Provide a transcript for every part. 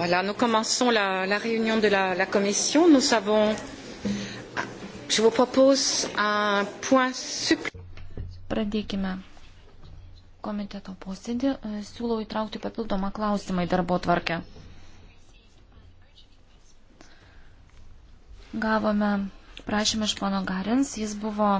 Voilà, nous commençons la, la réunion de la, la commission. Nous avons, je vous propose un point supplémentaire. Komiteto posėdį e, siūlau įtraukti papildomą klausimą į darbo tvarkę. Gavome prašymą iš pono Garins, jis buvo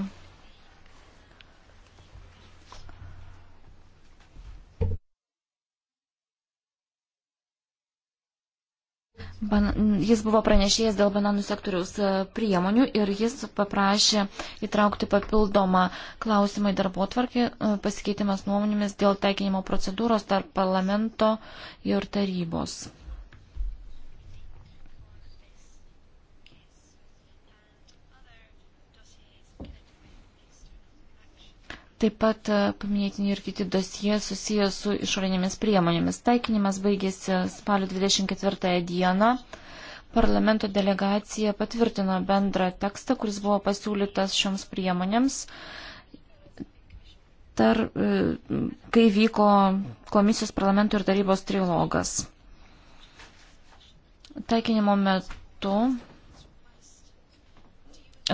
Ban, jis buvo pranešėjęs dėl bananų sektoriaus e, priemonių ir jis paprašė įtraukti papildomą klausimą į darbo tvarkį, e, pasikeitimas nuomonėmis dėl teikinimo procedūros tarp parlamento ir tarybos. Taip pat e, paminėtini ir kiti dosie susijęs su išorinėmis priemonėmis. Taikinimas baigėsi spalio 24 dieną. Parlamento delegacija patvirtino bendrą tekstą, kuris buvo pasiūlytas šioms priemonėms. Tar, e, kai vyko komisijos parlamento ir tarybos trilogas. Taikinimo metu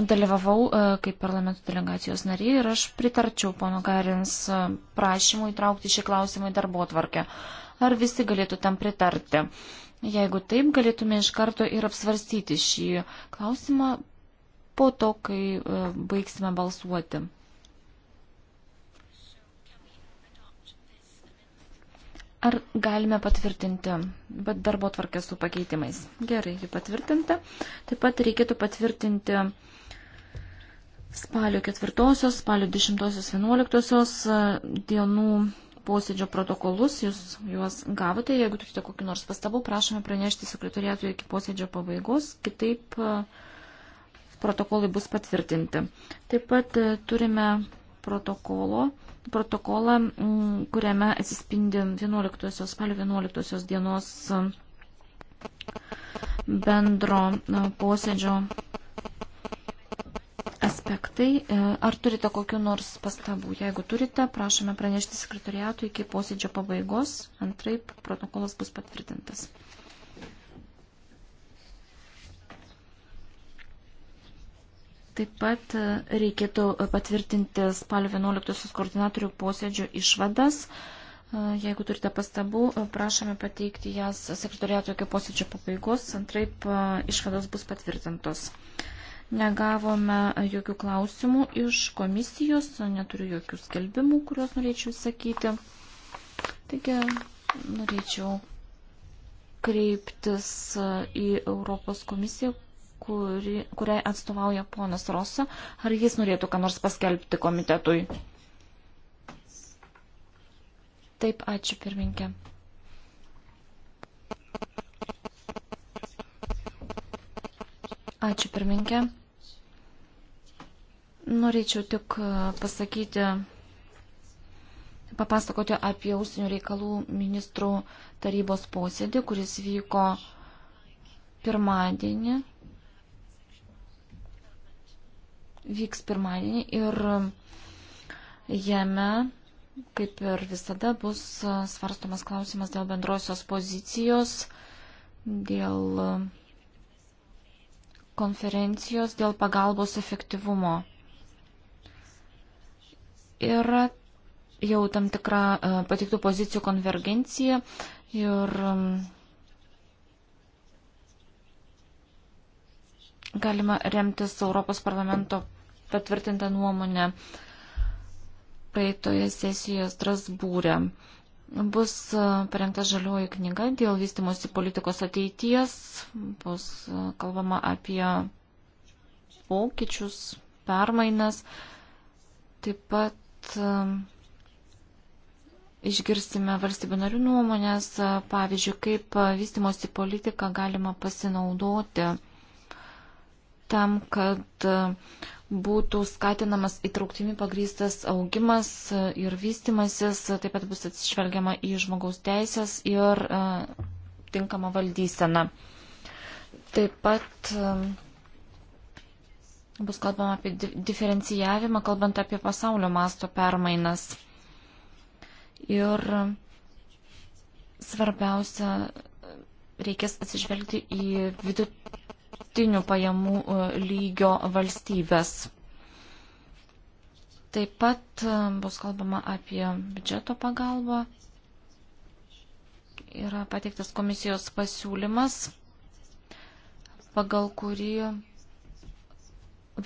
dalyvavau e, kaip parlamento delegacijos nariai ir aš pritarčiau pono Garins e, prašymui įtraukti šį klausimą į darbo tvarkę. Ar visi galėtų tam pritarti? Jeigu taip, galėtume iš karto ir apsvarstyti šį klausimą po to, kai e, baigsime balsuoti. Ar galime patvirtinti, bet darbo tvarkė su pakeitimais? Gerai, ji patvirtinta. Taip pat reikėtų patvirtinti spalio 4, spalio 10-11 e, dienų posėdžio protokolus, jūs juos gavote, jeigu turite kokį nors pastabų, prašome pranešti sekretoriatui iki posėdžio pabaigos, kitaip e, protokolai bus patvirtinti. Taip pat e, turime protokolo, protokolą, kuriame atsispindi 11 spalio 11 dienos bendro posėdžio aspektai. E, ar turite kokiu nors pastabų? Jeigu turite, prašome pranešti sekretariatui iki posėdžio pabaigos, antraip protokolas bus patvirtintas. Taip pat e, reikėtų patvirtinti spalio 11 koordinatorių posėdžio išvadas. E, jeigu turite pastabų, prašome pateikti jas sekretoriato iki posėdžio pabaigos, antraip išvados bus patvirtintos. Negavome jokių klausimų iš komisijos, neturiu jokių skelbimų, kuriuos norėčiau sakyti. Taigi norėčiau kreiptis į Europos komisiją, kuri, kuriai atstovauja ponas Rosa. Ar jis norėtų ką nors paskelbti komitetui? Taip, ačiū pirminkė. Ačiū pirminkė. Norėčiau tik e, pasakyti, papasakoti apie ausinių reikalų ministrų tarybos posėdį, kuris vyko pirmadienį. Vyks pirmadienį ir jame, kaip ir visada, bus svarstomas klausimas dėl bendrosios pozicijos, dėl konferencijos dėl pagalbos efektyvumo. Yra jau tam tikra e, patiktų pozicijų konvergencija ir mm, galima remtis Europos parlamento patvirtintą nuomonę praeitoje sesijoje Strasbūrė. Bus e, parengta žalioji knyga dėl vystimosi politikos ateities, bus e, kalbama apie pokyčius, permainas, taip pat e, išgirsime valstybių narių nuomonės, pavyzdžiui, kaip vystimosi politiką galima pasinaudoti tam, kad e, būtų skatinamas įtrauktimi pagrystas augimas e, ir vystimasis, e, taip pat bus atsižvelgiama į žmogaus teisės ir tinkamą valdyseną. Taip pat bus kalbama apie diferencijavimą, kalbant apie pasaulio masto permainas. Ir svarbiausia, reikės atsižvelgti į vidut, vidutinių pajamų e, lygio valstybės. Taip pat e, bus kalbama apie biudžeto pagalbą. Yra pateiktas komisijos pasiūlymas, pagal kurį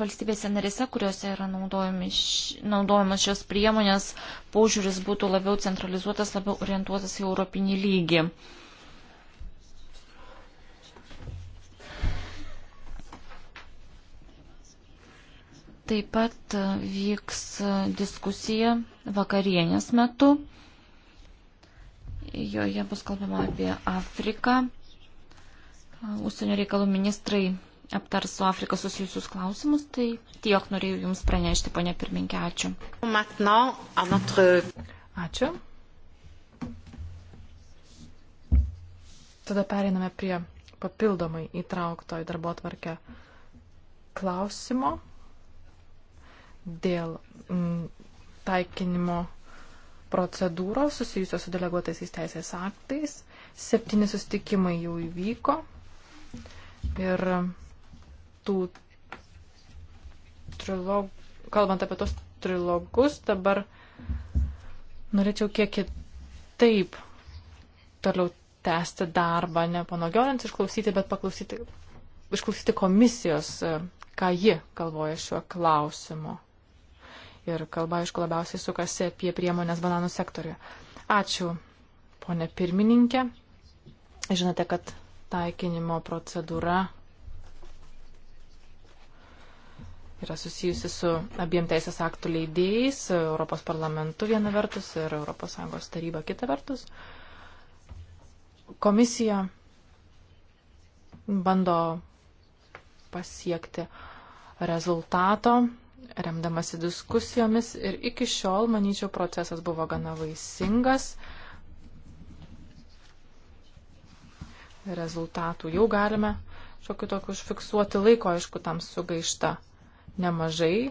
valstybėse narėse, kuriuose yra naudojamas šios priemonės, požiūris būtų labiau centralizuotas, labiau orientuotas į europinį lygį. Taip pat e, vyks e, diskusija vakarienės metu. Joje bus kalbama apie Afriką. E, Užsienio reikalų ministrai aptars su Afrika susijusius klausimus, tai tiek norėjau Jums pranešti, ponė pirminkė, ačiū. Ačiū. Tada pereiname prie papildomai įtraukto į darbo tvarkę klausimo dėl mm, taikinimo procedūros susijusios su deleguotaisiais teisės aktais. Septyni sustikimai jau įvyko ir tų trilog, kalbant apie tos trilogus, dabar norėčiau kiek kitaip toliau tęsti darbą, ne panogiorint išklausyti, bet paklausyti, išklausyti komisijos, ką ji galvoja šiuo klausimu. Ir kalba, aišku, labiausiai sukasi apie priemonės bananų sektoriuje. Ačiū, ponė pirmininkė. Žinote, kad taikinimo procedūra yra susijusi su abiem teisės aktų leidėjais, Europos parlamentu viena vertus ir ES taryba kita vertus. Komisija bando pasiekti rezultato remdamasi diskusijomis ir iki šiol, manyčiau, procesas buvo gana vaisingas. Rezultatų jau galime šiokiu tokiu užfiksuoti laiko, aišku, tam sugaišta nemažai.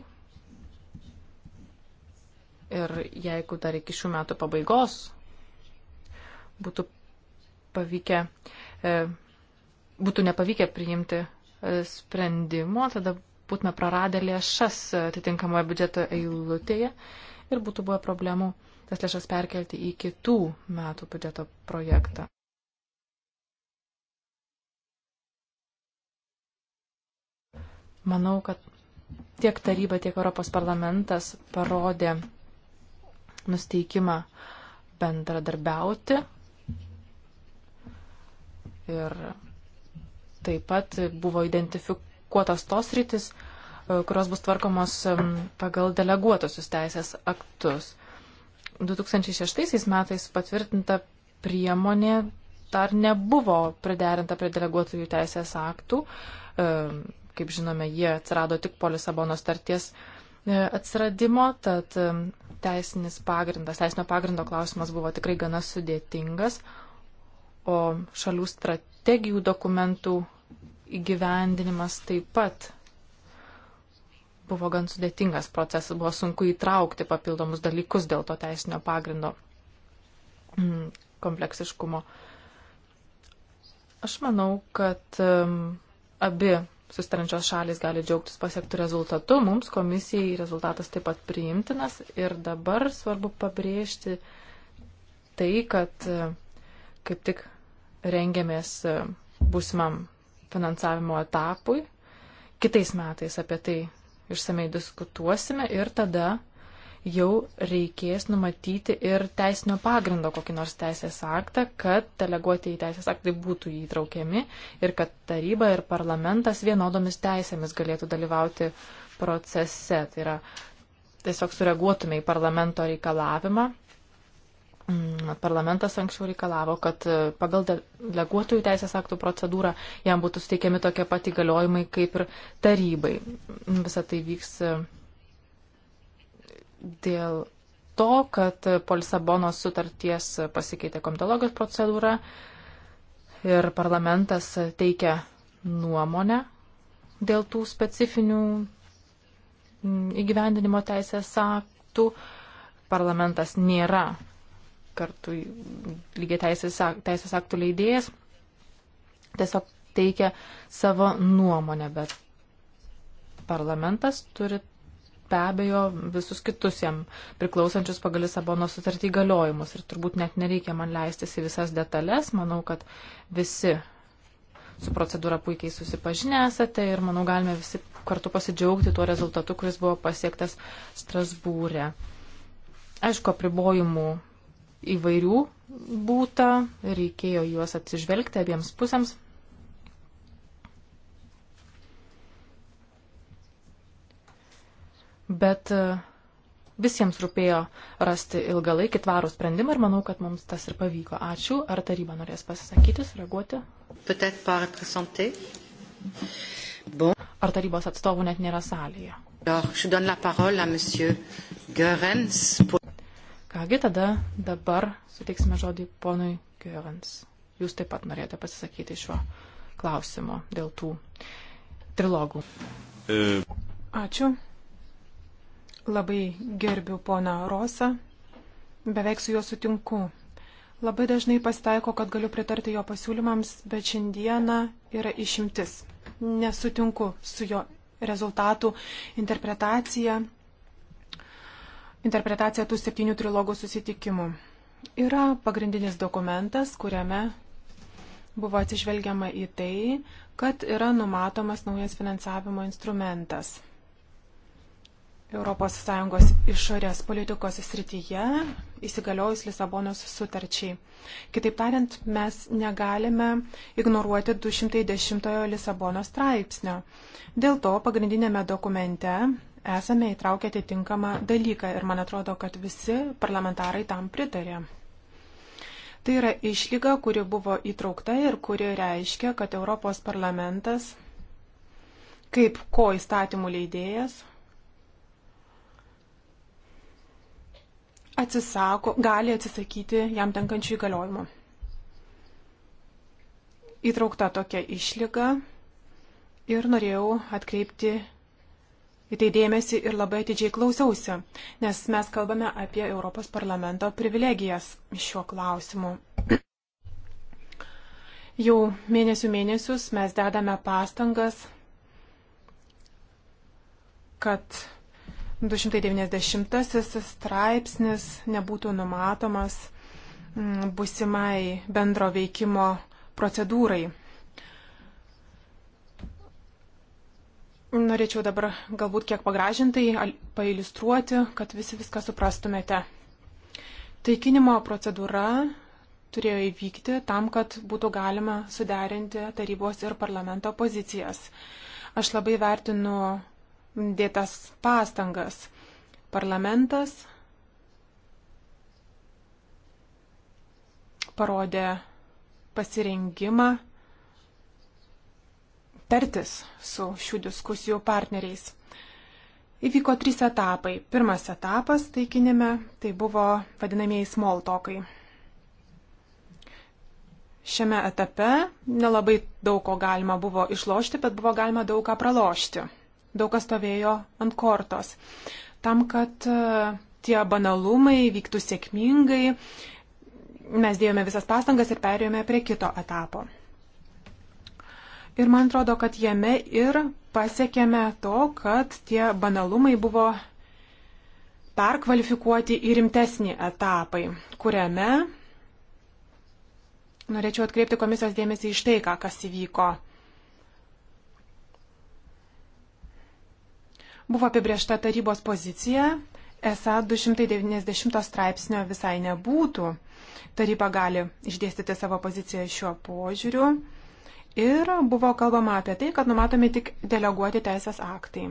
Ir jeigu dar iki šių metų pabaigos būtų pavykę, e, būtų nepavykę priimti e, sprendimo, tada būtume praradę lėšas atitinkamoje biudžeto eilutėje ir būtų buvę problemų tas lėšas perkelti į kitų metų biudžeto projektą. Manau, kad tiek taryba, tiek Europos parlamentas parodė nusteikimą bendradarbiauti ir taip pat buvo identifikuota kuo tas tos rytis, e, kurios bus tvarkomos pagal deleguotusius teisės aktus. 2006 metais patvirtinta priemonė dar nebuvo priderinta prie deleguotųjų teisės aktų. E, kaip žinome, jie atsirado tik po Lisabono starties e, atsiradimo, tad teisinis pagrindas, teisinio pagrindo klausimas buvo tikrai gana sudėtingas, o šalių strategijų dokumentų įgyvendinimas taip pat buvo gan sudėtingas procesas, buvo sunku įtraukti papildomus dalykus dėl to teisinio pagrindo mm, kompleksiškumo. Aš manau, kad um, abi sustarančios šalis gali džiaugtis pasiektų rezultatų, mums komisijai rezultatas taip pat priimtinas ir dabar svarbu pabrėžti tai, kad kaip tik rengiamės būsimam finansavimo etapui. Kitais metais apie tai išsamei diskutuosime ir tada jau reikės numatyti ir teisinio pagrindo kokį nors teisės aktą, kad deleguoti į teisės aktai būtų įtraukiami ir kad taryba ir parlamentas vienodomis teisėmis galėtų dalyvauti procese. Tai yra, tiesiog sureaguotume į parlamento reikalavimą Mm, parlamentas anksčiau reikalavo, kad e, pagal deleguotojų teisės aktų procedūrą jam būtų suteikiami tokie pat įgaliojimai kaip ir tarybai. Mm, Visą tai vyks e, dėl to, kad po Lisabonos sutarties pasikeitė komitologijos procedūra ir parlamentas teikia nuomonę dėl tų specifinių mm, įgyvendinimo teisės aktų. Parlamentas nėra kartu lygiai teisės, teisės aktų leidėjas tiesiog teikia savo nuomonę, bet parlamentas turi be abejo visus kitus jam priklausančius pagal Lisabono sutartį galiojimus. Ir turbūt net nereikia man leistis į visas detalės. Manau, kad visi su procedūra puikiai susipažinę esate ir manau galime visi kartu pasidžiaugti tuo rezultatu, kuris buvo pasiektas Strasbūrė. Aišku, apribojimų įvairių būta, reikėjo juos atsižvelgti abiems pusėms. Bet e, visiems rūpėjo rasti ilgalaikį tvarų sprendimą ir manau, kad mums tas ir pavyko. Ačiū. Ar taryba norės pasisakyti, sureaguoti? Bon. Ar tarybos atstovų net nėra salėje? Alors, je donne la parole à Monsieur Goerens pour Kągi tada dabar suteiksime žodį ponui Giovans. Jūs taip pat norėjote pasisakyti šiuo klausimu dėl tų trilogų. E... Ačiū. Labai gerbiu poną Rosą. Beveik su juo sutinku. Labai dažnai pasitaiko, kad galiu pritarti jo pasiūlymams, bet šiandieną yra išimtis. Nesutinku su jo rezultatų interpretacija interpretacija tų septynių trilogų susitikimų. Yra pagrindinis dokumentas, kuriame buvo atsižvelgiama į tai, kad yra numatomas naujas finansavimo instrumentas. ES išorės politikos srityje įsigaliojus Lisabonos sutarčiai. Kitaip tariant, mes negalime ignoruoti 210 Lisabono straipsnio. Dėl to pagrindinėme dokumente esame įtraukę atitinkamą dalyką ir man atrodo, kad visi parlamentarai tam pritarė. Tai yra išlyga, kuri buvo įtraukta ir kuri reiškia, kad Europos parlamentas kaip ko įstatymų leidėjas atsisako, gali atsisakyti jam tenkančių įgaliojimų. Įtraukta tokia išlyga ir norėjau atkreipti į tai dėmesį ir labai atidžiai klausiausi, nes mes kalbame apie Europos parlamento privilegijas šiuo klausimu. Jau mėnesių mėnesius mes dedame pastangas, kad 290 straipsnis nebūtų numatomas mm, busimai bendro veikimo procedūrai. Norėčiau dabar galbūt kiek pagražintai pailustruoti, kad visi viską suprastumėte. Taikinimo procedūra turėjo įvykti tam, kad būtų galima suderinti tarybos ir parlamento pozicijas. Aš labai vertinu dėtas pastangas. Parlamentas parodė pasirengimą tartis su šių diskusijų partneriais. Įvyko trys etapai. Pirmas etapas taikinime tai buvo vadinamieji small talkai. Šiame etape nelabai daug ko galima buvo išlošti, bet buvo galima daug ką pralošti. Daug kas stovėjo ant kortos. Tam, kad e, tie banalumai vyktų sėkmingai, mes dėjome visas pastangas ir perėjome prie kito etapo. Ir man atrodo, kad jame ir pasiekėme to, kad tie banalumai buvo perkvalifikuoti į rimtesnį etapai, kuriame norėčiau atkreipti komisijos dėmesį iš tai, ką kas įvyko. Buvo apibriešta tarybos pozicija, esą 290 straipsnio visai nebūtų. Taryba gali išdėstyti savo poziciją šiuo požiūriu ir buvo kalbama apie tai, kad numatomi tik deleguoti teisės aktai.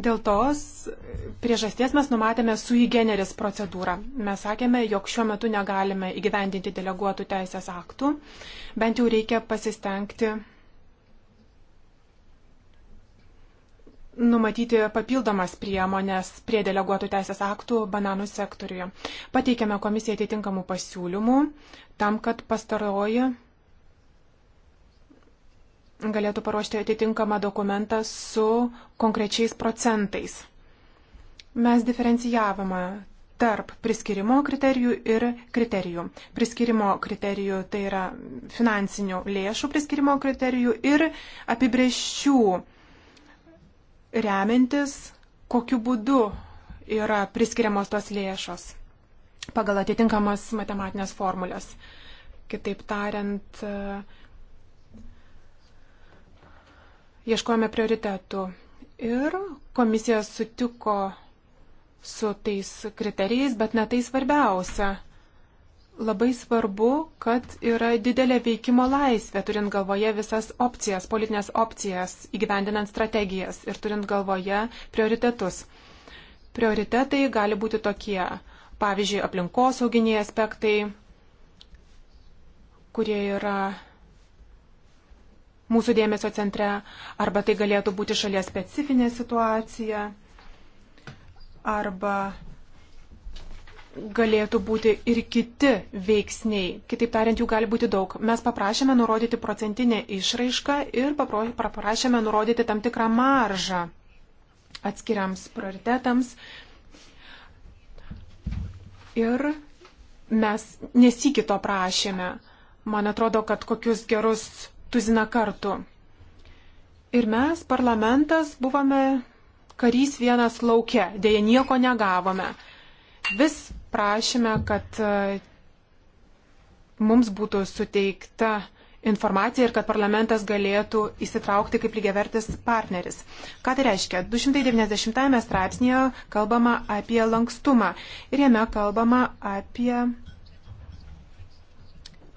Dėl tos priežasties mes numatėme sui generis procedūrą. Mes sakėme, jog šiuo metu negalime įgyvendinti deleguotų teisės aktų, bent jau reikia pasistengti numatyti papildomas priemonės prie deleguotų teisės aktų bananų sektoriuje. Pateikėme komisijai atitinkamų pasiūlymų tam, kad pastaroji galėtų paruošti atitinkamą dokumentą su konkrečiais procentais. Mes diferencijavome tarp priskirimo kriterijų ir kriterijų. Priskirimo kriterijų tai yra finansinių lėšų priskirimo kriterijų ir apibrėžčių remiantis, kokiu būdu yra priskiriamos tos lėšos pagal atitinkamas matematinės formulės. Kitaip tariant, e, ieškojame prioritetų ir komisija sutiko su tais kriterijais, bet ne tai svarbiausia labai svarbu, kad yra didelė veikimo laisvė, turint galvoje visas opcijas, politinės opcijas, įgyvendinant strategijas ir turint galvoje prioritetus. Prioritetai gali būti tokie, pavyzdžiui, aplinkosauginiai aspektai, kurie yra mūsų dėmesio centre, arba tai galėtų būti šalies specifinė situacija, arba galėtų būti ir kiti veiksniai. Kitaip tariant, jų gali būti daug. Mes paprašėme nurodyti procentinę išraišką ir paprašėme nurodyti tam tikrą maržą atskiriams prioritetams. Ir mes nesikito prašėme, man atrodo, kad kokius gerus tuziną kartų. Ir mes, parlamentas, buvome karys vienas laukia, dėja nieko negavome vis prašėme, kad e, mums būtų suteikta informacija ir kad parlamentas galėtų įsitraukti kaip lygiavertis partneris. Ką tai reiškia? 290 straipsnėje kalbama apie lankstumą ir jame kalbama apie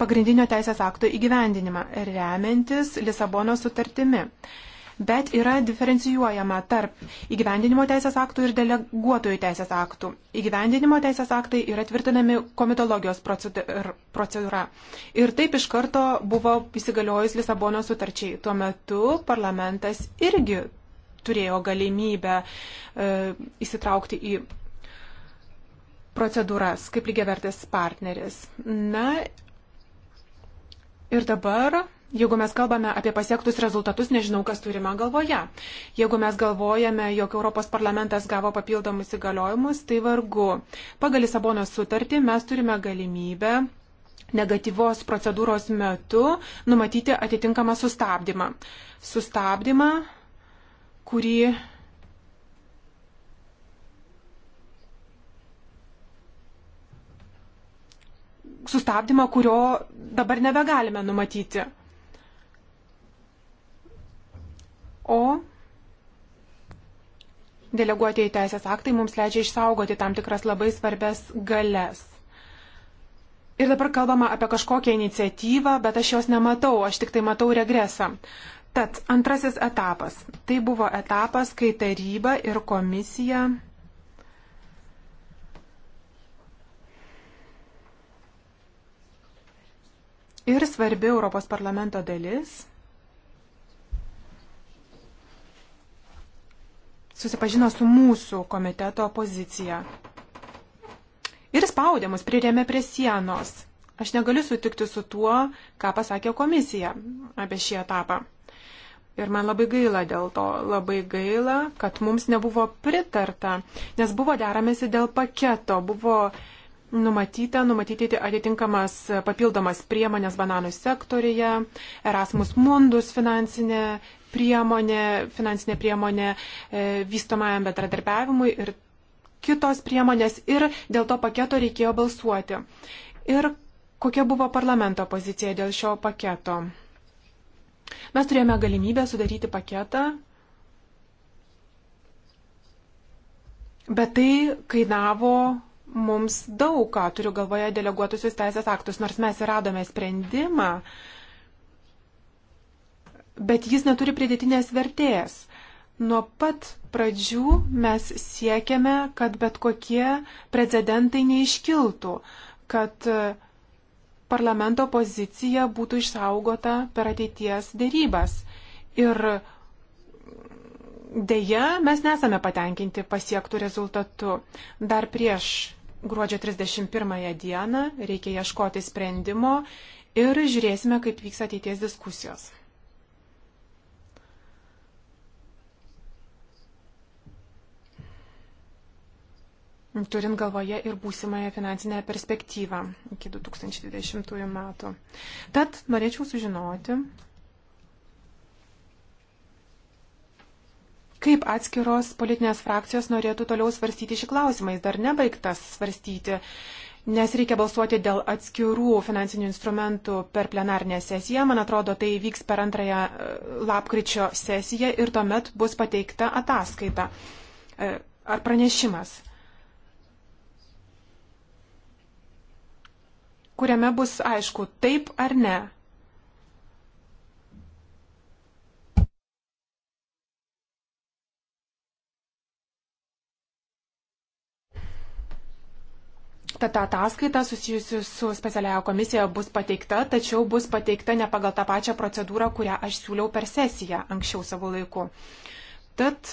pagrindinio teisės akto įgyvendinimą remiantis Lisabono sutartimi bet yra diferencijuojama tarp įgyvendinimo teisės aktų ir deleguotojų teisės aktų. Įgyvendinimo teisės aktai yra tvirtinami komitologijos er, procedūra. Ir taip iš karto buvo įsigaliojus Lisabono sutarčiai. Tuo metu parlamentas irgi turėjo galimybę e, įsitraukti į procedūras kaip lygiavertis partneris. Na ir dabar Jeigu mes kalbame apie pasiektus rezultatus, nežinau, kas turime galvoje. Jeigu mes galvojame, jog Europos parlamentas gavo papildomus įgaliojimus, tai vargu. Pagal Lisabono sutartį mes turime galimybę negatyvos procedūros metu numatyti atitinkamą sustabdymą. Sustabdymą, kurį sustabdymą, kurio dabar nebegalime numatyti. o deleguotieji teisės aktai mums leidžia išsaugoti tam tikras labai svarbes galės. Ir dabar kalbama apie kažkokią iniciatyvą, bet aš jos nematau, aš tik tai matau regresą. Tad antrasis etapas. Tai buvo etapas, kai taryba ir komisija ir svarbi Europos parlamento dalis susipažino su mūsų komiteto pozicija. Ir spaudė mus, prirėmė prie sienos. Aš negaliu sutikti su tuo, ką pasakė komisija apie šį etapą. Ir man labai gaila dėl to, labai gaila, kad mums nebuvo pritarta, nes buvo deramėsi dėl paketo, buvo numatyta numatyti atitinkamas papildomas priemonės bananų sektorija, Erasmus Mundus finansinė priemonė, finansinė priemonė e, vystomajam bendradarbiavimui ir kitos priemonės ir dėl to paketo reikėjo balsuoti. Ir kokia buvo parlamento pozicija dėl šio paketo? Mes turėjome galimybę sudaryti paketą, bet tai kainavo mums daug ką, turiu galvoje deleguotusius teisės aktus, nors mes ir radome sprendimą, bet jis neturi pridėtinės vertės. Nuo pat pradžių mes siekiame, kad bet kokie precedentai neiškiltų, kad e, parlamento pozicija būtų išsaugota per ateities dėrybas. Ir Deja, mes nesame patenkinti pasiektų rezultatų. Dar prieš gruodžio 31 dieną reikia ieškoti sprendimo ir žiūrėsime, kaip vyks ateities diskusijos. Turint galvoje ir būsimąją finansinę perspektyvą iki 2020 metų. Tad norėčiau sužinoti, kaip atskiros politinės frakcijos norėtų toliau svarstyti šį klausimą. Jis dar nebaigtas svarstyti, nes reikia balsuoti dėl atskirų finansinių instrumentų per plenarnę sesiją. Man atrodo, tai vyks per antrąją e, lapkričio sesiją ir tuomet bus pateikta ataskaita e, ar pranešimas, kuriame bus aišku taip ar ne. Ta, ta ataskaita susijusi su specialiaja komisija bus pateikta, tačiau bus pateikta ne pagal tą pačią procedūrą, kurią aš siūliau per sesiją anksčiau savo laiku. Tad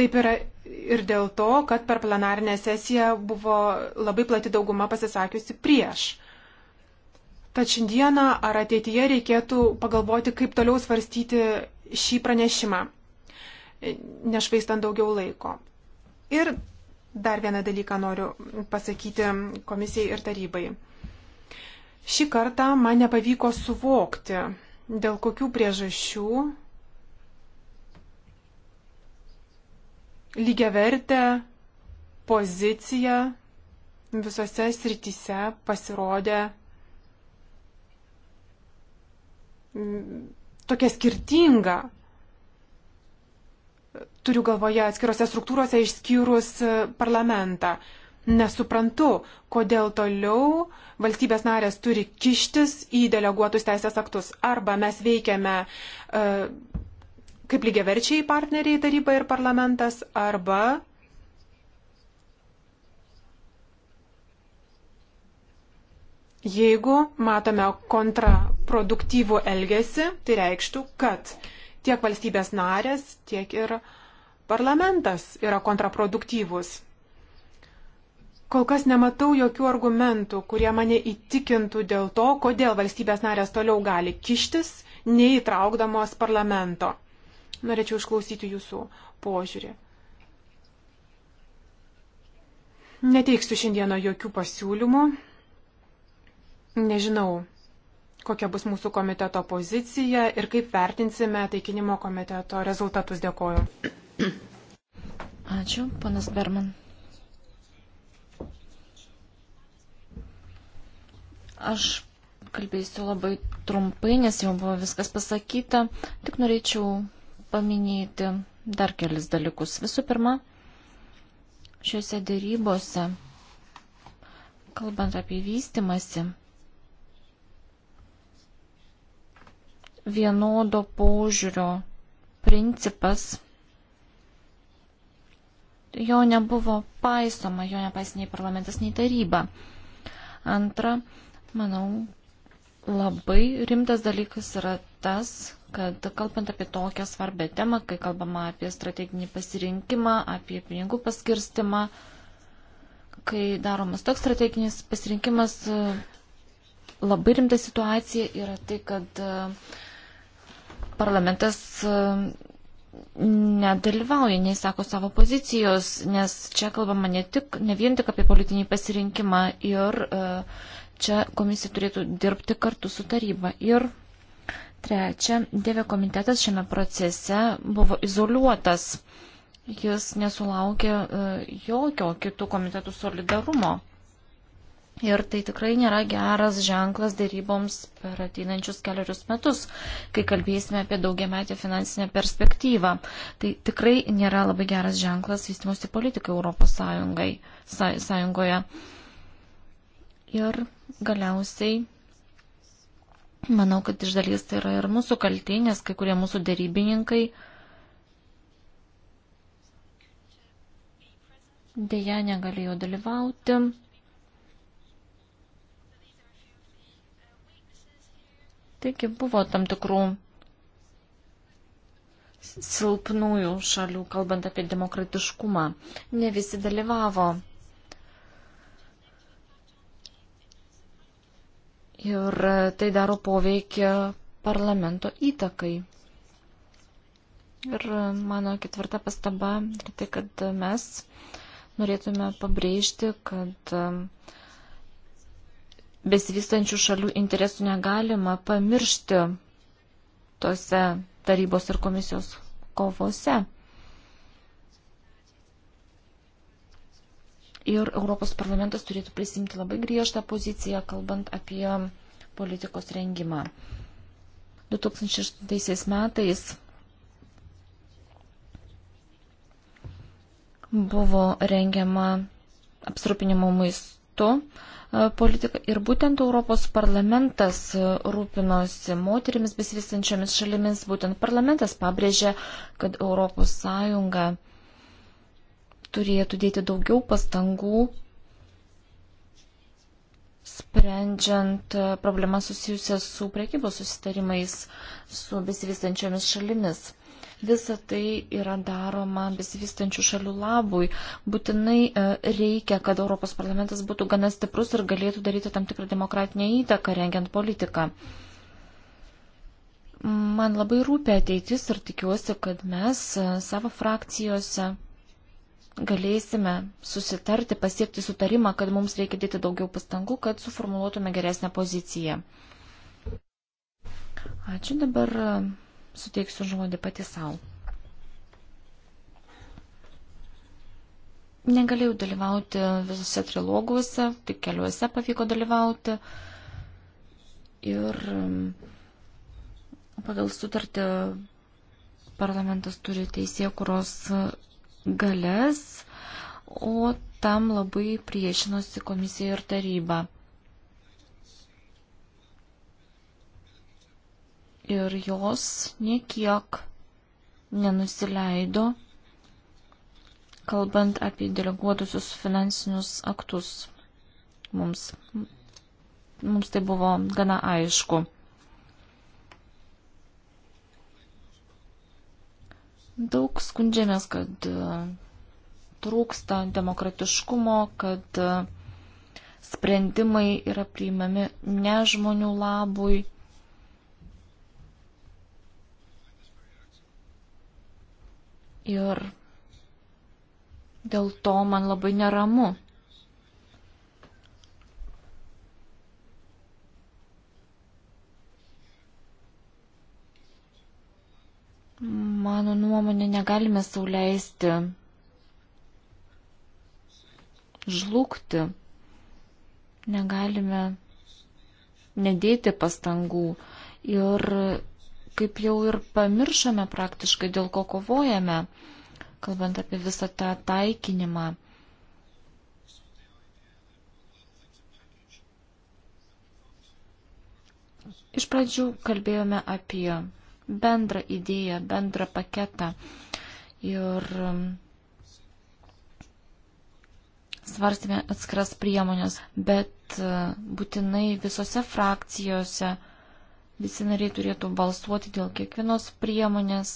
taip yra ir dėl to, kad per plenarinę sesiją buvo labai plati dauguma pasisakiusi prieš. Tad šiandieną ar ateityje reikėtų pagalvoti, kaip toliau svarstyti šį pranešimą nešvaistant daugiau laiko. Ir Dar vieną dalyką noriu pasakyti komisijai ir tarybai. Šį kartą man nepavyko suvokti, dėl kokių priežasčių lygiavertė pozicija visose srityse pasirodė tokia skirtinga turiu galvoje atskirose struktūrose išskyrus e, parlamentą. Nesuprantu, kodėl toliau valstybės narės turi kištis į deleguotus teisės aktus. Arba mes veikiame uh, kaip lygiaverčiai partneriai taryba ir parlamentas, arba jeigu matome kontraproduktyvų elgesį, tai reikštų, kad tiek valstybės narės, tiek ir uh, parlamentas yra kontraproduktyvus. Kol kas nematau jokių argumentų, kurie mane įtikintų dėl to, kodėl valstybės narės toliau gali kištis, neįtraukdamos parlamento. Norėčiau išklausyti jūsų požiūrį. Neteiksiu šiandieną jokių pasiūlymų. Nežinau, kokia bus mūsų komiteto pozicija ir kaip vertinsime taikinimo komiteto rezultatus. Dėkoju. Ačiū, panas Berman. Aš kalbėsiu labai trumpai, nes jau buvo viskas pasakyta. Tik norėčiau paminėti dar kelis dalykus. Visų pirma, šiuose dėrybose, kalbant apie vystimasi, vienodo požiūrio principas jo nebuvo paisoma, jo nepaisė nei parlamentas, nei taryba. Antra, manau, labai rimtas dalykas yra tas, kad kalbant apie tokią svarbę temą, kai kalbama apie strateginį pasirinkimą, apie pinigų paskirstimą, kai daromas toks strateginis pasirinkimas, labai rimta situacija yra tai, kad e, parlamentas e, nedalyvauja, neįsako savo pozicijos, nes čia kalbama ne, tik, ne vien tik apie politinį pasirinkimą ir e, čia komisija turėtų dirbti kartu su taryba. Ir trečia, Dėvė komitetas šiame procese buvo izoliuotas. Jis nesulaukė e, jokio kitų komitetų solidarumo. Ir tai tikrai nėra geras ženklas daryboms per ateinančius keliarius metus, kai kalbėsime apie daugiametę finansinę perspektyvą. Tai tikrai nėra labai geras ženklas vystimosi politikai Europos Sąjungai, Sąjungoje. Ir galiausiai manau, kad iš dalies tai yra ir mūsų kaltė, nes kai kurie mūsų dėrybininkai dėja negalėjo dalyvauti Taigi buvo tam tikrų silpnųjų šalių, kalbant apie demokratiškumą. Ne visi dalyvavo. Ir tai daro poveikį parlamento įtakai. Ir mano ketvirta pastaba, tai kad mes norėtume pabrėžti, kad uh, besivystančių šalių interesų negalima pamiršti tose tarybos ir komisijos kovose. Ir Europos parlamentas turėtų prisimti labai griežtą poziciją, kalbant apie politikos rengimą. 2006 metais buvo rengiama apsrūpinimo maistu metu e, politika ir būtent Europos parlamentas e, rūpinosi moterimis besivystančiomis šalimis, būtent parlamentas pabrėžė, kad Europos Sąjunga turėtų dėti daugiau pastangų sprendžiant e, problemas susijusias su priekybos susitarimais su besivystančiomis šalimis. Visa tai yra daroma besivystančių šalių labui. Būtinai e, reikia, kad Europos parlamentas būtų gana stiprus ir galėtų daryti tam tikrą demokratinę įtaką rengiant politiką. Man labai rūpia ateitis ir tikiuosi, kad mes e, savo frakcijose galėsime susitarti, pasiekti sutarimą, kad mums reikia dėti daugiau pastangų, kad suformuoluotume geresnę poziciją. Ačiū dabar suteiksiu žodį pati savo. Negalėjau dalyvauti visose triloguose, tik keliuose pavyko dalyvauti. Ir mm, pagal sutartį parlamentas turi teisė, kurios galės, o tam labai priešinosi komisija ir taryba. ir jos niekiek nenusileido, kalbant apie deleguotusius finansinius aktus. Mums, mums tai buvo gana aišku. Daug skundžiamės, kad e, trūksta demokratiškumo, kad e, sprendimai yra priimami ne žmonių labui Ir dėl to man labai neramu. Mano nuomonė negalime sauliaisti žlugti, negalime nedėti pastangų ir kaip jau ir pamiršome praktiškai, dėl ko kovojame, kalbant apie visą tą taikinimą. Iš pradžių kalbėjome apie bendrą idėją, bendrą paketą ir um, svarstėme atskiras priemonės, bet uh, būtinai visose frakcijose Visi nariai turėtų balsuoti dėl kiekvienos priemonės.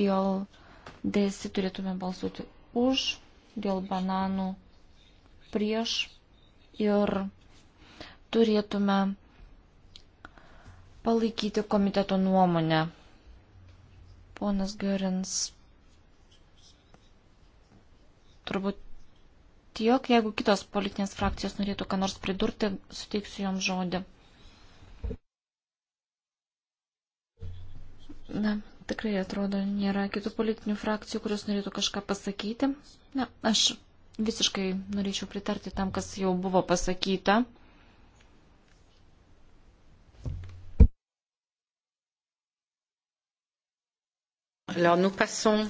Dėl DSI turėtume balsuoti už, dėl bananų prieš ir turėtume palaikyti komiteto nuomonę. Ponas Gerins turbūt tiek. Jeigu kitos politinės frakcijos norėtų ką nors pridurti, suteiksiu jom žodį. Na, tikrai atrodo, nėra kitų politinių frakcijų, kurios norėtų kažką pasakyti. Na, aš visiškai norėčiau pritarti tam, kas jau buvo pasakyta. Alors, nous passons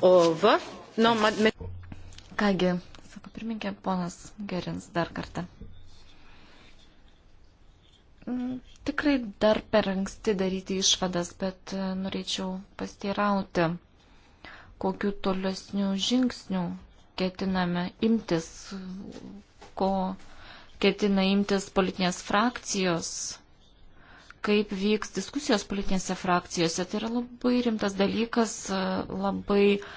au vote. Non, madame. Kągi, pirmininkė, ponas Gerins dar kartą. Mm, tikrai dar per anksti daryti išvadas, bet e, norėčiau pasteirauti, kokiu tolesniu žingsniu ketiname imtis, ko ketina imtis politinės frakcijos, kaip vyks diskusijos politinėse frakcijose. Tai yra labai rimtas dalykas, e, labai uh,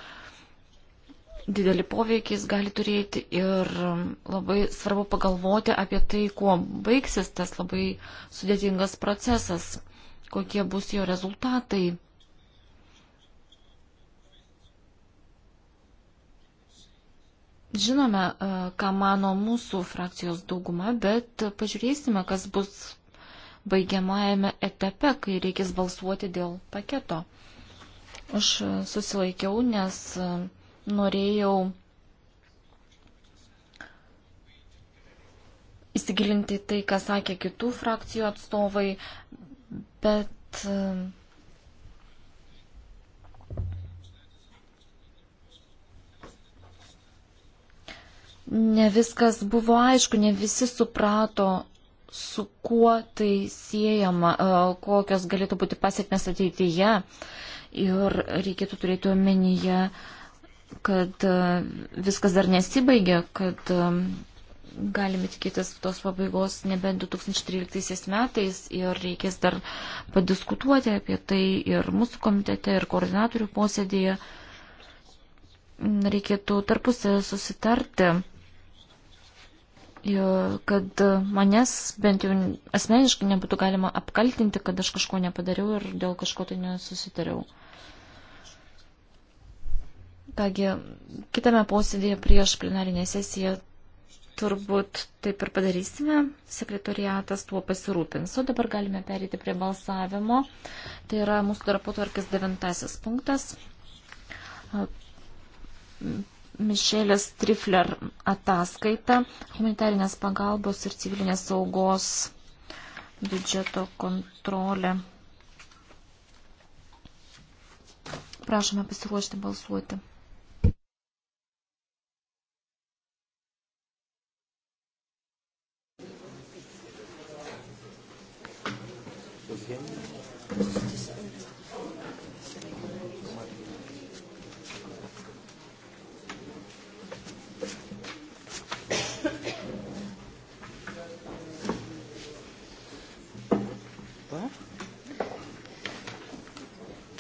didelį poveikį jis gali turėti ir labai svarbu pagalvoti apie tai, kuo baigsis tas labai sudėtingas procesas, kokie bus jo rezultatai. Žinome, e, ką mano mūsų frakcijos dauguma, bet pažiūrėsime, kas bus baigiamajame etape, kai reikės balsuoti dėl paketo. Aš susilaikiau, nes norėjau įsigilinti tai, ką sakė kitų frakcijų atstovai, bet ne viskas buvo aišku, ne visi suprato, su kuo tai siejama, e, kokios galėtų būti pasiekmes ateityje. Ir reikėtų turėti omenyje uh, kad e, viskas dar nesibaigė, kad e, galime tikėtis tos pabaigos nebent 2013 metais ir reikės dar padiskutuoti apie tai ir mūsų komitete, ir koordinatorių posėdėje. Reikėtų tarpusę susitarti, kad manęs bent jau asmeniškai nebūtų galima apkaltinti, kad aš kažko nepadariau ir dėl kažko tai nesusitariau. Kągi, kitame posėdėje prieš plenarinę sesiją turbūt taip ir padarysime. Sekretariatas tuo pasirūpins. O dabar galime perėti prie balsavimo. Tai yra mūsų darbotvarkės devintasis punktas. Mišelės Trifler ataskaita humanitarinės pagalbos ir civilinės saugos biudžeto kontrolė. Prašome pasiruošti balsuoti.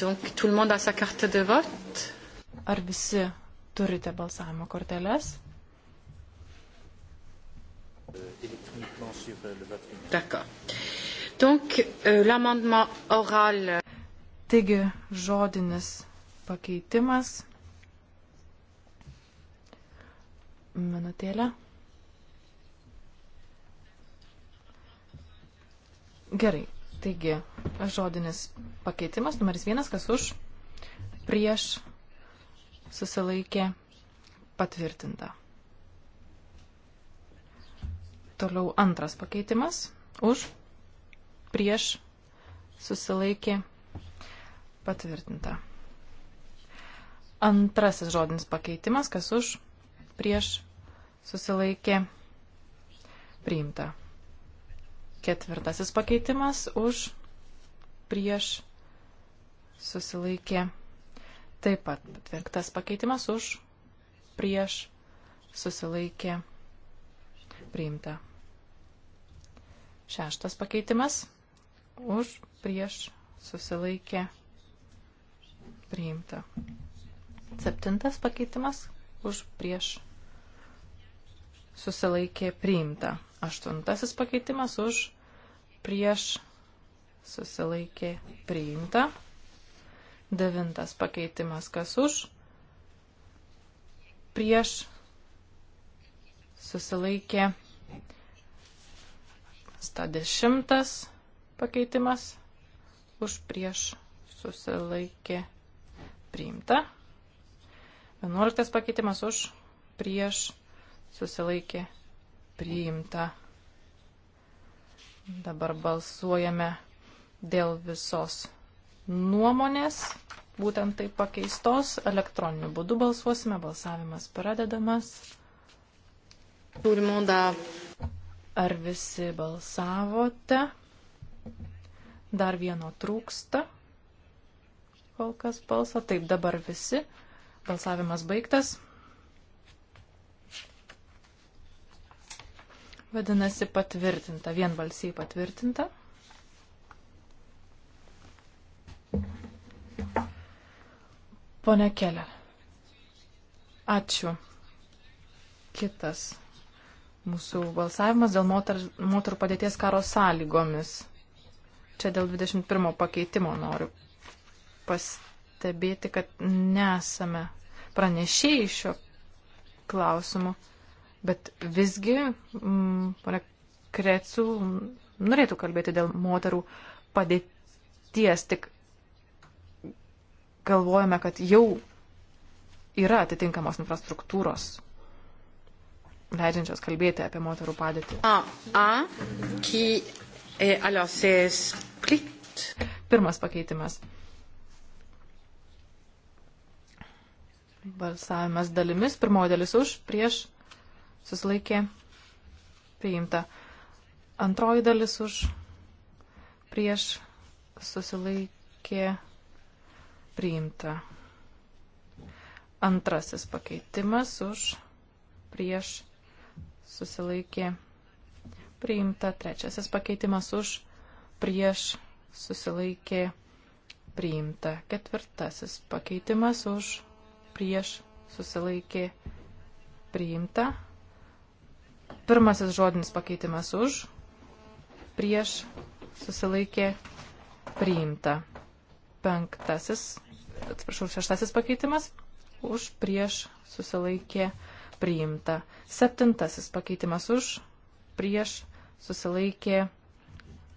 Donc, tout le monde a sa carte de vote. Ar visi turite balsavimo korteles? Euh, D'accord. Donc, euh, l'amendement oral. Euh, Taigi, žodinis pakeitimas. Minutėlę. Gerai, Taigi, žodinis pakeitimas, numeris vienas, kas už, prieš, susilaikė, patvirtinta. Toliau antras pakeitimas, už, prieš, susilaikė, patvirtinta. Antrasis žodinis pakeitimas, kas už, prieš, susilaikė, priimta. Ketvirtasis pakeitimas už prieš susilaikė. Taip pat patvirtas pakeitimas už prieš susilaikė. Priimta. Šeštas pakeitimas už prieš susilaikė. Priimta. Septintas pakeitimas už prieš susilaikė priimta. Aštuntasis pakeitimas už prieš susilaikė priimta. Devintas pakeitimas kas už, prieš susilaikė stadešimtas pakeitimas už prieš susilaikė priimta. Vienuoliktas pakeitimas už prieš susilaikė priimta. Dabar balsuojame dėl visos nuomonės, būtent taip pakeistos. Elektroniniu būdu balsuosime, balsavimas pradedamas. Ar visi balsavote? Dar vieno trūksta. Kol kas balsa. Taip, dabar visi. Balsavimas baigtas. Vadinasi, patvirtinta, vienbalsiai patvirtinta. Pone Keller. Ačiū. Kitas mūsų balsavimas dėl moterų, moterų padėties karo sąlygomis. Čia dėl 21 pakeitimo noriu pastebėti, kad nesame pranešėjai šio klausimu. Bet visgi, mm, ponia Krecu, norėtų kalbėti dėl moterų padėties, tik galvojame, kad jau yra atitinkamos infrastruktūros leidžiančios kalbėti apie moterų padėtį. A, a, ki, e, aliosės, plit. Pirmas pakeitimas. Balsavimas dalimis. Pirmoji dalis už, prieš, susilaikė priimta. Antroji dalis už prieš susilaikė priimta. Antrasis pakeitimas už prieš susilaikė priimta. Trečiasis pakeitimas už prieš susilaikė priimta. Ketvirtasis pakeitimas už prieš susilaikė priimta. Pirmasis žodinis pakeitimas už, prieš, susilaikė, priimta. Penktasis, atsiprašau, šeštasis pakeitimas už, prieš, susilaikė, priimta. Septintasis pakeitimas už, prieš, susilaikė,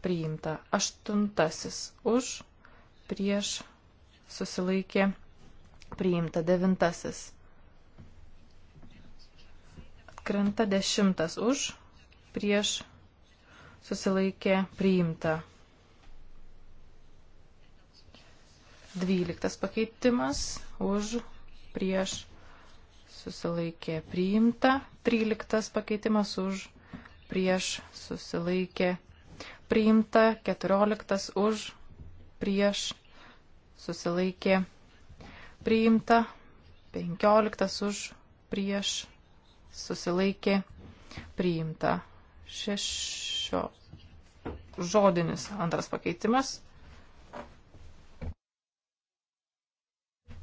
priimta. Aštuntasis už, prieš, susilaikė, priimta. Devintasis Atkrenta dešimtas už, prieš susilaikė priimta. Dvyliktas pakeitimas už, prieš susilaikė priimta. Tryliktas pakeitimas už, prieš susilaikė priimta. Keturioliktas už, prieš susilaikė priimta. Penkioliktas už, prieš susilaikė priimta. Šešio žodinis antras pakeitimas.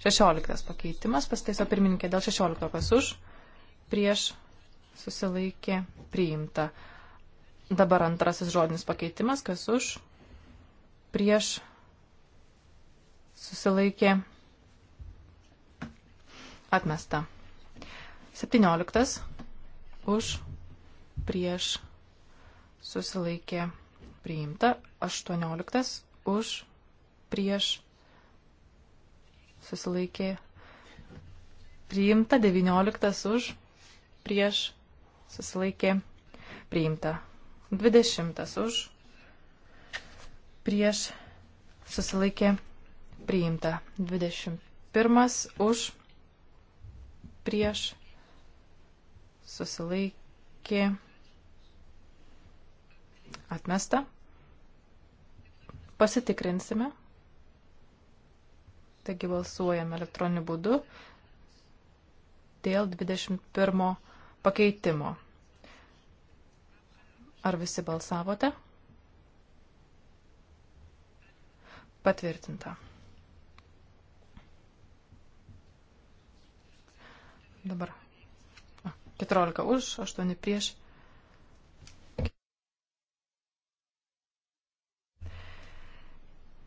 Šešioliktas pakeitimas, pasitaiso pirmininkė dėl šešiolikto, kas už, prieš susilaikė priimta. Dabar antrasis žodinis pakeitimas, kas už, prieš susilaikė atmesta. 17 už prieš susilaikė priimta, 18 už prieš susilaikė priimta, 19 už prieš susilaikė priimta, 20 už prieš susilaikė priimta, 21 už prieš susilaikė, atmesta. Pasitikrinsime. Taigi balsuojame elektroniniu būdu dėl 21 pakeitimo. Ar visi balsavote? Patvirtinta. Dabar 14 už, 8 prieš.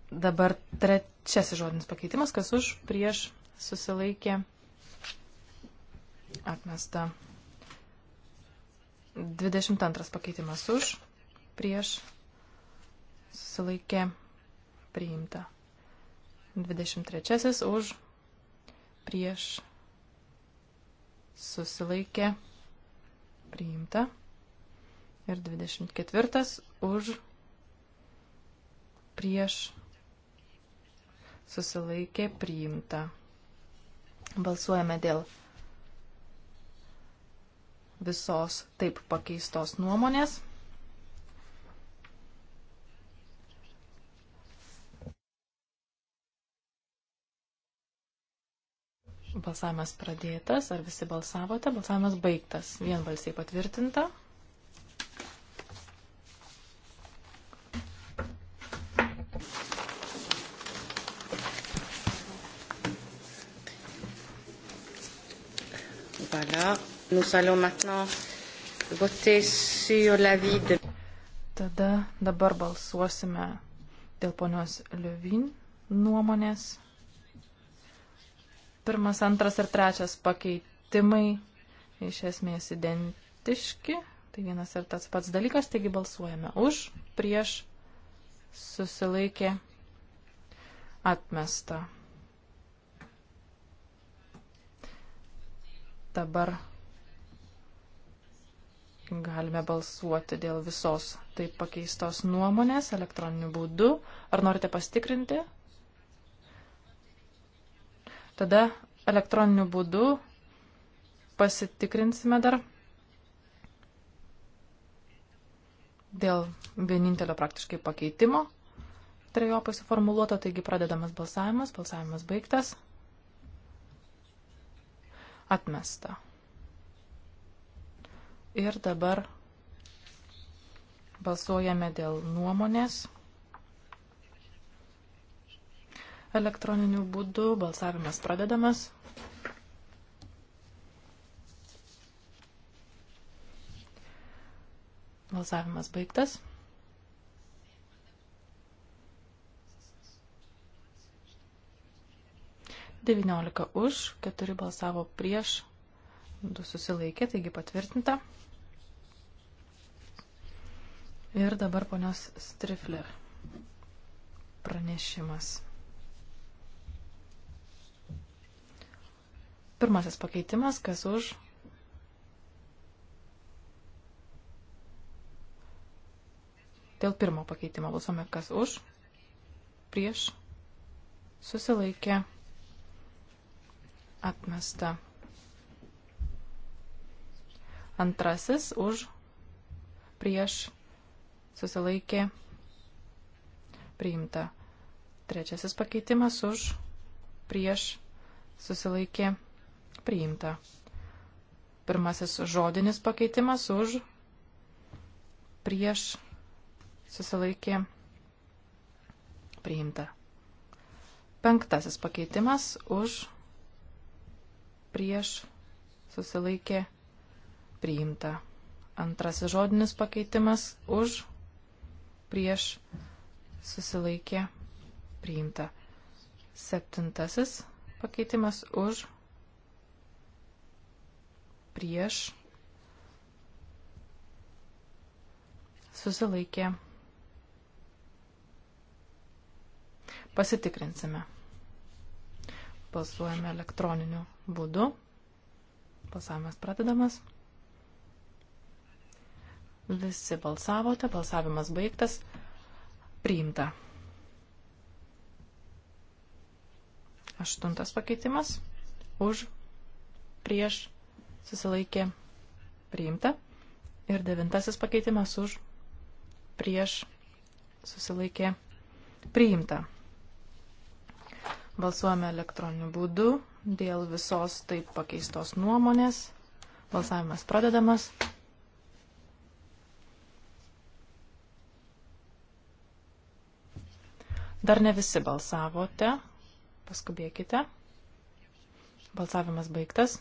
Dabar trečiasis žodinis pakeitimas, kas už, prieš, susilaikė, atmesta. 22 pakeitimas už, prieš, susilaikė, priimta. 23 už, prieš, susilaikė priimta. Ir 24 už prieš susilaikė priimta. Balsuojame dėl visos taip pakeistos nuomonės. Balsavimas pradėtas. Ar visi balsavote? Balsavimas baigtas. Vienbalsiai patvirtinta. Voilà. Nous allons maintenant voter sur l'avis de. Tada dabar balsuosime dėl ponios Liuvin nuomonės Pirmas, antras ir trečias pakeitimai iš esmės identiški. Tai vienas ir tas pats dalykas, taigi balsuojame už, prieš, susilaikė, atmesta. Dabar galime balsuoti dėl visos taip pakeistos nuomonės elektroniniu būdu. Ar norite pastikrinti? Tada elektroniniu būdu pasitikrinsime dar dėl vienintelio praktiškai pakeitimo trejopai suformuluoto, taigi pradedamas balsavimas, balsavimas baigtas, atmesta. Ir dabar balsuojame dėl nuomonės. elektroniniu būdu. Balsavimas pradedamas. Balsavimas baigtas. Devyniolika už, keturi balsavo prieš, du susilaikė, taigi patvirtinta. Ir dabar ponios Strifler pranešimas. Pirmasis pakeitimas, kas už. Dėl pirmo pakeitimo balsuome, kas už, prieš, susilaikė, atmesta. Antrasis už, prieš, susilaikė, priimta. Trečiasis pakeitimas už, prieš, susilaikė, priimta Priimta. Pirmasis žodinis pakeitimas už prieš susilaikė. Priimta. Penktasis pakeitimas už prieš susilaikė. Priimta. Antrasis žodinis pakeitimas už prieš susilaikė priimta. Septintasis pakeitimas už prieš, susilaikė. Pasitikrinsime. Balsuojame elektroniniu būdu. Balsavimas pradedamas. Visi balsavote, balsavimas baigtas, priimta. Aštuntas pakeitimas. Už, prieš, susilaikė priimta. Ir devintasis pakeitimas už prieš susilaikė priimta. Balsuojame elektroniniu būdu dėl visos taip pakeistos nuomonės. Balsavimas pradedamas. Dar ne visi balsavote. Paskubėkite. Balsavimas baigtas.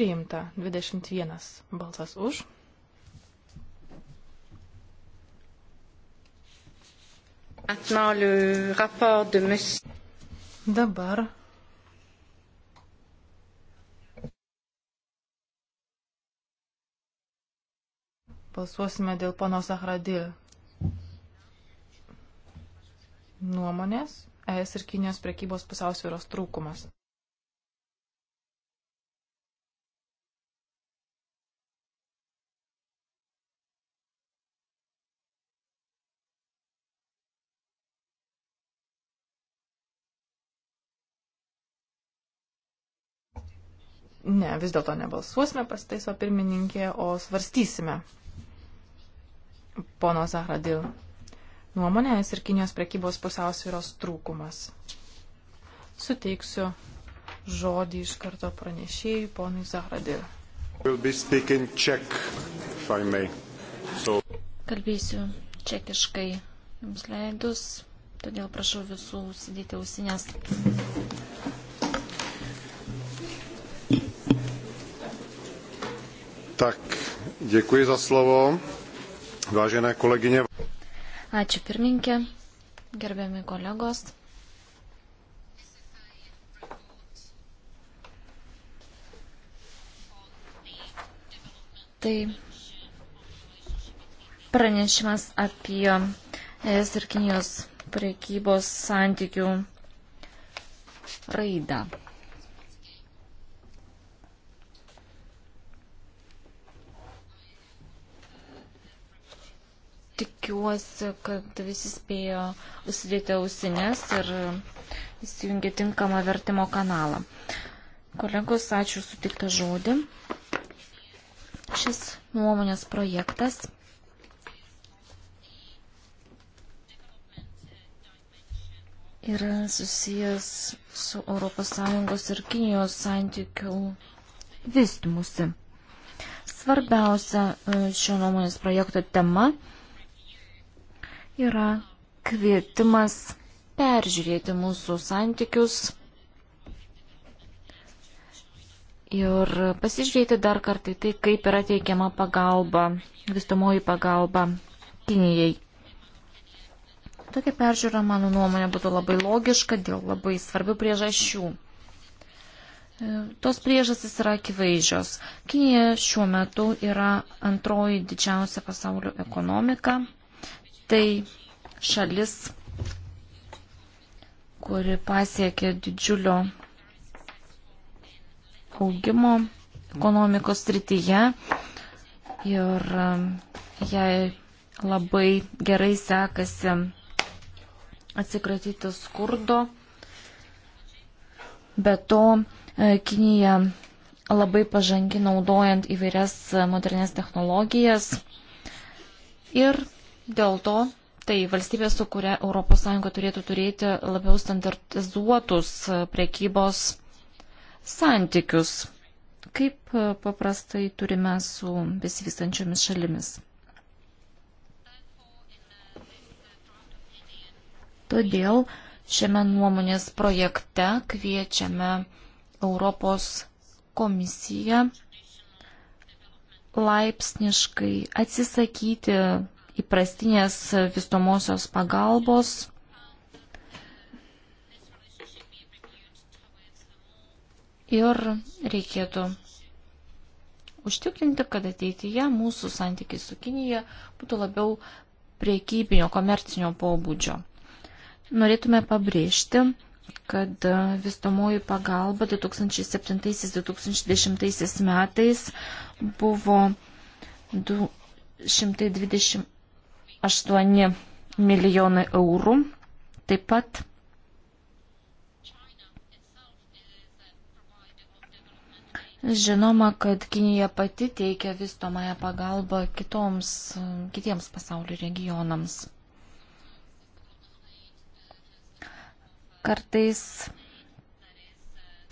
Priimta 21 balsas už. Dabar balsuosime dėl pono Zahradil nuomonės ES ir Kinijos prekybos pusiausvėros trūkumas. Ne, vis dėlto nebalsuosime, pasitaiso pirmininkė, o svarstysime pono Zahradil nuomonės ir Kinijos prekybos pusiausvyros trūkumas. Suteiksiu žodį iš karto pranešėjai ponui Zahradil. Czech, so... Kalbėsiu čekiškai jums leidus, todėl prašau visų sudėti ausinės. Tak, dėkui za slovo. Vážené kolegyne. Ačiū pirminkė, gerbiami kolegos. Tai pranešimas apie ES ir Kinijos prekybos santykių raidą. Tikiuosi, kad visi spėjo užsidėti ausinės ir įsijungė tinkamą vertimo kanalą. Kolegos, ačiū sutiktą žodį. Šis nuomonės projektas yra susijęs su ES ir Kinijos santykių vystimusi. Svarbiausia e, šio nuomonės projekto tema yra kvietimas peržiūrėti mūsų santykius ir pasižiūrėti dar kartai tai, kaip yra teikiama pagalba, vystumoji pagalba Kinijai. Tokia peržiūra, mano nuomonė, būtų labai logiška dėl labai svarbių priežasčių. E, tos priežastys yra akivaizdžios. Kinija šiuo metu yra antroji didžiausia pasaulio ekonomika tai šalis, kuri pasiekė didžiulio augimo ekonomikos srityje ir um, jai labai gerai sekasi atsikratyti skurdo. Be to, e, Kinija labai pažangi naudojant įvairias e, modernės technologijas ir Dėl to tai valstybė, su kuria ES turėtų turėti labiau standartizuotus prekybos santykius, kaip e, paprastai turime su besivystančiomis šalimis. Todėl šiame nuomonės projekte kviečiame Europos komisiją laipsniškai atsisakyti įprastinės vystomosios pagalbos. Ir reikėtų užtikrinti, kad ateityje mūsų santykiai su Kinija būtų labiau priekybinio, komercinio pobūdžio. Norėtume pabrėžti, kad vystomoji pagalba 2007-2010 metais buvo 220, 8 milijonai eurų. Taip pat Žinoma, kad Kinija pati teikia vystomąją pagalbą kitoms, kitiems pasaulio regionams. Kartais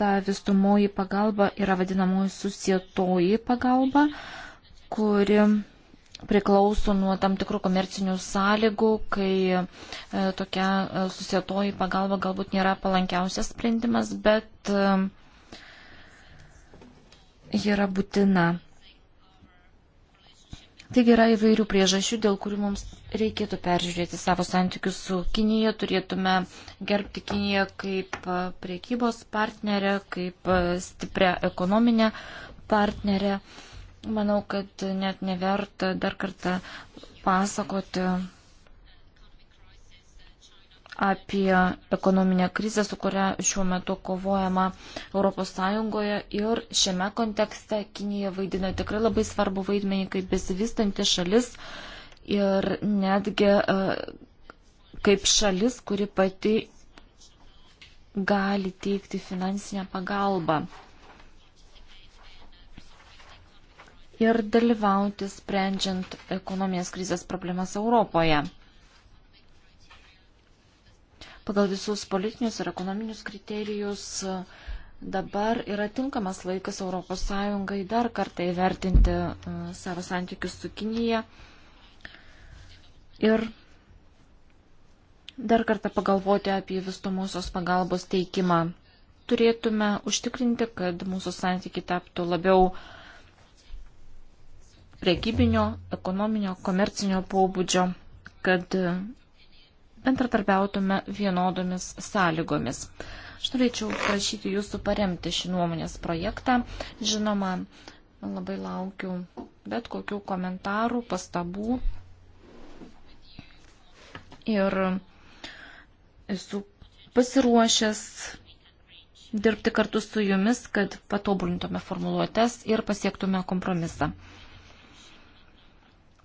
ta vystumoji pagalba yra vadinamoji susietoji pagalba, kuri priklauso nuo tam tikrų komercinių sąlygų, kai e, tokia e, susietoji pagalba galbūt nėra palankiausias sprendimas, bet e, yra būtina. Taigi yra įvairių priežasčių, dėl kurių mums reikėtų peržiūrėti savo santykius su Kinija, turėtume gerbti Kiniją kaip priekybos partnerę, kaip stiprią ekonominę partnerę. Uh, Manau, kad net neverta dar kartą pasakoti apie ekonominę krizę, su kuria šiuo metu kovojama ES ir šiame kontekste Kinija vaidina tikrai labai svarbu vaidmenį kaip besivystanti šalis ir netgi e, kaip šalis, kuri pati gali teikti finansinę pagalbą ir dalyvauti sprendžiant ekonominės krizės problemas Europoje. Pagal visus politinius ir ekonominius kriterijus dabar yra tinkamas laikas ES dar kartą įvertinti e, savo santykius su Kinija ir dar kartą pagalvoti apie vystomosios pagalbos teikimą. Turėtume užtikrinti, kad mūsų santykiai taptų labiau uh, prekybinio, ekonominio, komercinio pobūdžio, kad bendratarbiautume vienodomis sąlygomis. Aš norėčiau prašyti jūsų paremti šį nuomonės projektą. Žinoma, labai laukiu bet kokių komentarų, pastabų. Ir esu pasiruošęs dirbti kartu su jumis, kad patobulintume formuluotės ir pasiektume kompromisą.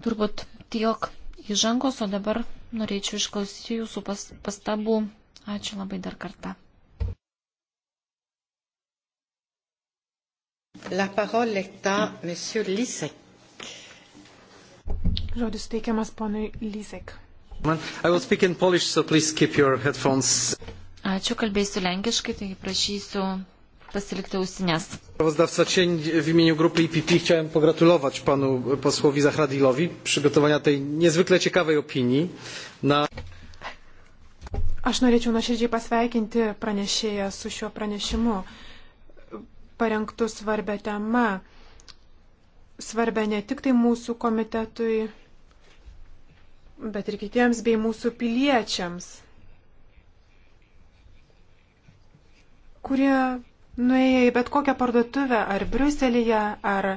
Turbūt tiek įžangos, o dabar norėčiau išklausyti jūsų pas, pastabų. Ačiū labai dar kartą. La parole est à monsieur Lisek. Žodis teikiamas ponui Lisek. I will speak in Polish, so please keep your headphones. Ačiū, kalbėsiu lenkiškai, tai prašysiu pasilikti ausinės. Sprawozdawca cień w imieniu grupy IPP e chciałem pogratulować panu posłowi Zahradilowi przygotowania tej niezwykle ciekawej opinii na Aš norėčiau nuoširdžiai pasveikinti pranešėją su šiuo pranešimu. Parengtų svarbę temą. Svarbę ne tik tai mūsų komitetui, bet ir kitiems bei mūsų piliečiams, kurie nuėję į bet kokią parduotuvę ar Briuselyje, ar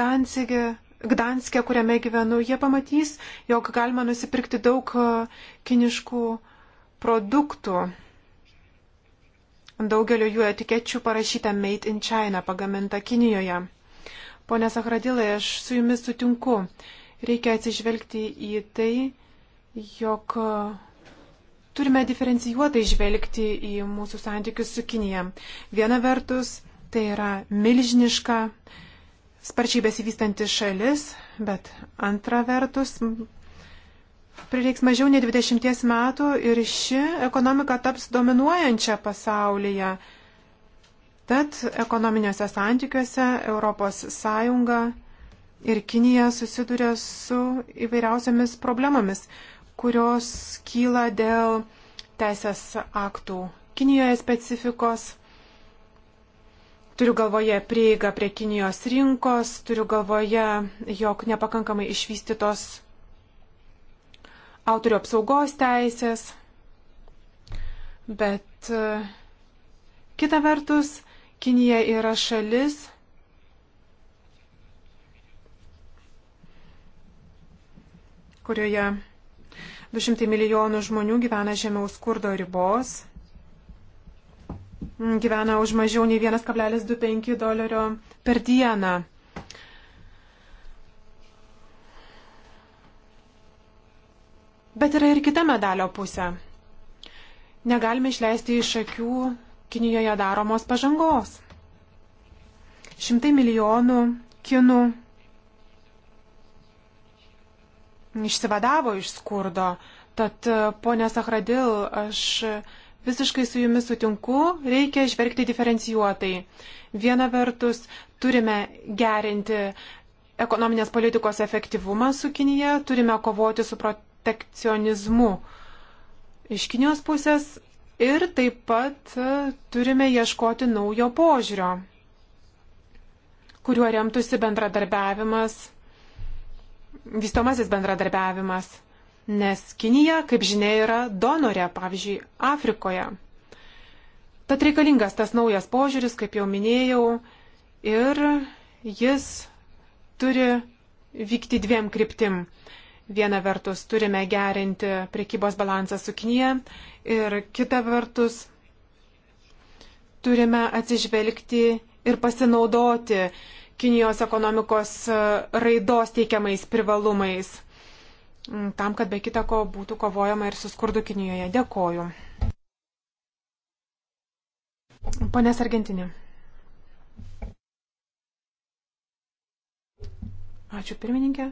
Danzigė, Gdanskė, kuriame gyvenu, jie pamatys, jog galima nusipirkti daug e, kiniškų produktų. Daugelio jų etikečių parašyta Made in China, pagaminta Kinijoje. Pone Sahradilai, aš su jumis sutinku. Reikia atsižvelgti į tai, jog turime diferencijuotai žvelgti į mūsų santykius su Kinija. Viena vertus, tai yra milžiniška, sparčiai besivystanti šalis, bet antra vertus, prireiks mažiau nei 20 metų ir ši ekonomika taps dominuojančia pasaulyje. Tad ekonominiuose santykiuose ES ir Kinija susiduria su įvairiausiamis problemomis kurios kyla dėl teisės aktų Kinijoje specifikos. Turiu galvoje prieigą prie Kinijos rinkos, turiu galvoje, jog nepakankamai išvystytos autorių apsaugos teisės, bet e, kita vertus, Kinija yra šalis, kurioje 200 milijonų žmonių gyvena žemiau skurdo ribos, gyvena už mažiau nei 1,25 dolerio per dieną. Bet yra ir kita medalio pusė. Negalime išleisti iš akių Kinijoje daromos pažangos. Šimtai milijonų kinų išsivadavo iš skurdo. Tad, e, ponė Sahradil, aš visiškai su jumis sutinku, reikia žvelgti diferencijuotai. Viena vertus, turime gerinti ekonominės politikos efektyvumą su Kinija, turime kovoti su protekcionizmu iš Kinijos pusės ir taip pat e, turime ieškoti naujo požiūrio, kuriuo remtųsi bendradarbiavimas vystomasis bendradarbiavimas, nes Kinija, kaip žinia, yra donorė, pavyzdžiui, Afrikoje. Tad reikalingas tas naujas požiūris, kaip jau minėjau, ir jis turi vykti dviem kryptim. Viena vertus turime gerinti prekybos balansą su Kinija ir kita vertus turime atsižvelgti ir pasinaudoti uh, Kinijos ekonomikos e, raidos teikiamais privalumais, mm, tam, kad be kita ko būtų kovojama ir su skurdu Kinijoje. Dėkoju. Ponės Argentinė. Ačiū pirmininkė.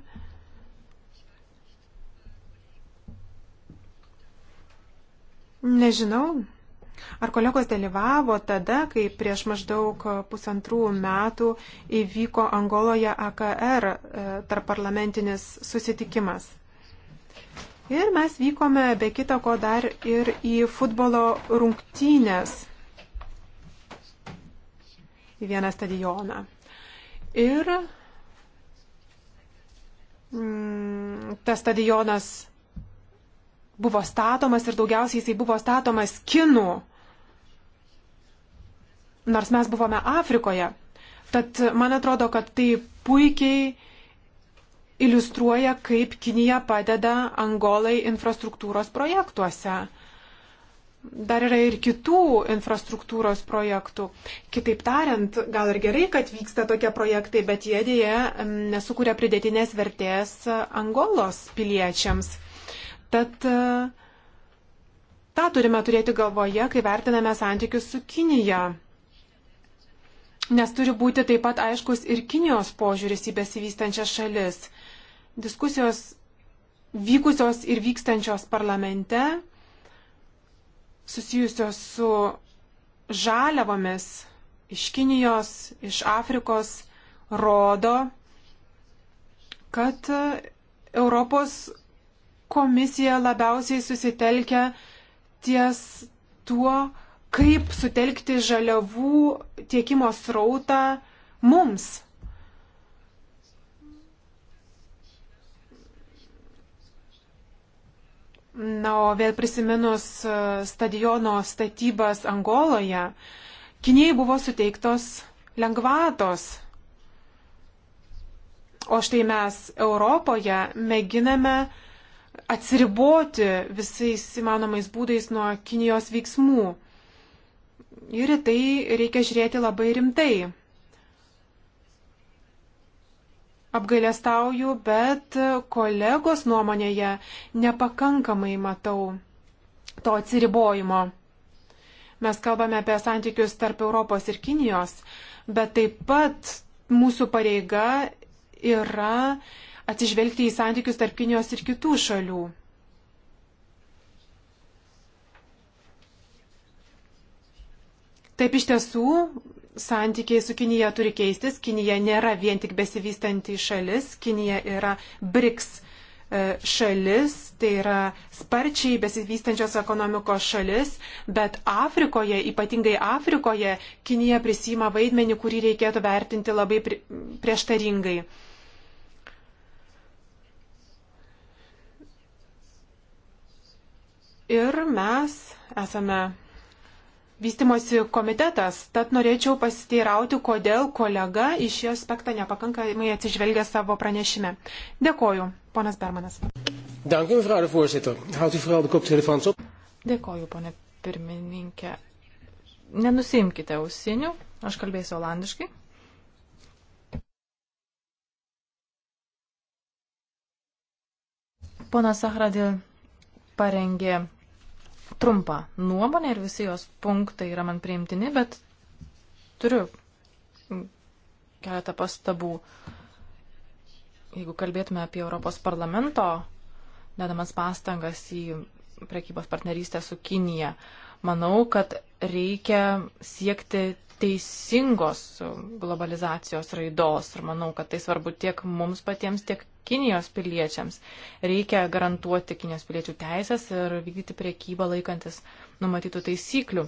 Nežinau, Ar kolegos dalyvavo tada, kai prieš maždaug pusantrų metų įvyko Angoloje AKR e, tarparlamentinis susitikimas? Ir mes vykome be kita ko dar ir į futbolo rungtynės į vieną stadioną. Ir mm, tas stadionas buvo statomas ir daugiausiai jisai buvo statomas kinų, nors mes buvome Afrikoje. Tad man atrodo, kad tai puikiai iliustruoja, kaip Kinija padeda Angolai infrastruktūros projektuose. Dar yra ir kitų infrastruktūros projektų. Kitaip tariant, gal ir gerai, kad vyksta tokie projektai, bet jie dėje mm, nesukuria pridėtinės vertės Angolos piliečiams. Tad e, tą turime turėti galvoje, kai vertiname santykius su Kinija. Nes turi būti taip pat aiškus ir Kinijos požiūris į besivystančias šalis. Diskusijos vykusios ir vykstančios parlamente, susijusios su žaliavomis iš Kinijos, iš Afrikos, rodo, kad Europos komisija labiausiai susitelkia ties tuo, kaip sutelkti žaliavų tiekimo srautą mums. Na, o vėl prisiminus e, stadiono statybas Angoloje, Kinijai buvo suteiktos lengvatos. O štai mes Europoje mėginame uh, atsiriboti visais įmanomais būdais nuo Kinijos veiksmų. Ir į tai reikia žiūrėti labai rimtai. Apgailestauju, bet kolegos nuomonėje nepakankamai matau to atsiribojimo. Mes kalbame apie santykius tarp Europos ir Kinijos, bet taip pat mūsų pareiga yra atsižvelgti į santykius tarp Kinijos ir kitų šalių. Taip iš tiesų, santykiai su Kinija turi keistis. Kinija nėra vien tik besivystanti šalis, Kinija yra BRICS e, šalis, tai yra sparčiai besivystančios ekonomikos šalis, bet Afrikoje, ypatingai Afrikoje, Kinija prisima vaidmenį, kurį reikėtų vertinti labai prieštaringai. Pri Ir mes esame vystimosi komitetas, tad norėčiau pasiteirauti, kodėl kolega į šį aspektą nepakankamai atsižvelgia savo pranešime. Dėkoju, ponas Bermanas. Dank u, mevrouw de voorzitter. Houdt u vooral de koptelefoons op. Dėkoju, ponė pirmininkė. Nenusimkite ausinių, aš kalbėsiu olandiškai. Ponas Sahradil parengė trumpą nuomonę ir visi jos punktai yra man priimtini, bet turiu keletą pastabų. Jeigu kalbėtume apie Europos parlamento dedamas pastangas į prekybos partnerystę su Kinija, uh, Manau, kad reikia siekti teisingos globalizacijos raidos ir manau, kad tai svarbu tiek mums patiems, tiek Kinijos piliečiams. Reikia garantuoti Kinijos piliečių teisės ir vykdyti priekybą laikantis numatytų taisyklių.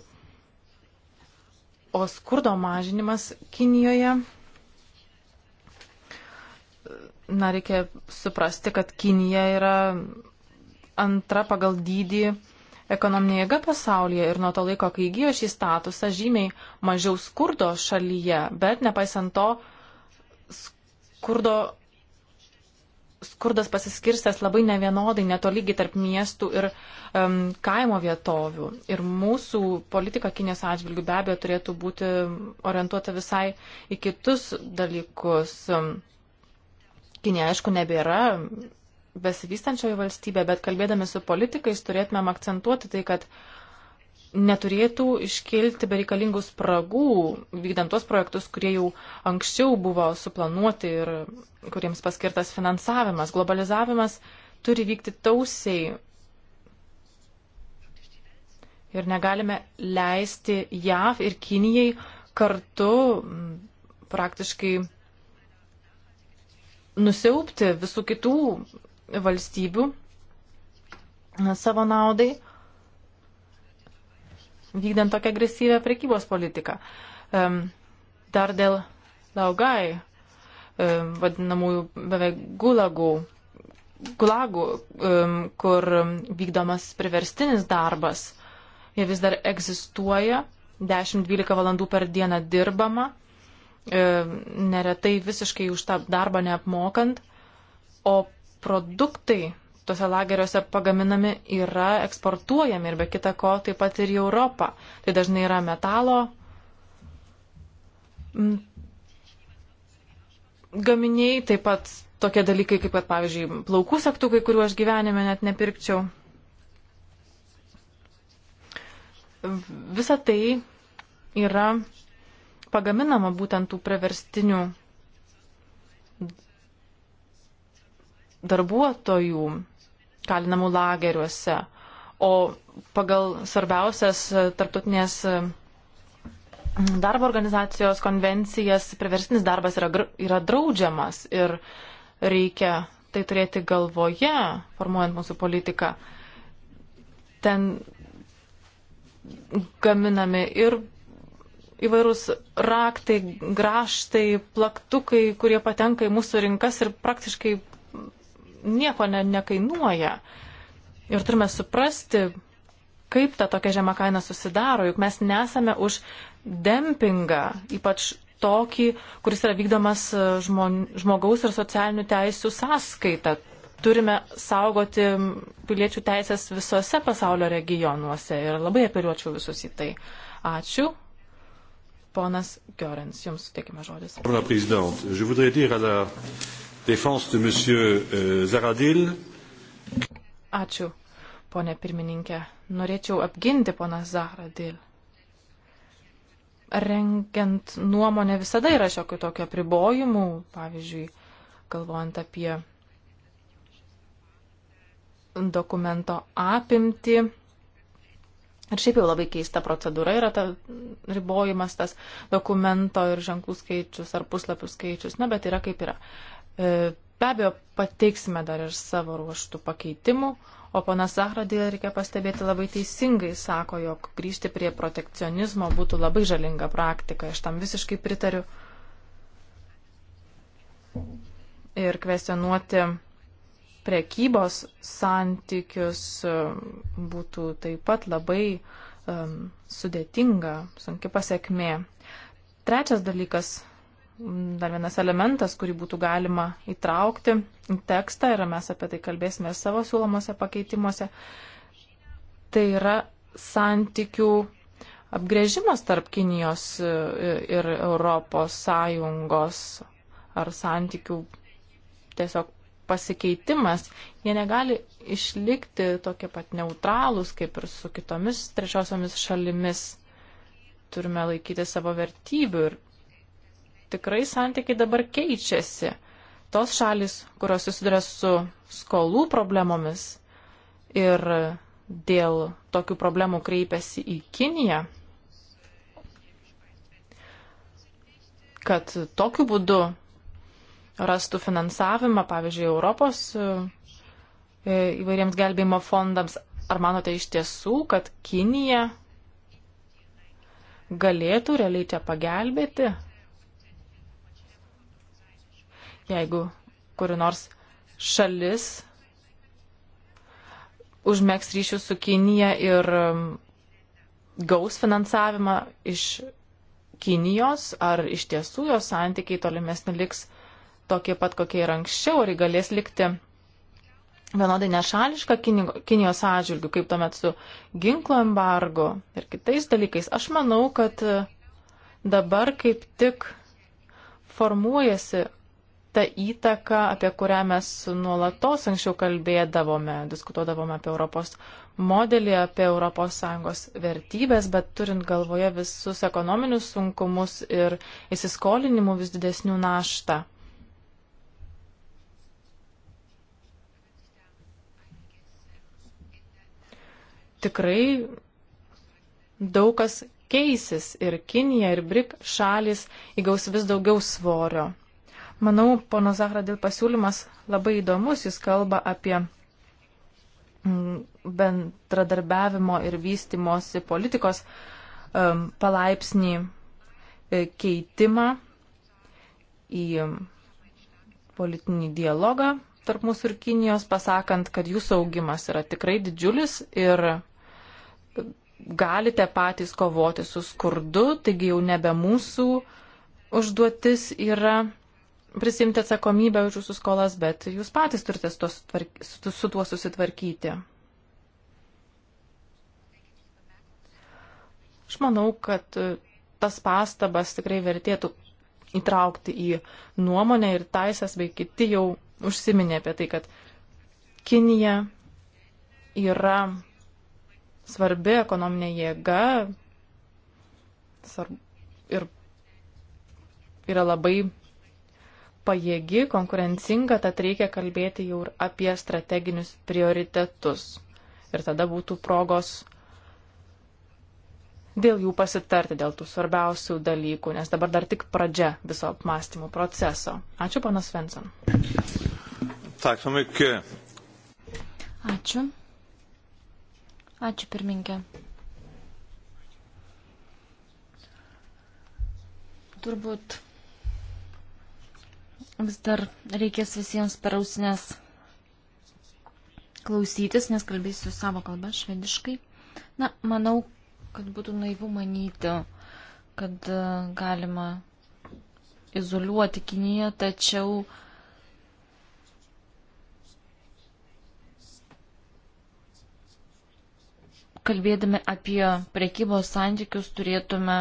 O skurdo mažinimas Kinijoje na, reikia suprasti, kad Kinija yra antra pagal dydį ekonominė jėga pasaulyje ir nuo to laiko, kai įgyjo šį statusą, žymiai mažiau skurdo šalyje, bet nepaisant to, skurdo, skurdas pasiskirstęs labai nevienodai, netolygiai tarp miestų ir um, kaimo vietovių. Ir mūsų politika Kinės atžvilgių be abejo turėtų būti orientuota visai į kitus dalykus. Kinė, aišku, nebėra besivystančioji valstybė, bet kalbėdami su politikais turėtumėm akcentuoti tai, kad neturėtų iškilti bereikalingų spragų, vykdant tuos projektus, kurie jau anksčiau buvo suplanuoti ir kuriems paskirtas finansavimas. Globalizavimas turi vykti tausiai ir negalime leisti JAV ir Kinijai kartu praktiškai nusiaupti visų kitų valstybių savo naudai, vykdant tokią agresyvę prekybos politiką. Dar dėl laugai, vadinamųjų beveik gulagų, gulagų, kur vykdomas priverstinis darbas, jie vis dar egzistuoja, 10-12 valandų per dieną dirbama, neretai visiškai už tą darbą neapmokant, o produktai tuose lageriuose pagaminami yra eksportuojami ir be kita ko taip pat ir į Europą. Tai dažnai yra metalo mm, gaminiai, taip pat tokie dalykai kaip, kad, pavyzdžiui, plaukų sektukai, kuriuo aš gyvenime net nepirkčiau. Visa tai yra pagaminama būtent tų priverstinių darbuotojų kalinamų lageriuose, o pagal svarbiausias e, tarptautinės e, darbo organizacijos konvencijas priversinis darbas yra, yra draudžiamas ir reikia tai turėti galvoje, formuojant mūsų politiką. Ten gaminami ir įvairūs raktai, graštai, plaktukai, kurie patenka į mūsų rinkas ir praktiškai nieko ne, nekainuoja. Ir turime suprasti, kaip ta tokia žema kaina susidaro, juk mes nesame už dempingą, ypač tokį, kuris yra vykdomas e, žmon, žmogaus ir socialinių teisų sąskaita. Turime saugoti piliečių teisės visose pasaulio regionuose ir labai apeliuočiau visus į tai. Ačiū. Ponas Görens, jums suteikime žodis défense de M. Euh, Zaradil. Ačiū, ponė pirmininkė. Norėčiau apginti poną Zahradil. Rengiant nuomonę visada yra šiokių tokių apribojimų, pavyzdžiui, galvojant apie dokumento apimti. Ir šiaip jau labai keista procedūra yra ta ribojimas tas dokumento ir ženklų skaičius ar puslapių skaičius, na bet yra kaip yra. E, be abejo, pateiksime dar ir savo ruoštų pakeitimų, o panas Zahradėl reikia pastebėti labai teisingai, sako, jog grįžti prie protekcionizmo būtų labai žalinga praktika. Aš tam visiškai pritariu. Ir kvestionuoti prekybos santykius e, būtų taip pat labai um, sudėtinga, sunki pasiekmė. Trečias dalykas dar vienas elementas, kurį būtų galima įtraukti į tekstą ir mes apie tai kalbėsime savo siūlomose pakeitimuose, tai yra santykių apgrėžimas tarp Kinijos e, ir Europos Sąjungos ar santykių tiesiog pasikeitimas. Jie negali išlikti tokie pat neutralūs kaip ir su kitomis trečiosiomis šalimis turime laikyti savo vertybių ir tikrai santykiai dabar keičiasi. Tos šalis, kurios susiduria su skolų problemomis ir dėl tokių problemų kreipiasi į Kiniją, kad tokiu būdu rastų finansavimą, pavyzdžiui, Europos e, įvairiems gelbėjimo fondams. Ar manote iš tiesų, kad Kinija galėtų realiai čia pagelbėti? jeigu kuri nors šalis užmėgs ryšius su Kinija ir um, gaus finansavimą iš Kinijos, ar iš tiesų jos santykiai tolimesni liks tokie pat, kokie ir anksčiau, ar galės likti vienodai nešališka Kinijos atžvilgių, kaip tuomet su ginklo embargo ir kitais dalykais. Aš manau, kad e, dabar kaip tik formuojasi ta įtaka, apie kurią mes nuolatos anksčiau kalbėdavome, diskutuodavome apie Europos modelį, apie ES vertybės, bet turint galvoje visus ekonominius sunkumus ir įsiskolinimų vis didesnių naštą. Tikrai daug kas keisis ir Kinija, ir BRIC šalis įgaus vis daugiau svorio Manau, pono Zahradil pasiūlymas labai įdomus, jis kalba apie mm, bendradarbiavimo ir vystimosi politikos palaipsnį e, keitimą į politinį dialogą tarp mūsų ir Kinijos, pasakant, kad jūsų augimas yra tikrai didžiulis ir e, galite patys kovoti su skurdu, taigi jau nebe mūsų užduotis yra prisimti atsakomybę už jūsų skolas, bet jūs patys turite su, su, su tuo susitvarkyti. Aš manau, kad e, tas pastabas tikrai vertėtų įtraukti į nuomonę ir taisas bei kiti jau užsiminė apie tai, kad Kinija yra svarbi ekonominė jėga ir yra labai pajėgi, konkurencinga, tad reikia kalbėti jau ir apie strateginius prioritetus. Ir tada būtų progos dėl jų pasitarti, dėl tų svarbiausių dalykų, nes dabar dar tik pradžia viso apmąstymų proceso. Ačiū, panas Svensson. Ačiū. Ačiū, pirminkė. Turbūt vis dar reikės visiems per ausinės klausytis, nes kalbėsiu savo kalbą švediškai. Na, manau, kad būtų naivu manyti, kad e, galima izoliuoti Kiniją, tačiau kalbėdami apie prekybos santykius turėtume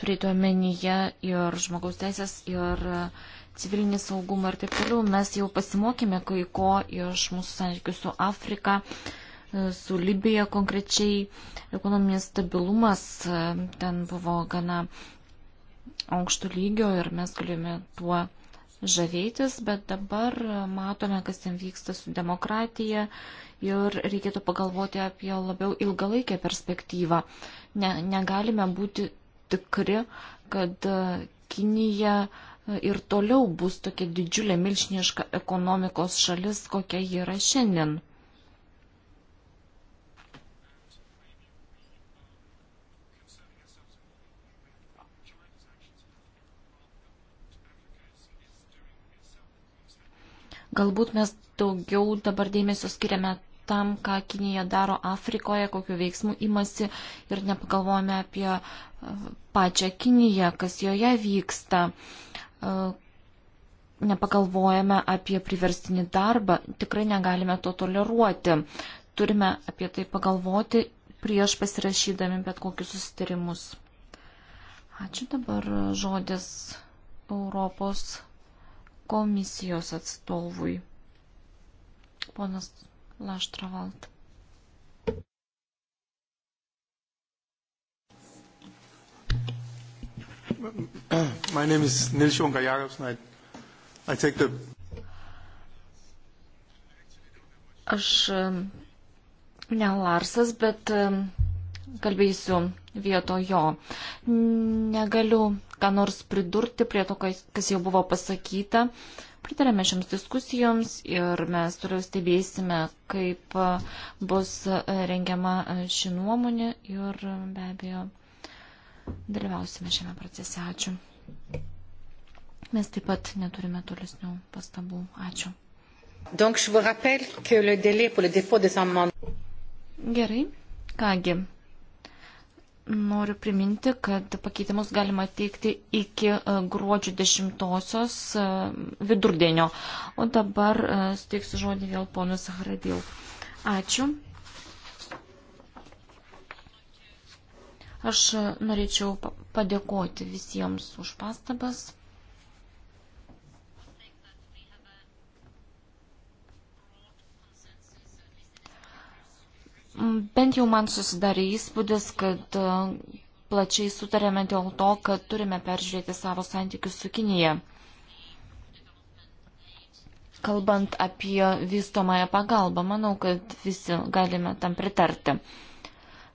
turėti omenyje ir žmogaus teisės, ir uh, civilinį saugumą ir taip toliau. Mes jau pasimokėme kai ko iš mūsų santykių su Afrika, su Libija konkrečiai. Ekonominis stabilumas e, ten buvo gana aukštų lygio ir mes galėjome tuo žavėtis, bet dabar e, matome, kas ten vyksta su demokratija ir reikėtų pagalvoti apie labiau ilgalaikę perspektyvą. Ne, negalime būti tikri, kad e, Kinija uh, ir toliau bus tokia didžiulė milšnieška ekonomikos šalis, kokia ji yra šiandien. Galbūt mes daugiau dabar dėmesio skiriame tam, ką Kinija daro Afrikoje, kokiu veiksmu imasi ir nepagalvojame apie pačią Kiniją, kas joje vyksta nepagalvojame apie priverstinį darbą, tikrai negalime to toleruoti. Turime apie tai pagalvoti prieš pasirašydami bet kokius susitarimus. Ačiū dabar žodis Europos komisijos atstovui. Ponas Laštravalt. My name is Nils Junker Jacobsen. I, I take the... Aš um, ne Larsas, bet um, kalbėsiu vieto jo. Negaliu ką nors pridurti prie to, kas jau buvo pasakyta. Pritarėme šiams diskusijoms ir mes toliau stebėsime, kaip uh, bus uh, rengiama uh, ši nuomonė ir be abejo dalyvausime šiame procese. Ačiū. Mes taip pat neturime tolesnių pastabų. Ačiū. Donc, je vous rappelle que le délai pour le dépôt des amendements. Gerai, kągi. Noriu priminti, kad pakeitimus galima teikti iki e, gruodžio 10 e, vidurdienio. O dabar e, steiksiu žodį vėl ponus Hradil. Ačiū. Aš norėčiau padėkoti visiems už pastabas. Mm, bent jau man susidarė įspūdis, kad e, plačiai sutarėme dėl to, kad turime peržiūrėti savo santykius su Kinija. Kalbant apie vystomąją pagalbą, manau, kad visi galime tam pritarti.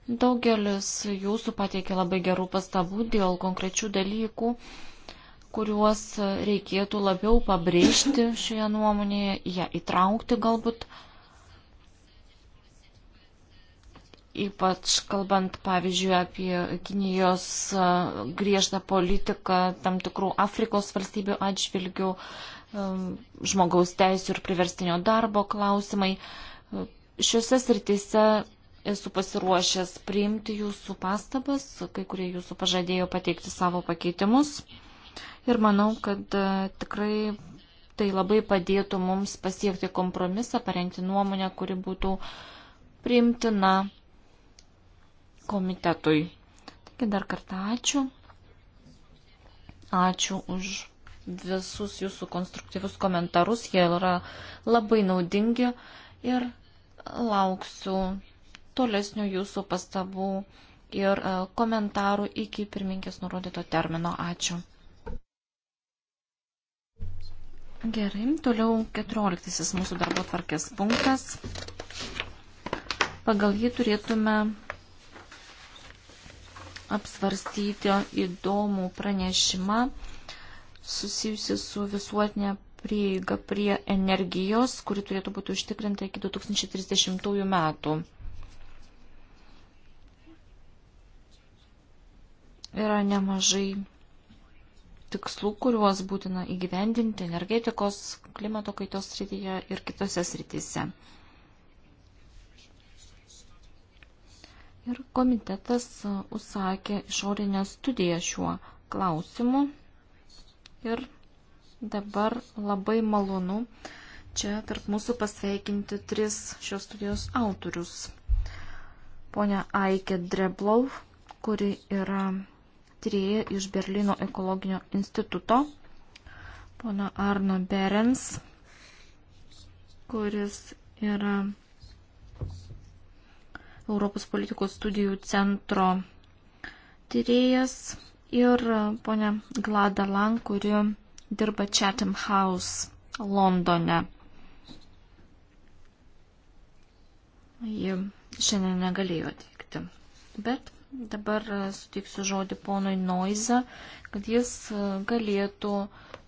Daugelis jūsų pateikė labai gerų pastabų dėl konkrečių dalykų, kuriuos reikėtų labiau pabrėžti šioje nuomonėje, ją įtraukti galbūt. Ypač kalbant, pavyzdžiui, apie Kinijos griežtą politiką tam tikrų Afrikos valstybių atžvilgių, žmogaus teisų ir priverstinio darbo klausimai. Šiuose srityse Esu pasiruošęs priimti jūsų pastabas, kai kurie jūsų pažadėjo pateikti savo pakeitimus. Ir manau, kad e, tikrai tai labai padėtų mums pasiekti kompromisą, parengti nuomonę, kuri būtų priimtina komitetui. Taigi dar kartą ačiū. Ačiū už visus jūsų konstruktyvius komentarus. Jie yra labai naudingi ir lauksiu tolesnių jūsų pastabų ir e, komentarų iki pirminkės nurodyto termino. Ačiū. Gerai, toliau 14 mūsų darbo tvarkės punktas. Pagal jį turėtume apsvarstyti įdomų pranešimą susijusi su visuotinė prieiga prie energijos, kuri turėtų būti užtikrinta iki 2030 metų. Yra nemažai tikslų, kuriuos būtina įgyvendinti energetikos, klimato kaitos srityje ir kitose srityse. Ir komitetas užsakė išorinę studiją šiuo klausimu. Ir dabar labai malonu čia tarp mūsų pasveikinti tris šios studijos autorius. Pone Aikė Dreblov, kuri yra tyrėja iš Berlyno ekologinio instituto, pana Arno Berens, kuris yra Europos politikos studijų centro tyrėjas ir ponia Glada Lang, kuri dirba Chatham House Londone. Ji šiandien negalėjo atvykti, bet Dabar e, sutiksiu žodį ponui Noiza, kad jis e, galėtų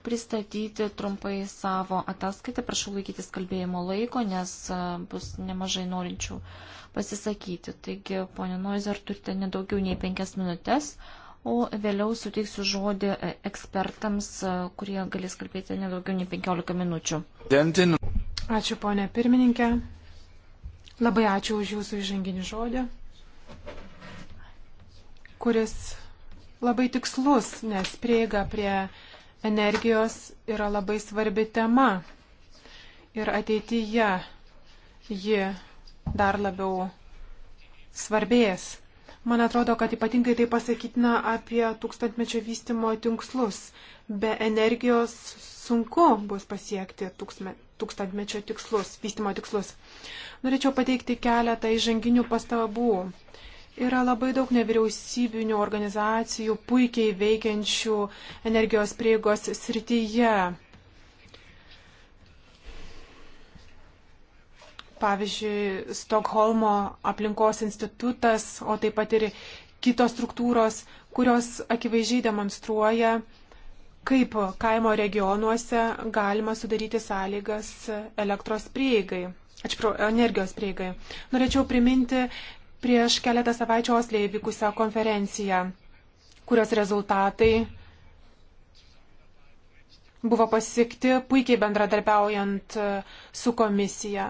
pristatyti trumpai savo ataskaitą. Prašau laikytis kalbėjimo laiko, nes e, bus nemažai norinčių pasisakyti. Taigi, ponė Noiza, ar turite nedaugiau nei penkias minutės, o vėliau suteiksiu žodį ekspertams, kurie galės kalbėti nedaugiau nei penkiolika minučių. Ačiū, ponė pirmininkė. Labai ačiū už jūsų įžanginį žodį kuris labai tikslus, nes prieiga prie energijos yra labai svarbi tema. Ir ateityje ji dar labiau svarbės. Man atrodo, kad ypatingai tai pasakytina apie tūkstantmečio vystimo tinkslus. Be energijos sunku bus pasiekti tūkstantmečio tikslus, vystimo tikslus. Norėčiau pateikti keletą įžanginių pastabų. Yra labai daug nevyriausybinių organizacijų puikiai veikiančių energijos prieigos srityje. Pavyzdžiui, Stokholmo aplinkos institutas, o taip pat ir kitos struktūros, kurios akivaizdžiai demonstruoja, kaip kaimo regionuose galima sudaryti sąlygas elektros prieigai. Atsiprašau, energijos prieigai. Norėčiau priminti prieš keletą savaičių Oslėje vykusią konferenciją, kurios rezultatai buvo pasiekti puikiai bendradarbiaujant e, su komisija.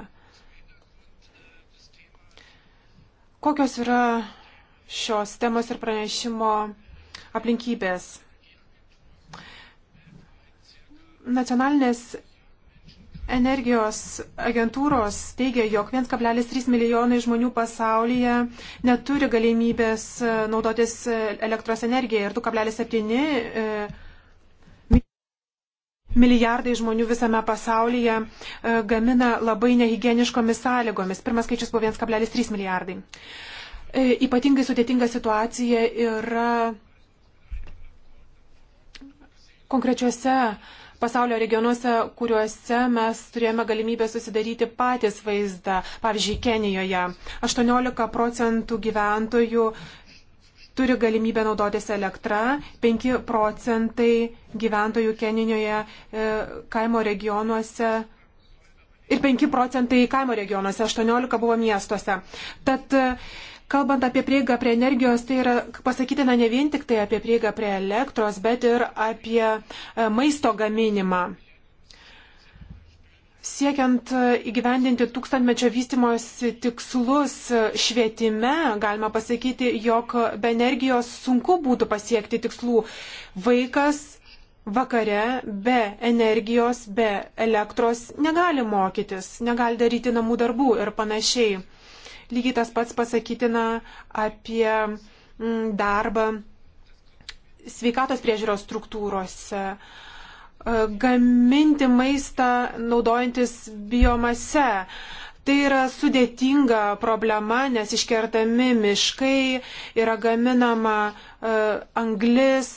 Kokios yra šios temos ir pranešimo aplinkybės? Nacionalinės Energijos agentūros teigia, jog 1,3 milijonai žmonių pasaulyje neturi galimybės e, naudotis e, elektros energiją ir 2,7 e, milijardai žmonių visame pasaulyje gamina labai nehigieniškomis sąlygomis. Pirmas skaičius buvo 1,3 milijardai. Ypatingai sudėtinga situacija yra konkrečiuose pasaulio regionuose, kuriuose mes turėjome galimybę susidaryti patys vaizdą. Pavyzdžiui, Kenijoje 18 procentų gyventojų turi galimybę naudotis elektrą, 5 procentai gyventojų Kenijoje e, kaimo regionuose ir 5 procentai kaimo regionuose, 18 buvo miestuose. Tad Kalbant apie prieigą prie energijos, tai yra pasakytina ne vien tik tai apie prieigą prie elektros, bet ir apie e, maisto gaminimą. Siekiant e, įgyvendinti tūkstantmečio vystimosi tikslus e, švietime, galima pasakyti, jog be energijos sunku būtų pasiekti tikslų. Vaikas vakare be energijos, be elektros negali mokytis, negali daryti namų darbų ir panašiai. Lygiai tas pats pasakytina apie mm, darbą sveikatos priežiūros struktūrose. E, gaminti maistą naudojantis biomase. Tai yra sudėtinga problema, nes iškertami miškai yra gaminama e, anglis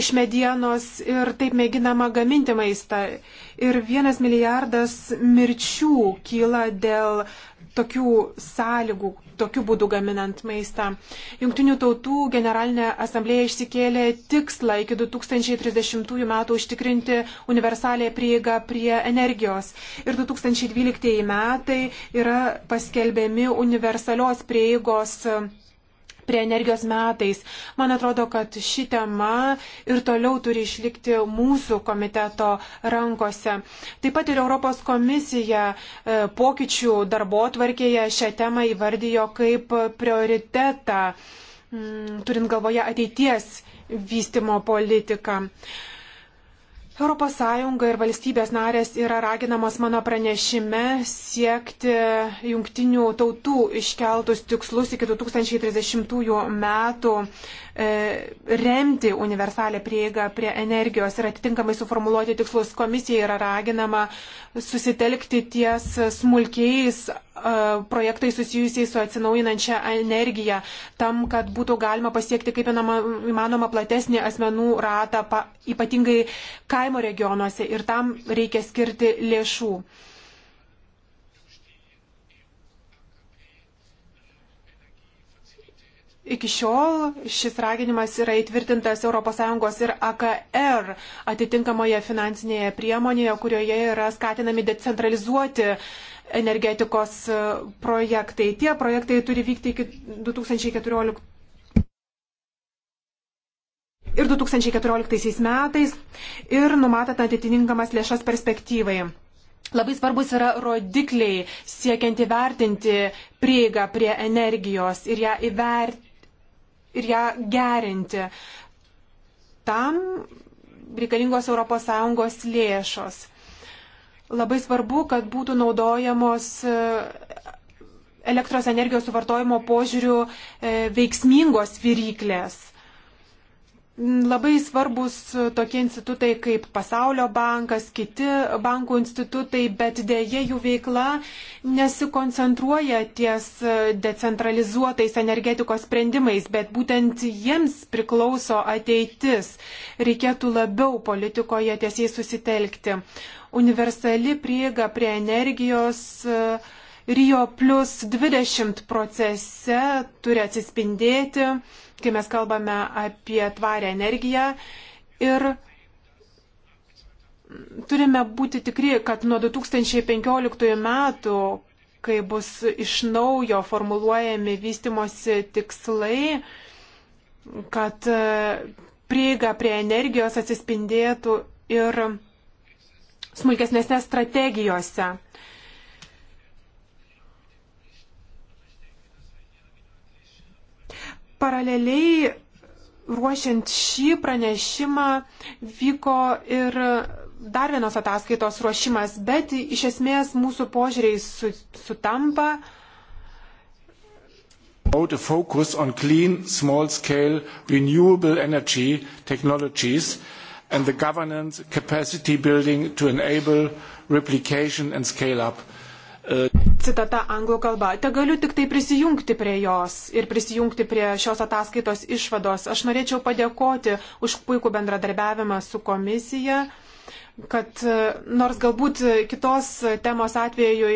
iš medienos ir taip mėginama gaminti maistą. Ir vienas milijardas mirčių kyla dėl tokių sąlygų, tokiu būdu gaminant maistą. Junktinių tautų generalinė asamblėja išsikėlė tikslą iki 2030 metų užtikrinti universalę prieigą prie energijos. Ir 2012 metai yra paskelbiami universalios prieigos prie energijos metais. Man atrodo, kad ši tema ir toliau turi išlikti mūsų komiteto rankose. Taip pat ir Europos komisija e, pokyčių darbo tvarkėje šią temą įvardijo kaip prioritetą, mm, turint galvoje ateities vystimo politiką. ES ir valstybės narės yra raginamos mano pranešime siekti jungtinių tautų iškeltus tikslus iki 2030 metų E, remti universalę prieigą prie energijos ir atitinkamai suformuluoti tikslus. Komisija yra raginama susitelkti ties smulkiais e, projektais susijusiais su atsinaujinančia energija, tam, kad būtų galima pasiekti kaip įmanoma platesnį asmenų ratą, ypatingai kaimo regionuose ir tam reikia skirti lėšų. Iki šiol šis raginimas yra įtvirtintas ES ir AKR atitinkamoje finansinėje priemonėje, kurioje yra skatinami decentralizuoti energetikos e, projektai. Tie projektai turi vykti iki 2014. Ir 2014 metais ir numatant atitinkamas lėšas perspektyvai. Labai svarbus yra rodikliai siekiant įvertinti prieigą prie energijos ir ją įvertinti ir ją gerinti. Tam reikalingos ES lėšos. Labai svarbu, kad būtų naudojamos e, elektros energijos suvartojimo požiūrių e, veiksmingos viryklės labai svarbus tokie institutai kaip Pasaulio bankas, kiti bankų institutai, bet dėje jų veikla nesikoncentruoja ties decentralizuotais energetikos sprendimais, bet būtent jiems priklauso ateitis. Reikėtų labiau politikoje tiesiai susitelkti. Universali prieiga prie energijos. Rio plus 20 procese turi atsispindėti kai mes kalbame apie tvarę energiją ir turime būti tikri, kad nuo 2015 metų, kai bus iš naujo formuluojami vystimosi tikslai, kad e, prieiga prie energijos atsispindėtų ir smulkesnėse strategijose. Paraleliai ruošiant šį pranešimą vyko ir dar vienos ataskaitos ruošimas, bet iš esmės mūsų požiūriai su, sutampa. A focus on clean, small scale, renewable energy technologies and the governance capacity building to enable replication and scale up. Uh, Citata anglų kalba. Te galiu tik tai prisijungti prie jos ir prisijungti prie šios ataskaitos išvados. Aš norėčiau padėkoti už puikų bendradarbiavimą su komisija kad e, nors galbūt kitos temos atveju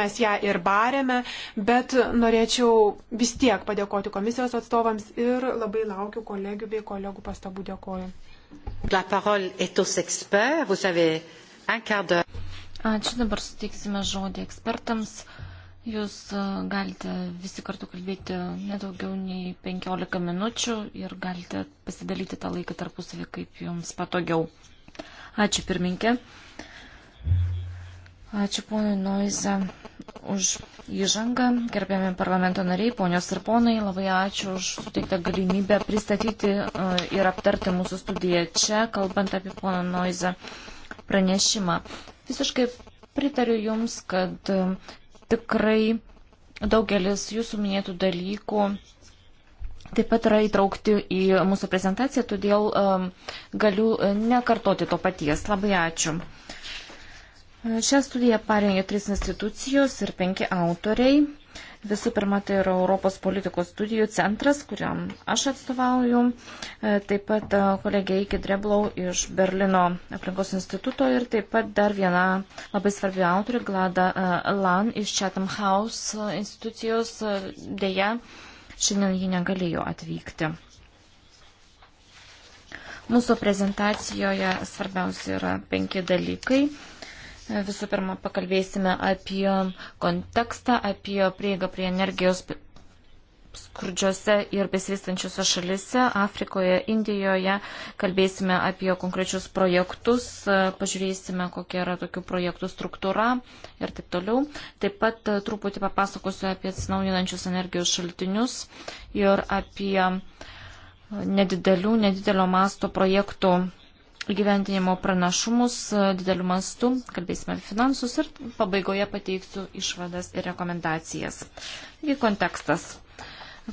mes ją ir barėme, bet norėčiau vis tiek padėkoti komisijos atstovams ir labai laukiu kolegių bei kolegų pastabų dėkoju. Ačiū, dabar suteiksime žodį ekspertams. Jūs e, galite visi kartu kalbėti nedaugiau nei 15 minučių ir galite pasidalyti tą laiką tarpusavį, kaip jums patogiau. Ačiū pirminkė. Ačiū ponui Noiza už įžangą. Gerbėmi parlamento nariai, ponios ir ponai, labai ačiū už suteiktą galimybę pristatyti e, ir aptarti mūsų studiją čia, kalbant apie poną Noizą pranešimą. Visiškai pritariu Jums, kad um, tikrai daugelis Jūsų minėtų dalykų taip pat yra įtraukti į mūsų prezentaciją, todėl um, galiu uh, nekartoti to paties. Labai ačiū. Šią studiją parengė trys institucijos ir penki autoriai. Visų pirma, tai yra Europos politikos studijų centras, kuriam aš atstovauju, e, taip pat e, kolegė Iki Dreblau iš Berlino aplinkos instituto ir taip pat dar viena labai svarbi autorė, Glada e, Lan iš Chatham House institucijos, dėja, šiandien ji negalėjo atvykti. Mūsų prezentacijoje svarbiausia yra penki dalykai. Visų pirma, pakalbėsime apie kontekstą, apie prieigą prie energijos skurdžiose ir besivystančiose šalise, Afrikoje, Indijoje. Kalbėsime apie konkrečius projektus, pažiūrėsime, kokia yra tokių projektų struktūra ir taip toliau. Taip pat e, truputį papasakosiu apie atsinaujinančius energijos šaltinius ir apie nedidelių, nedidelio masto projektų gyventinimo pranašumus e, dideliu mastu, kalbėsime apie finansus ir pabaigoje pateiksiu išvadas ir rekomendacijas. Taigi kontekstas.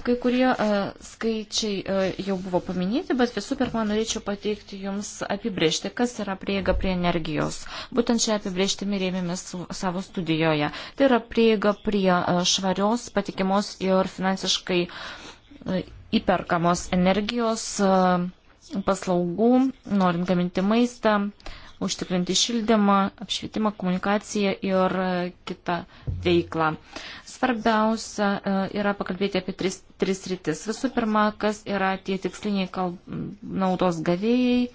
Kai kurie uh, skaičiai uh, jau buvo paminėti, bet visų pirma norėčiau pateikti Jums apibriežti, kas yra prieiga prie energijos. Būtent šią apibriežtimį rėmėmės savo studijoje. Tai yra prieiga prie uh, švarios, patikimos ir finansiškai uh, įperkamos energijos. Uh, paslaugų, norint gaminti maistą, užtikrinti šildymą, apšvietimą, komunikaciją ir kitą veiklą. Svarbiausia e, yra pakalbėti apie tris, tris rytis. Visų pirma, kas yra tie tiksliniai kalb... naudos gavėjai.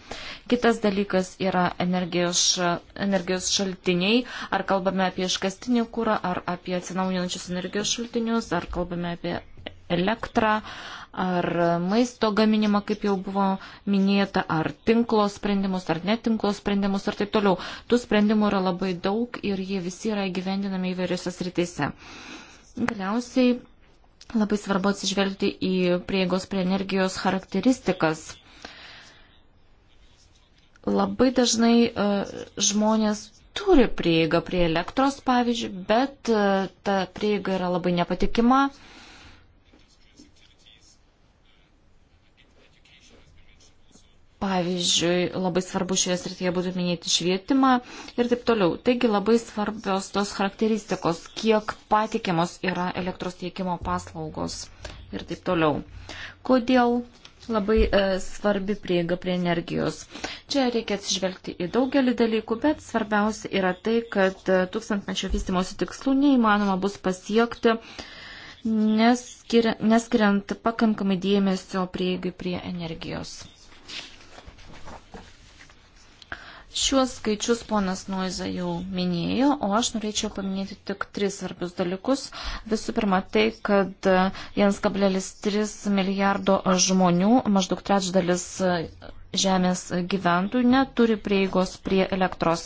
Kitas dalykas yra energijos, energijos šaltiniai. Ar kalbame apie iškastinį kūrą, ar apie atsinaujinančius energijos šaltinius, ar kalbame apie elektrą, ar maisto gaminimą, kaip jau buvo minėta, ar tinklo sprendimus, ar netinklo sprendimus ir taip toliau. Tų sprendimų yra labai daug ir jie visi yra įgyvendinami įvairiose srityse. Galiausiai labai svarbu atsižvelgti į prieigos prie energijos charakteristikas. Labai dažnai e, žmonės turi prieigą prie elektros, pavyzdžiui, bet e, ta prieiga yra labai nepatikima Pavyzdžiui, labai svarbu šioje srityje būtų minėti švietimą ir taip toliau. Taigi labai svarbios tos charakteristikos, kiek patikimos yra elektros tiekimo paslaugos ir taip toliau. Kodėl labai e, svarbi prieiga prie energijos? Čia reikia atsižvelgti į daugelį dalykų, bet svarbiausia yra tai, kad e, tūkstantmečio vystimosi tikslų neįmanoma bus pasiekti neskiria, neskiriant pakankamai dėmesio prieigai prie energijos. Šiuos skaičius ponas Noiza jau minėjo, o aš norėčiau paminėti tik tris svarbius dalykus. Visų pirma, tai, kad 1,3 milijardo žmonių, maždaug trečdalis žemės gyventojų neturi prieigos prie elektros.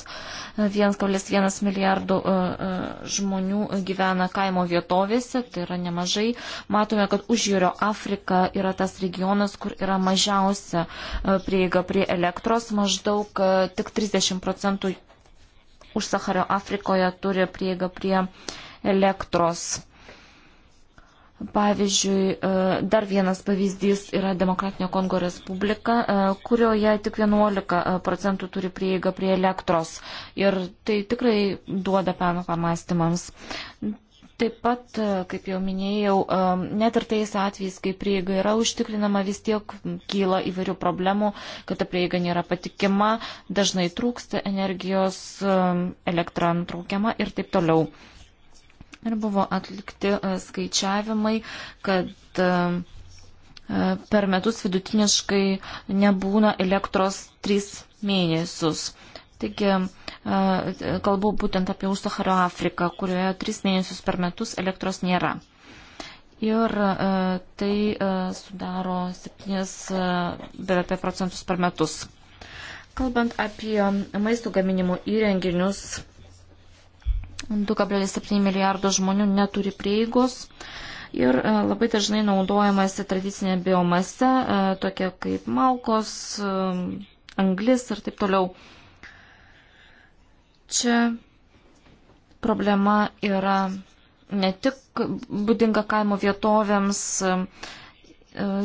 1,1 milijardų e, e, žmonių gyvena kaimo vietovėse, tai yra nemažai. Matome, kad užjūrio Afrika yra tas regionas, kur yra mažiausia e, prieiga prie elektros, maždaug tik 30 procentų už Sahario Afrikoje turi prieigą prie elektros. Pavyzdžiui, e, dar vienas pavyzdys yra Demokratinio Kongo Respublika, e, kurioje tik 11 e, procentų turi prieigą prie elektros. Ir tai tikrai duoda peno pamastymams. Taip pat, kaip jau minėjau, net ir tais atvejais, kai prieiga yra užtikrinama, vis tiek kyla įvairių problemų, kad ta prieiga nėra patikima, dažnai trūksta energijos, elektra nutraukiama ir taip toliau ir buvo atlikti e, skaičiavimai, kad e, e, per metus vidutiniškai nebūna elektros 3 mėnesius. Taigi kalbu būtent apie Užsahario Afriką, kurioje 3 mėnesius per metus elektros nėra. Ir tai sudaro 7 BVP procentus per metus. Kalbant apie maisto gaminimo įrenginius, 2,7 milijardo žmonių neturi prieigos ir e, labai dažnai naudojamasi tradicinė biomase, e, tokia kaip malkos, e, anglis ir taip toliau. Čia problema yra ne tik būdinga kaimo vietovėms,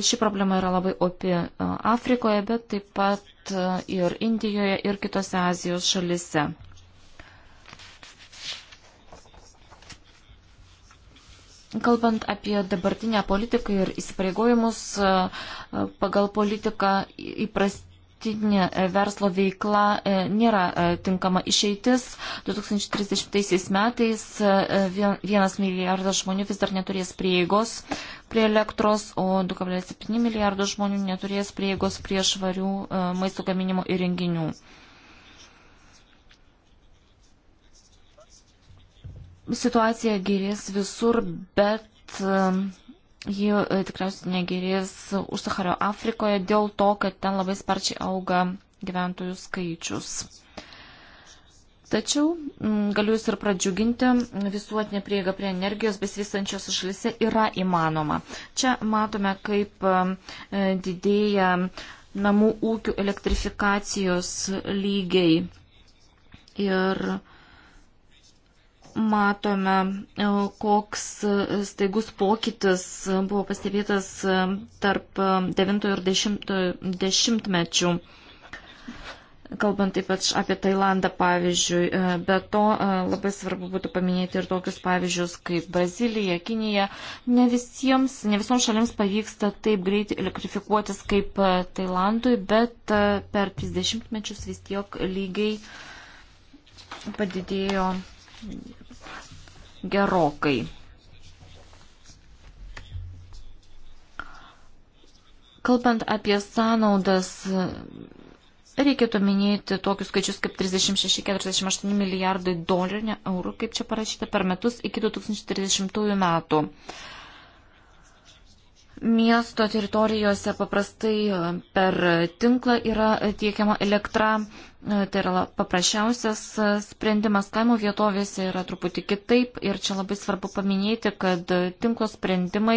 ši problema yra labai opi Afrikoje, bet taip pat ir Indijoje ir kitose Azijos šalise. Kalbant apie dabartinę politiką ir įsipareigojimus e, e, pagal politiką įprastinė e, verslo veikla nėra tinkama išeitis. 2030 metais vienas milijardas žmonių vis dar neturės prieigos prie elektros, o 2,7 milijardo žmonių neturės prieigos prie švarių maisto gaminimo įrenginių. situacija gerės visur, bet um, ji e, tikriausiai negerės už Sahario Afrikoje dėl to, kad ten labai sparčiai auga gyventojų skaičius. Tačiau mm, galiu Jūs ir pradžiuginti, visuotinė prieiga prie energijos besivystančios šalise yra įmanoma. Čia matome, kaip um, e, didėja namų ūkių elektrifikacijos lygiai. Ir uh, matome, e, koks staigus pokytis buvo pastebėtas tarp 9 ir 10 dešimtmečių. Kalbant taip pat apie Tailandą, pavyzdžiui, e, bet to e, labai svarbu būtų paminėti ir tokius pavyzdžius kaip Brazilija, Kinija. Ne visiems, ne visoms šalims pavyksta taip greitai elektrifikuotis kaip Tailandui, bet per 30 mečius vis tiek lygiai padidėjo gerokai. Kalbant apie sąnaudas, reikėtų minėti tokius skaičius kaip 36-48 milijardai dolerių, eurų, kaip čia parašyta, per metus iki 2030 metų. Miesto teritorijose paprastai per tinklą yra tiekiama elektra, E, tai yra paprasčiausias e, sprendimas kaimo vietovėse yra truputį kitaip ir čia labai svarbu paminėti, kad e, tinklo sprendimai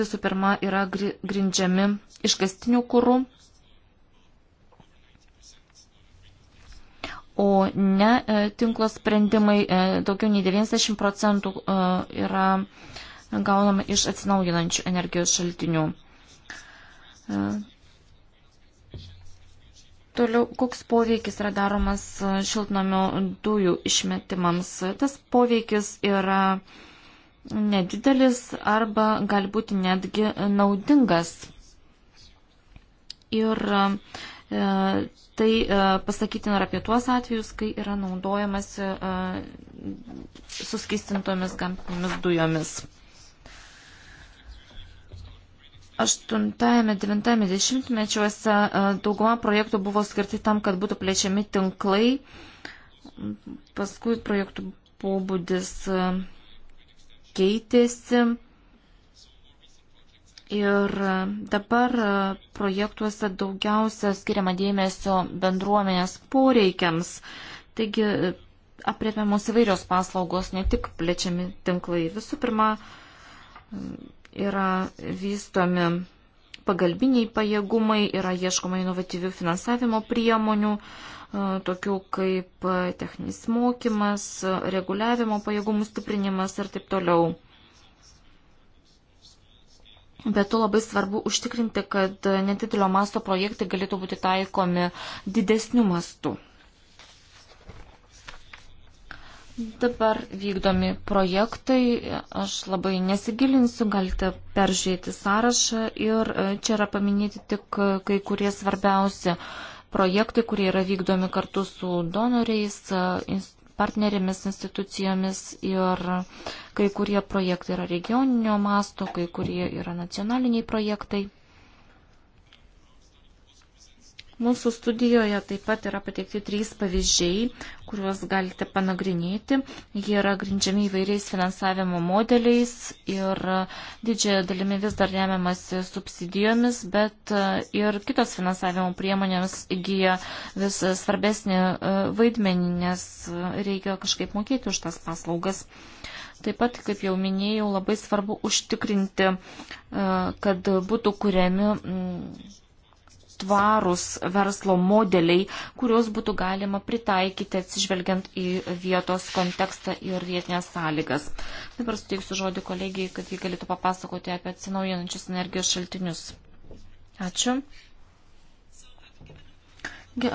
visų pirma yra grindžiami iškastinių kūrų, o ne tinklo sprendimai daugiau nei 90 procentų yra gaunama iš atsinaujinančių energijos šaltinių. Toliau, koks poveikis yra daromas e, šiltnamio dujų išmetimams? Tas poveikis yra nedidelis arba gali būti netgi naudingas. Ir e, tai e, pasakytina ir apie tuos atvejus, kai yra naudojamas e, suskistintomis gamtinėmis dujomis. 8-9 dešimtmečiuose e, dauguma projektų buvo skirti tam, kad būtų plėčiami tinklai, paskui projektų pobūdis e, keitėsi ir e, dabar projektuose daugiausia skiriama dėmesio bendruomenės poreikiams. Taigi apriepiamos įvairios paslaugos, ne tik plėčiami tinklai. Visų pirma, yra vystomi pagalbiniai pajėgumai, yra ieškoma inovatyvių finansavimo priemonių, e, tokių kaip techninis mokymas, reguliavimo pajėgumų stiprinimas ir taip toliau. Bet to labai svarbu užtikrinti, kad nedidelio masto projektai galėtų būti taikomi didesniu mastu. Dabar vykdomi projektai, aš labai nesigilinsiu, galite peržiūrėti sąrašą ir e, čia yra paminėti tik e, kai kurie svarbiausi projektai, kurie yra vykdomi kartu su donoriais, e, partnerėmis, institucijomis ir kai kurie projektai yra regioninio masto, kai kurie yra nacionaliniai projektai. Mūsų studijoje taip pat yra pateikti trys pavyzdžiai, kuriuos galite panagrinėti. Jie yra grindžiami įvairiais finansavimo modeliais ir didžiąją dalimi vis dar remiamasi subsidijomis, bet e, ir kitos finansavimo priemonėms įgyja vis svarbesnį e, vaidmenį, nes e, reikia kažkaip mokėti už tas paslaugas. Taip pat, kaip jau minėjau, labai svarbu užtikrinti, kad būtų kuriami tvarūs verslo modeliai, kuriuos būtų galima pritaikyti atsižvelgiant į vietos kontekstą ir vietinės sąlygas. Dabar suteiksiu žodį kolegijai, kad jie galėtų papasakoti apie atsinaujinančius energijos šaltinius. Ačiū.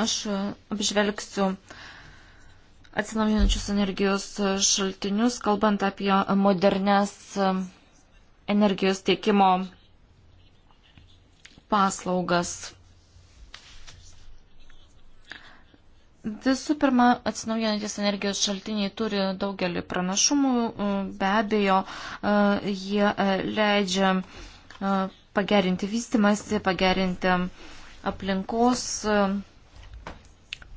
Aš apžvelgsiu atsinaujinančius energijos šaltinius, kalbant apie modernes energijos tiekimo paslaugas. Visų pirma, atsinaujantis energijos šaltiniai turi daugelį pranašumų. Be abejo, e, jie e, leidžia e, pagerinti vystimąsi, pagerinti aplinkos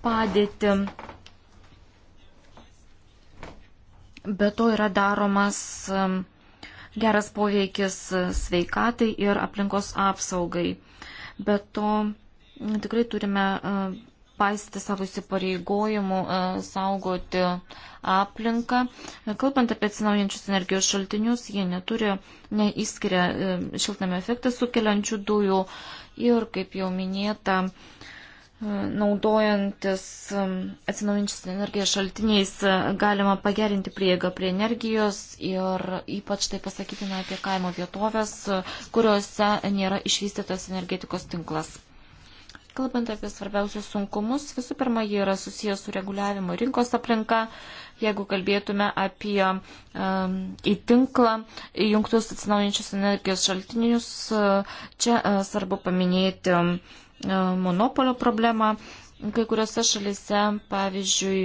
padėtį. Be to yra daromas geras poveikis sveikatai ir aplinkos apsaugai. Be to tikrai turime paisyti savo įsipareigojimų e, saugoti aplinką. Kalbant apie atsinaujančius energijos šaltinius, jie neturi, neįskiria e, šiltnamio efektą sukeliančių dujų ir, kaip jau minėta, e, naudojantis atsinaujančius energijos šaltiniais galima pagerinti prieigą prie energijos ir ypač tai pasakytina apie kaimo vietovės, kuriuose nėra išvystytas energetikos tinklas. Kalbant apie svarbiausius sunkumus, visų pirma, jie yra susijęs su reguliavimo rinkos aplinka. Jeigu kalbėtume apie um, į tinklą įjungtus atsinaujančius energijos šaltinius, e, čia uh, svarbu paminėti um, monopolio problemą. Kai kuriuose šalise, pavyzdžiui,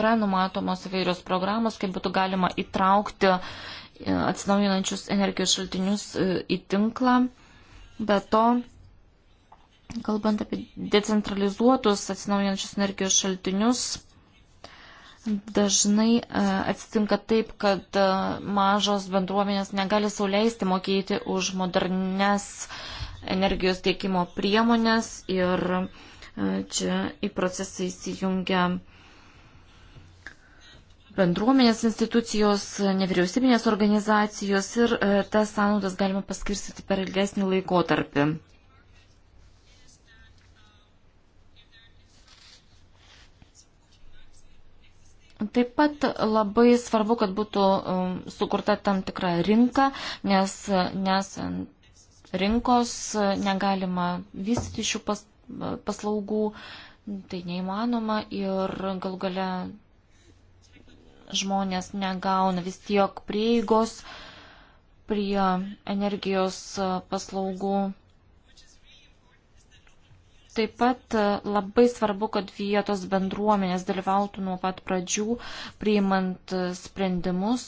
yra numatomos įvairios programos, kaip būtų galima įtraukti atsinaujinančius energijos šaltinius e, į tinklą. Be to, kalbant apie decentralizuotus atsinaujinančius energijos šaltinius, dažnai e, atsitinka taip, kad e, mažos bendruomenės negali sauliaisti mokėti už modernes energijos tiekimo priemonės ir čia į procesą įsijungia bendruomenės institucijos, nevyriausybinės organizacijos ir e, tas sąnaudas galima paskirstyti per ilgesnį laikotarpį. Taip pat labai svarbu, kad būtų um, sukurta tam tikra rinka, nes nesant rinkos negalima vystyti šių pas, paslaugų, tai neįmanoma ir gal gale žmonės negauna vis tiek prieigos prie energijos e, paslaugų. Taip pat e, labai svarbu, kad vietos bendruomenės dalyvautų nuo pat pradžių, priimant e, sprendimus.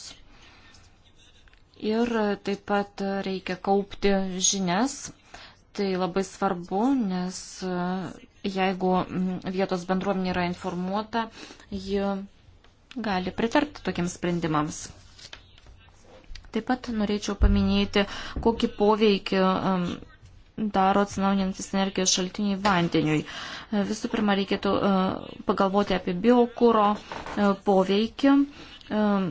Ir taip pat reikia kaupti žinias. Tai labai svarbu, nes jeigu vietos bendruomenė yra informuota, ji gali pritarti tokiems sprendimams. Taip pat norėčiau paminėti, kokį poveikį um, daro atsinaujantis energijos šaltiniai vandeniui. Visų pirma, reikėtų uh, pagalvoti apie biokūro uh, poveikį. Um,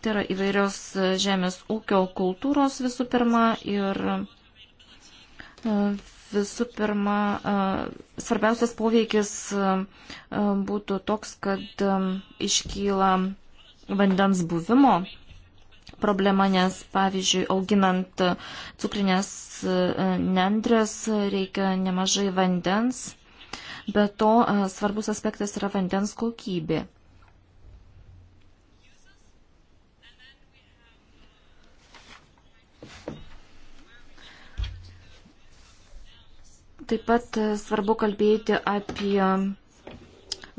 tai yra įvairios uh, žemės ūkio kultūros visų pirma ir Visų pirma, svarbiausias poveikis būtų toks, kad iškyla vandens buvimo problema, nes pavyzdžiui, auginant cukrinės nendrės reikia nemažai vandens, bet to svarbus aspektas yra vandens kokybė. Taip pat e, svarbu kalbėti apie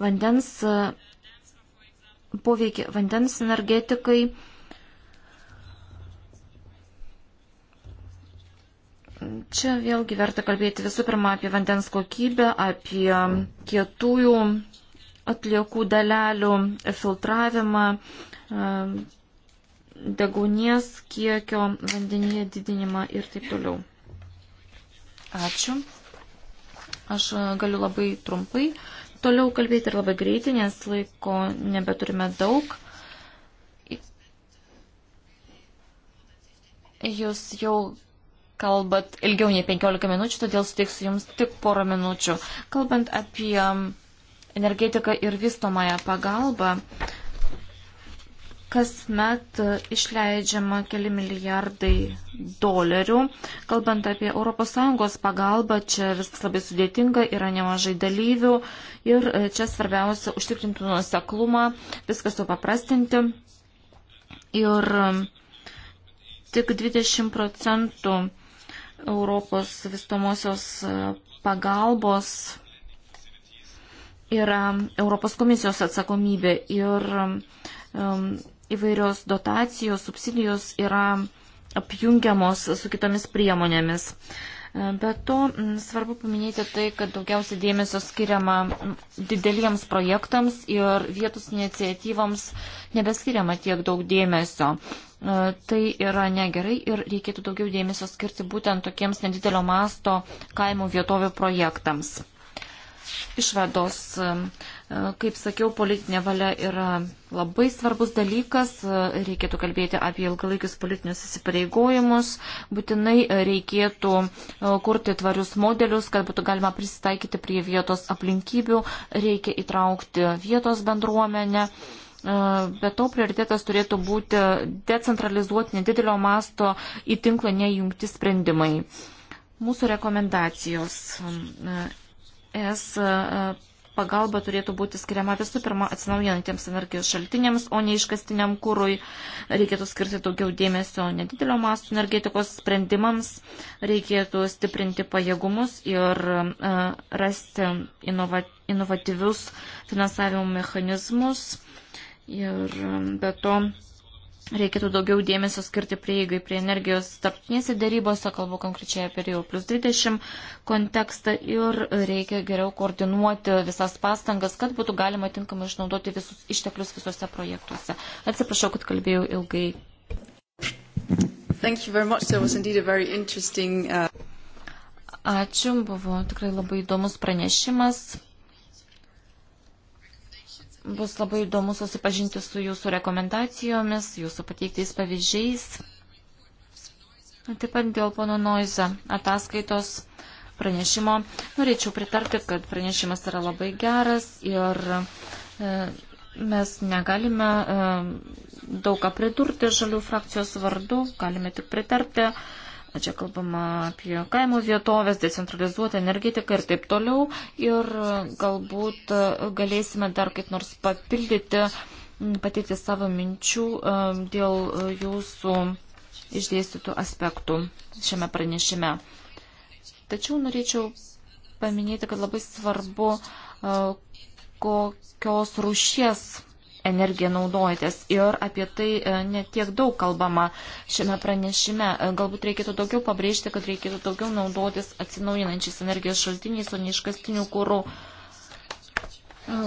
vandens e, poveikį vandens energetikai. Čia vėlgi verta kalbėti visų pirma apie vandens kokybę, apie kietųjų atliekų dalelių filtravimą, e, degunies kiekio vandenyje didinimą ir taip toliau. Ačiū. Aš e, galiu labai trumpai toliau kalbėti ir labai greitai, nes laiko nebeturime daug. Jūs jau kalbat ilgiau nei 15 minučių, todėl suteiksiu Jums tik porą minučių. Kalbant apie energetiką ir vystomąją pagalbą, kasmet išleidžiama keli milijardai dolerių. Kalbant apie ES pagalbą, čia viskas labai sudėtinga, yra nemažai dalyvių ir e, čia svarbiausia užtikrinti nuoseklumą, viskas supaprastinti. Ir e, tik 20 procentų Europos vystomosios e, pagalbos yra Europos komisijos atsakomybė ir um, įvairios dotacijos, subsidijos yra apjungiamos su kitomis priemonėmis. Be to, svarbu paminėti tai, kad daugiausiai dėmesio skiriama dideliems projektams ir vietos iniciatyvams nebeskiriama tiek daug dėmesio. E, tai yra negerai ir reikėtų daugiau dėmesio skirti būtent tokiems nedidelio masto kaimo vietovių projektams. Išvados. Kaip sakiau, politinė valia yra labai svarbus dalykas, reikėtų kalbėti apie ilgalaikius politinius įsipareigojimus, būtinai reikėtų e, kurti tvarius modelius, kad būtų galima prisitaikyti prie vietos aplinkybių, reikia įtraukti vietos bendruomenę. E, be to, prioritetas turėtų būti decentralizuoti nedidelio masto į tinklą nejungti sprendimai. Mūsų rekomendacijos. E, es pagalba turėtų būti skiriama visų pirma atsinaujinantiems energijos šaltiniams, o ne iškastiniam kūrui. Reikėtų skirti daugiau dėmesio nedidelio masto energetikos sprendimams, reikėtų stiprinti pajėgumus ir e, rasti inova, inovatyvius finansavimo mechanizmus. Ir e, be to reikėtų daugiau dėmesio skirti prieigai prie energijos tarptautinėse dėrybose, kalbu konkrečiai apie Rio plus 20 kontekstą ir reikia geriau koordinuoti visas pastangas, kad būtų galima tinkamai išnaudoti visus išteklius visuose projektuose. Atsiprašau, kad kalbėjau ilgai. Interesting... Uh, Ačiū, buvo tikrai labai įdomus pranešimas. Bus labai įdomu susipažinti su jūsų rekomendacijomis, jūsų pateiktais pavyzdžiais. Taip pat dėl pono Noize ataskaitos pranešimo. Norėčiau pritarti, kad pranešimas yra labai geras ir e, mes negalime e, daug ką pridurti žalių frakcijos vardu, galime tik pritarti Čia kalbama apie kaimo vietovės, decentralizuotą energetiką ir taip toliau. Ir galbūt galėsime dar kaip nors papildyti, pateikti savo minčių e, dėl jūsų išdėstytų aspektų šiame pranešime. Tačiau norėčiau paminėti, kad labai svarbu, e, kokios rūšies energiją naudojatės. Ir apie tai e, netiek daug kalbama šiame pranešime. E, galbūt reikėtų daugiau pabrėžti, kad reikėtų daugiau naudotis atsinaujinančiais energijos šaltiniais, o ne iškastinių kūrų. E,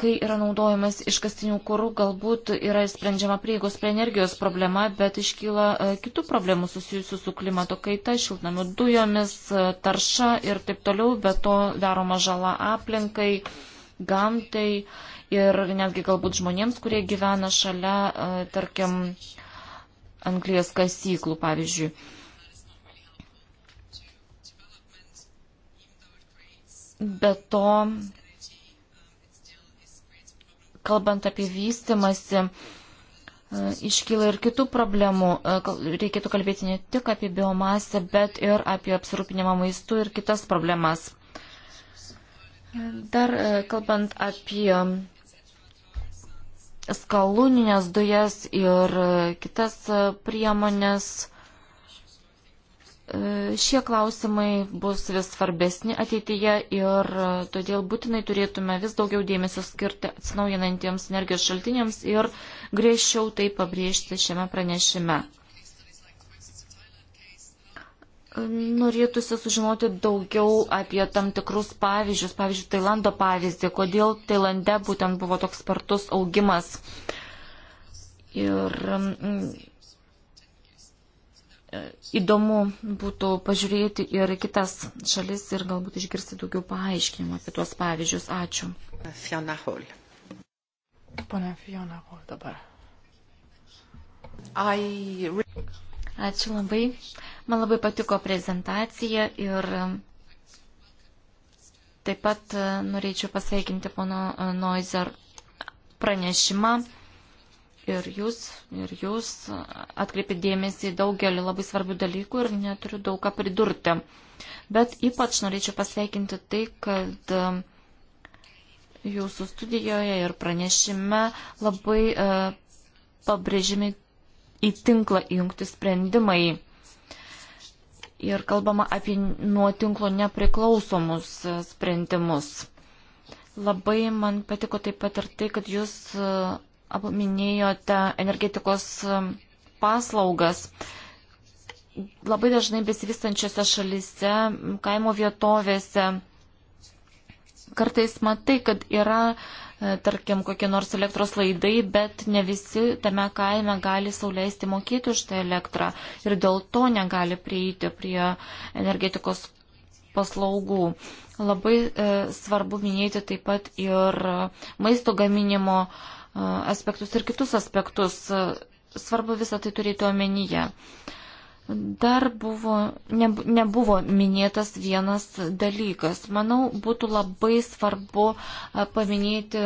kai yra naudojamas iškastinių kūrų, galbūt yra sprendžiama prieigos prie energijos problema, bet iškyla kitų problemų susijusių su klimato kaita, šiltnamių dujomis, tarša ir taip toliau, bet to daroma žala aplinkai, gamtai. Uh, ir netgi galbūt žmonėms, kurie gyvena šalia, e, tarkim, anglijas kasyklų, pavyzdžiui. Be to, kalbant apie vystimasi, e, iškyla ir kitų problemų. E, reikėtų kalbėti ne tik apie biomasę, bet ir apie apsirūpinimą maistu ir kitas problemas. Dar kalbant apie skaluninės dujas ir kitas priemonės. E, šie klausimai bus vis svarbesni ateityje ir todėl būtinai turėtume vis daugiau dėmesio skirti atsinaujinantiems energijos šaltiniams ir griežčiau tai pabrėžti šiame pranešime. Norėtųsi sužinoti daugiau apie tam tikrus pavyzdžius, pavyzdžiui, Tailando pavyzdį, kodėl Tailande būtent buvo toks spartus augimas. Ir mm, įdomu būtų pažiūrėti ir kitas šalis ir galbūt išgirsti daugiau paaiškinimų apie tuos pavyzdžius. Ačiū. Fiona Hall. Pone Fiona Hall dabar. I... Ačiū labai. Man labai patiko prezentacija ir taip pat norėčiau pasveikinti pono Noizer pranešimą. Ir jūs, ir jūs atkreipit dėmesį į daugelį labai svarbių dalykų ir neturiu daug ką pridurti. Bet ypač norėčiau pasveikinti tai, kad um, jūsų studijoje ir pranešime labai e, uh, pabrėžimi į tinklą įjungti sprendimai. Ir kalbama apie nuo tinklo nepriklausomus e, sprendimus. Labai man patiko taip pat ir tai, kad jūs e, minėjote energetikos e, paslaugas. Labai dažnai besivystančiose šalise, kaimo vietovėse kartais matai, kad yra E, tarkim, kokie nors elektros laidai, bet ne visi tame kaime gali sauliaisti mokėti už tą elektrą ir dėl to negali prieiti prie energetikos paslaugų. Labai e, svarbu minėti taip pat ir maisto gaminimo e, aspektus ir kitus aspektus. Svarbu visą tai turėti omenyje. E, Dar buvo, ne, nebuvo minėtas vienas dalykas. Manau, būtų labai svarbu paminėti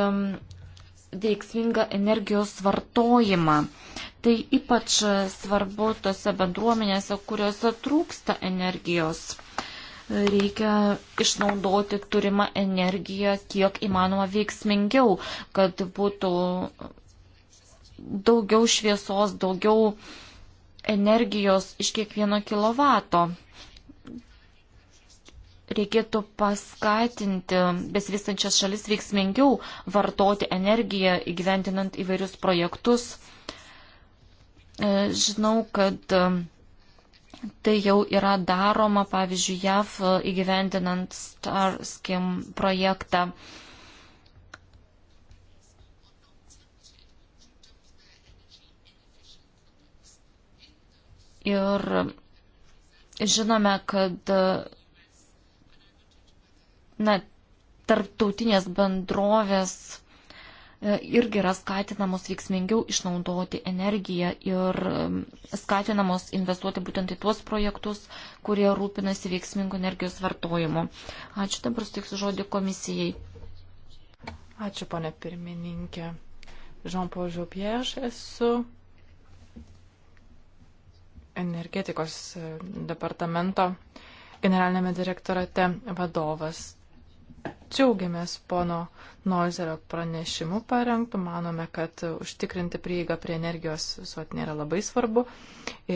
veiksmingą energijos vartojimą. Tai ypač svarbu tose bendruomenėse, kuriuose trūksta energijos. Reikia išnaudoti turimą energiją kiek įmanoma veiksmingiau, kad būtų daugiau šviesos, daugiau uh, energijos iš kiekvieno kilovato. Reikėtų paskatinti besivystančias šalis veiksmingiau vartoti energiją įgyventinant įvairius projektus. E, žinau, kad e, Tai jau yra daroma, pavyzdžiui, JAV e, įgyvendinant Starskim projektą. Ir žinome, kad na, tarptautinės bendrovės e, irgi yra skatinamos veiksmingiau išnaudoti energiją ir skatinamos investuoti būtent į tuos projektus, kurie rūpinasi veiksmingų energijos vartojimu. Ačiū, dabar sutiksiu žodį komisijai. Ačiū, ponė pirmininkė. Jean-Paul Joubierge esu energetikos e, departamento generalinėme direktorate vadovas. Džiaugiamės pono Noizerio pranešimu parengtų, manome, kad užtikrinti prieigą prie energijos visuotinė yra labai svarbu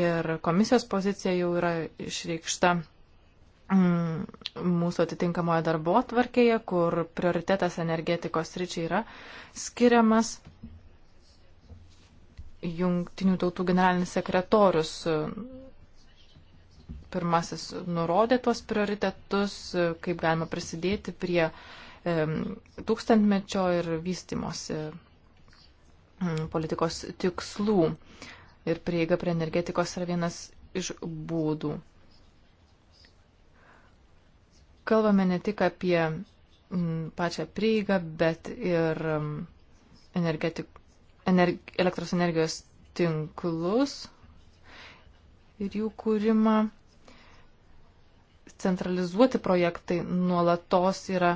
ir komisijos pozicija jau yra išreikšta mm, mūsų atitinkamoje darbo tvarkėje, kur prioritetas energetikos ryčiai yra skiriamas jungtinių tautų generalinis sekretorius e, pirmasis nurodė tuos prioritetus, e, kaip galima prisidėti prie e, tūkstantmečio ir vystimosi politikos tikslų. Ir prieiga prie energetikos yra vienas iš būdų. Kalbame ne tik apie pačią prieigą, bet ir energetikos energi elektros energijos tinklus ir jų kūrimą. Centralizuoti projektai nuolatos yra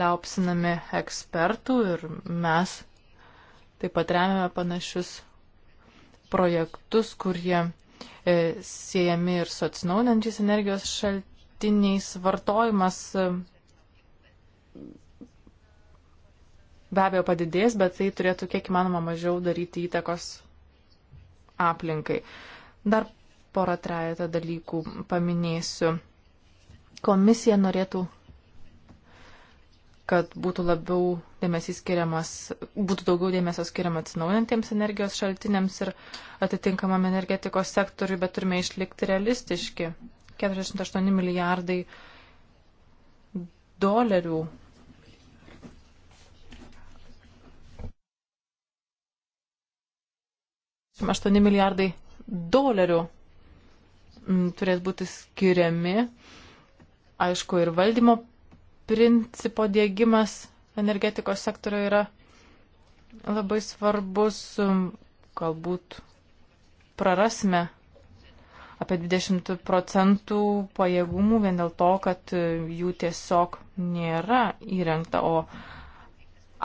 liaupsinami ekspertų ir mes taip pat remiame panašius projektus, kurie e, siejami ir su atsinaujinančiais energijos šaltiniais. Vartojimas e, be abejo padidės, bet tai turėtų kiek įmanoma mažiau daryti įtakos aplinkai. Dar porą trejata dalykų paminėsiu. Komisija norėtų, kad būtų labiau dėmesys skiriamas, būtų daugiau dėmesio skiriama atsinaujantiems energijos šaltiniams ir atitinkamam energetikos sektoriui, bet turime išlikti realistiški. 48 milijardai dolerių 8 milijardai dolerių mm, turės būti skiriami. Aišku, ir valdymo principo dėgymas energetikos sektoriuje yra labai svarbus. Mm, galbūt prarasime apie 20 procentų pajėgumų vien dėl to, kad mm, jų tiesiog nėra įrengta, o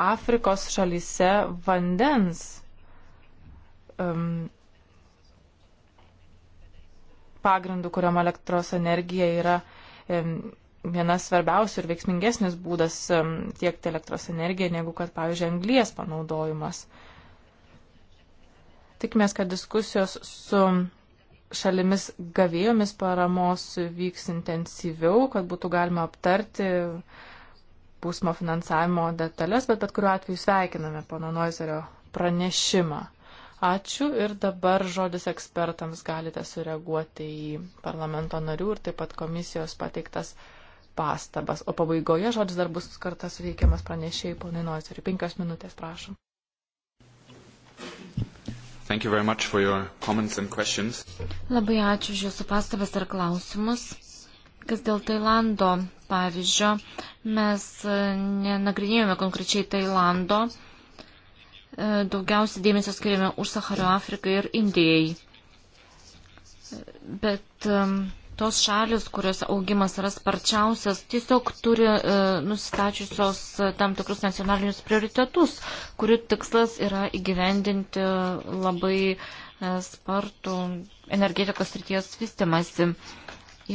Afrikos šalyse vandens um, pagrindu, kuriam elektros energija yra um, vienas svarbiausių ir veiksmingesnis būdas um, tiekti elektros energiją, negu kad, pavyzdžiui, anglies panaudojimas. Tikimės, kad diskusijos su šalimis gavėjomis paramos vyks intensyviau, kad būtų galima aptarti būsimo finansavimo detalės, bet bet kuriuo atveju sveikiname pono Noizerio pranešimą. Ačiū ir dabar žodis ekspertams galite sureaguoti į parlamento narių ir taip pat komisijos pateiktas pastabas. O pabaigoje žodis dar bus kartą suteikiamas pranešėjai ponai Noiseriui. Penkios minutės, prašom. Labai ačiū už Jūsų pastabas ir klausimus. Kas dėl Tailando pavyzdžio, mes e, nenagrinėjome konkrečiai Tailando. Uh, E, daugiausiai dėmesio skiriame už Sahario Afrikai ir Indijai. Bet e, tos šalis, kuriuose augimas yra sparčiausias, tiesiog turi e, nusistačiusios tam tikrus nacionalinius prioritetus, kurių tikslas yra įgyvendinti labai spartų energetikos ryties vystimasi.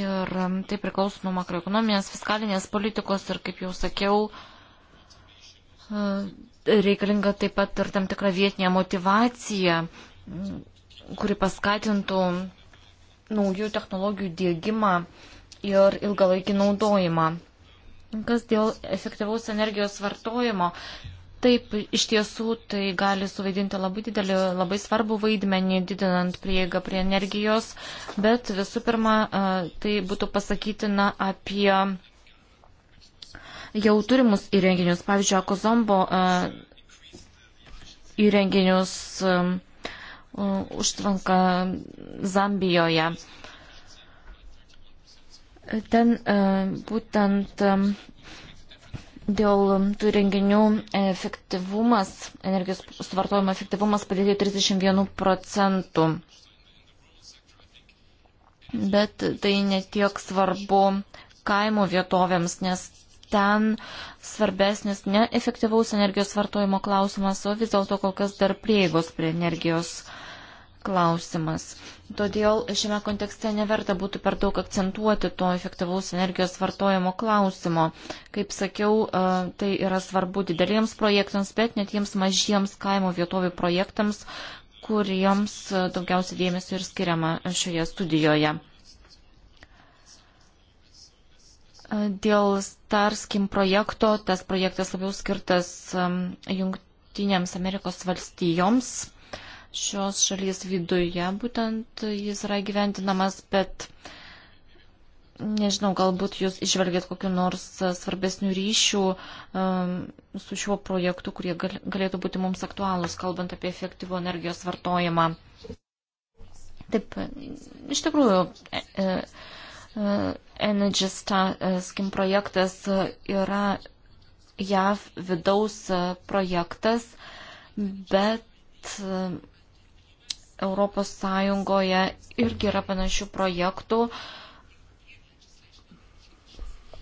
Ir tai priklauso nuo makroekonominės, fiskalinės politikos ir, kaip jau sakiau, reikalinga taip pat ir tam tikra vietinė motivacija, kuri paskatintų naujų technologijų dėgymą ir ilgalaikį naudojimą. Kas dėl efektyvaus energijos vartojimo, Taip, iš tiesų tai gali suvaidinti labai didelį, labai svarbų vaidmenį, didinant prieigą prie energijos, bet visų pirma, tai būtų pasakytina apie jau turimus įrenginius, pavyzdžiui, Akozombo e, įrenginius e, užtvanka Zambijoje. Ten e, būtent dėl tų renginių efektyvumas, energijos suvartojimo efektyvumas padidėjo 31 procentų. Bet tai netiek svarbu kaimo vietovėms, nes ten svarbesnis ne efektyvaus energijos vartojimo klausimas, o vis dėlto kol kas dar prieigos prie energijos klausimas. Todėl šiame kontekste neverta būtų per daug akcentuoti to efektyvaus energijos vartojimo klausimo. Kaip sakiau, e, tai yra svarbu dideliems projektams, bet net jiems mažiems kaimo vietovių projektams, kuriems e, daugiausia dėmesio ir skiriama šioje studijoje. Dėl Starskim projekto, tas projektas labiau skirtas um, Junktinėms Amerikos valstijoms. Šios šalies viduje būtent jis yra gyventinamas, bet nežinau, galbūt jūs išvelgėt kokiu nors svarbesnių ryšių um, su šiuo projektu, kurie gal, galėtų būti mums aktualūs, kalbant apie efektyvų energijos vartojimą. Taip, iš tikrųjų, e, e, Energy Skim projektas yra JAV vidaus projektas, bet Europos Sąjungoje irgi yra panašių projektų,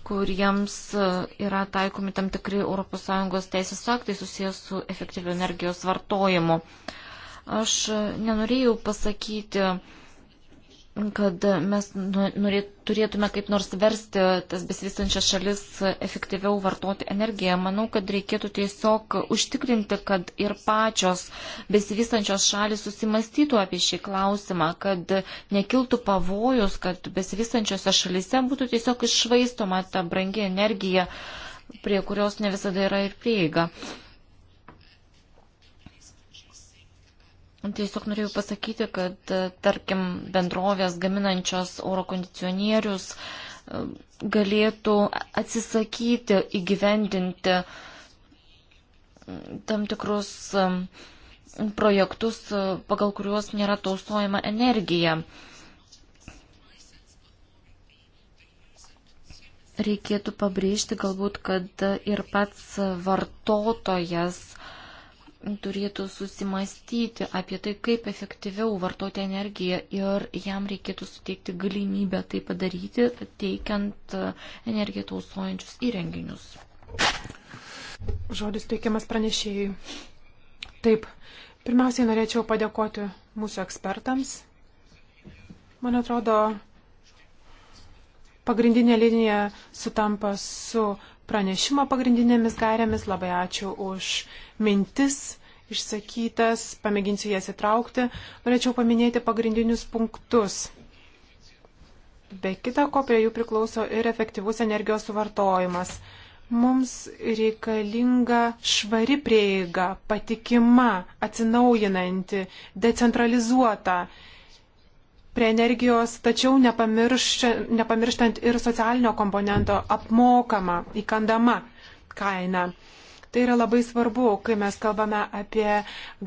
kuriems yra taikomi tam tikri Europos Sąjungos teisės aktai susijęs su efektyviu energijos vartojimu. Aš nenorėjau pasakyti, kad mes nu, turėtume kaip nors versti tas besivystančias šalis efektyviau vartoti energiją. Manau, kad reikėtų tiesiog užtikrinti, kad ir pačios besivystančios šalis susimastytų apie šį klausimą, kad nekiltų pavojus, kad besivystančiose šalise būtų tiesiog išvaistoma ta brangi energija, prie kurios ne visada yra ir prieiga. Uh, Tiesiog norėjau pasakyti, kad tarkim bendrovės gaminančios oro kondicionierius e, galėtų atsisakyti įgyvendinti mm, tam tikrus mm, projektus, e, pagal kuriuos nėra tausojama energija. Reikėtų pabrėžti galbūt, kad ir pats vartotojas uh, turėtų susimastyti apie tai, kaip efektyviau vartoti energiją ir jam reikėtų suteikti galimybę tai padaryti, teikiant energiją tausojančius įrenginius. Žodis teikiamas pranešėjai. Taip, pirmiausiai norėčiau padėkoti mūsų ekspertams. Man atrodo, pagrindinė linija sutampa su pranešimą pagrindinėmis gairėmis. Labai ačiū už mintis išsakytas, pamėginsiu jas įtraukti. Norėčiau paminėti pagrindinius punktus. Be kita ko, prie jų priklauso ir efektyvus energijos suvartojimas. Mums reikalinga švari prieiga, patikima, atsinaujinanti, decentralizuota prie energijos, tačiau nepamirštant ir socialinio komponento apmokama, įkandama kaina. Tai yra labai svarbu, kai mes kalbame apie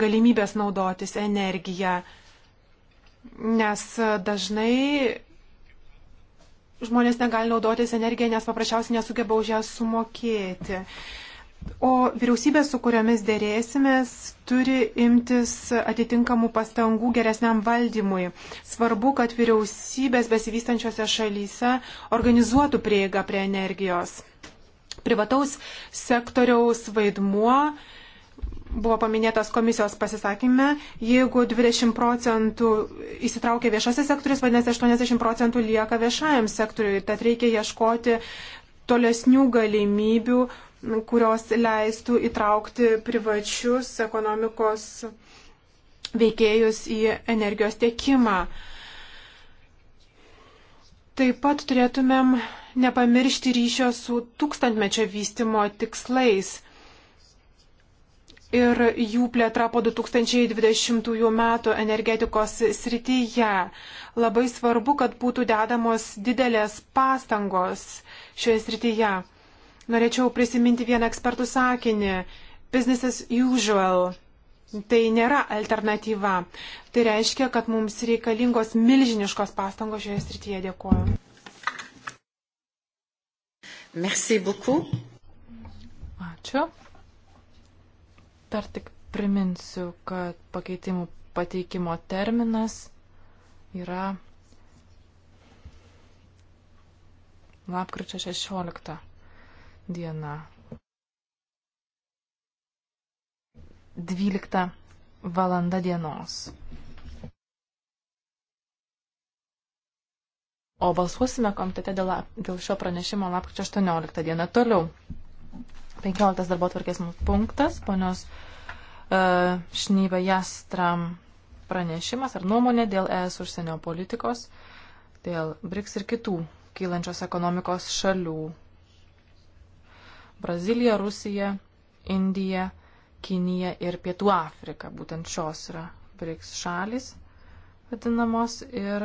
galimybės naudotis energiją, nes dažnai žmonės negali naudotis energiją, nes paprasčiausiai nesugeba už ją sumokėti. Uh, O vyriausybės, su kuriomis dėrėsimės, turi imtis atitinkamų pastangų geresniam valdymui. Svarbu, kad vyriausybės besivystančiose šalyse organizuotų prieigą prie energijos. Privataus sektoriaus vaidmuo buvo paminėtas komisijos pasisakymė, jeigu 20 procentų įsitraukia viešasis sektorius, vadinasi 80 procentų lieka viešajam sektoriui, tad reikia ieškoti tolesnių galimybių kurios leistų įtraukti privačius ekonomikos veikėjus į energijos tiekimą. Taip pat turėtumėm nepamiršti ryšio su tūkstantmečio vystimo tikslais ir jų plėtra po 2020 metų energetikos srityje. Labai svarbu, kad būtų dedamos didelės pastangos šioje srityje. Norėčiau prisiminti vieną ekspertų sakinį. Business as usual. Tai nėra alternatyva. Tai reiškia, kad mums reikalingos milžiniškos pastangos šioje srityje. Dėkuoju. Merci beaucoup. Ačiū. Dar tik priminsiu, kad pakeitimų pateikimo terminas yra lapkričio 16 diena. 12 valanda dienos. O balsuosime komitete dėl, dėl šio pranešimo lapkričio 18 dieną. Toliau. 15 darbo tvarkės punktas, ponios uh, Šnyva Jastram pranešimas ar nuomonė dėl ES užsienio politikos, dėl BRICS ir kitų kylančios ekonomikos šalių Brazilija, Rusija, Indija, Kinija ir Pietų Afrika. Būtent šios yra BRICS šalis vadinamos ir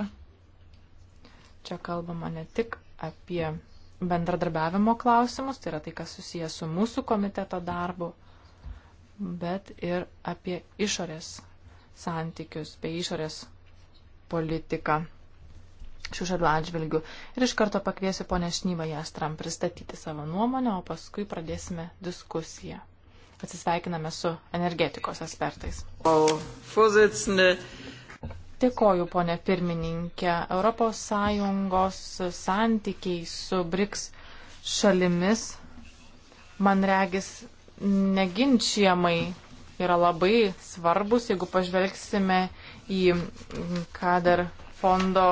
čia kalbama ne tik apie bendradarbiavimo klausimus, tai yra tai, kas susijęs su mūsų komiteto darbu, bet ir apie išorės santykius bei išorės politiką šių šalių atžvilgių. Ir iš karto pakviesiu ponę Šnybą Jastram pristatyti savo nuomonę, o paskui pradėsime diskusiją. Atsisveikiname su energetikos ekspertais. Dėkoju, ponė pirmininkė. ES santykiai su BRICS šalimis, man regis, neginčiamai yra labai svarbus, jeigu pažvelgsime į ką dar fondo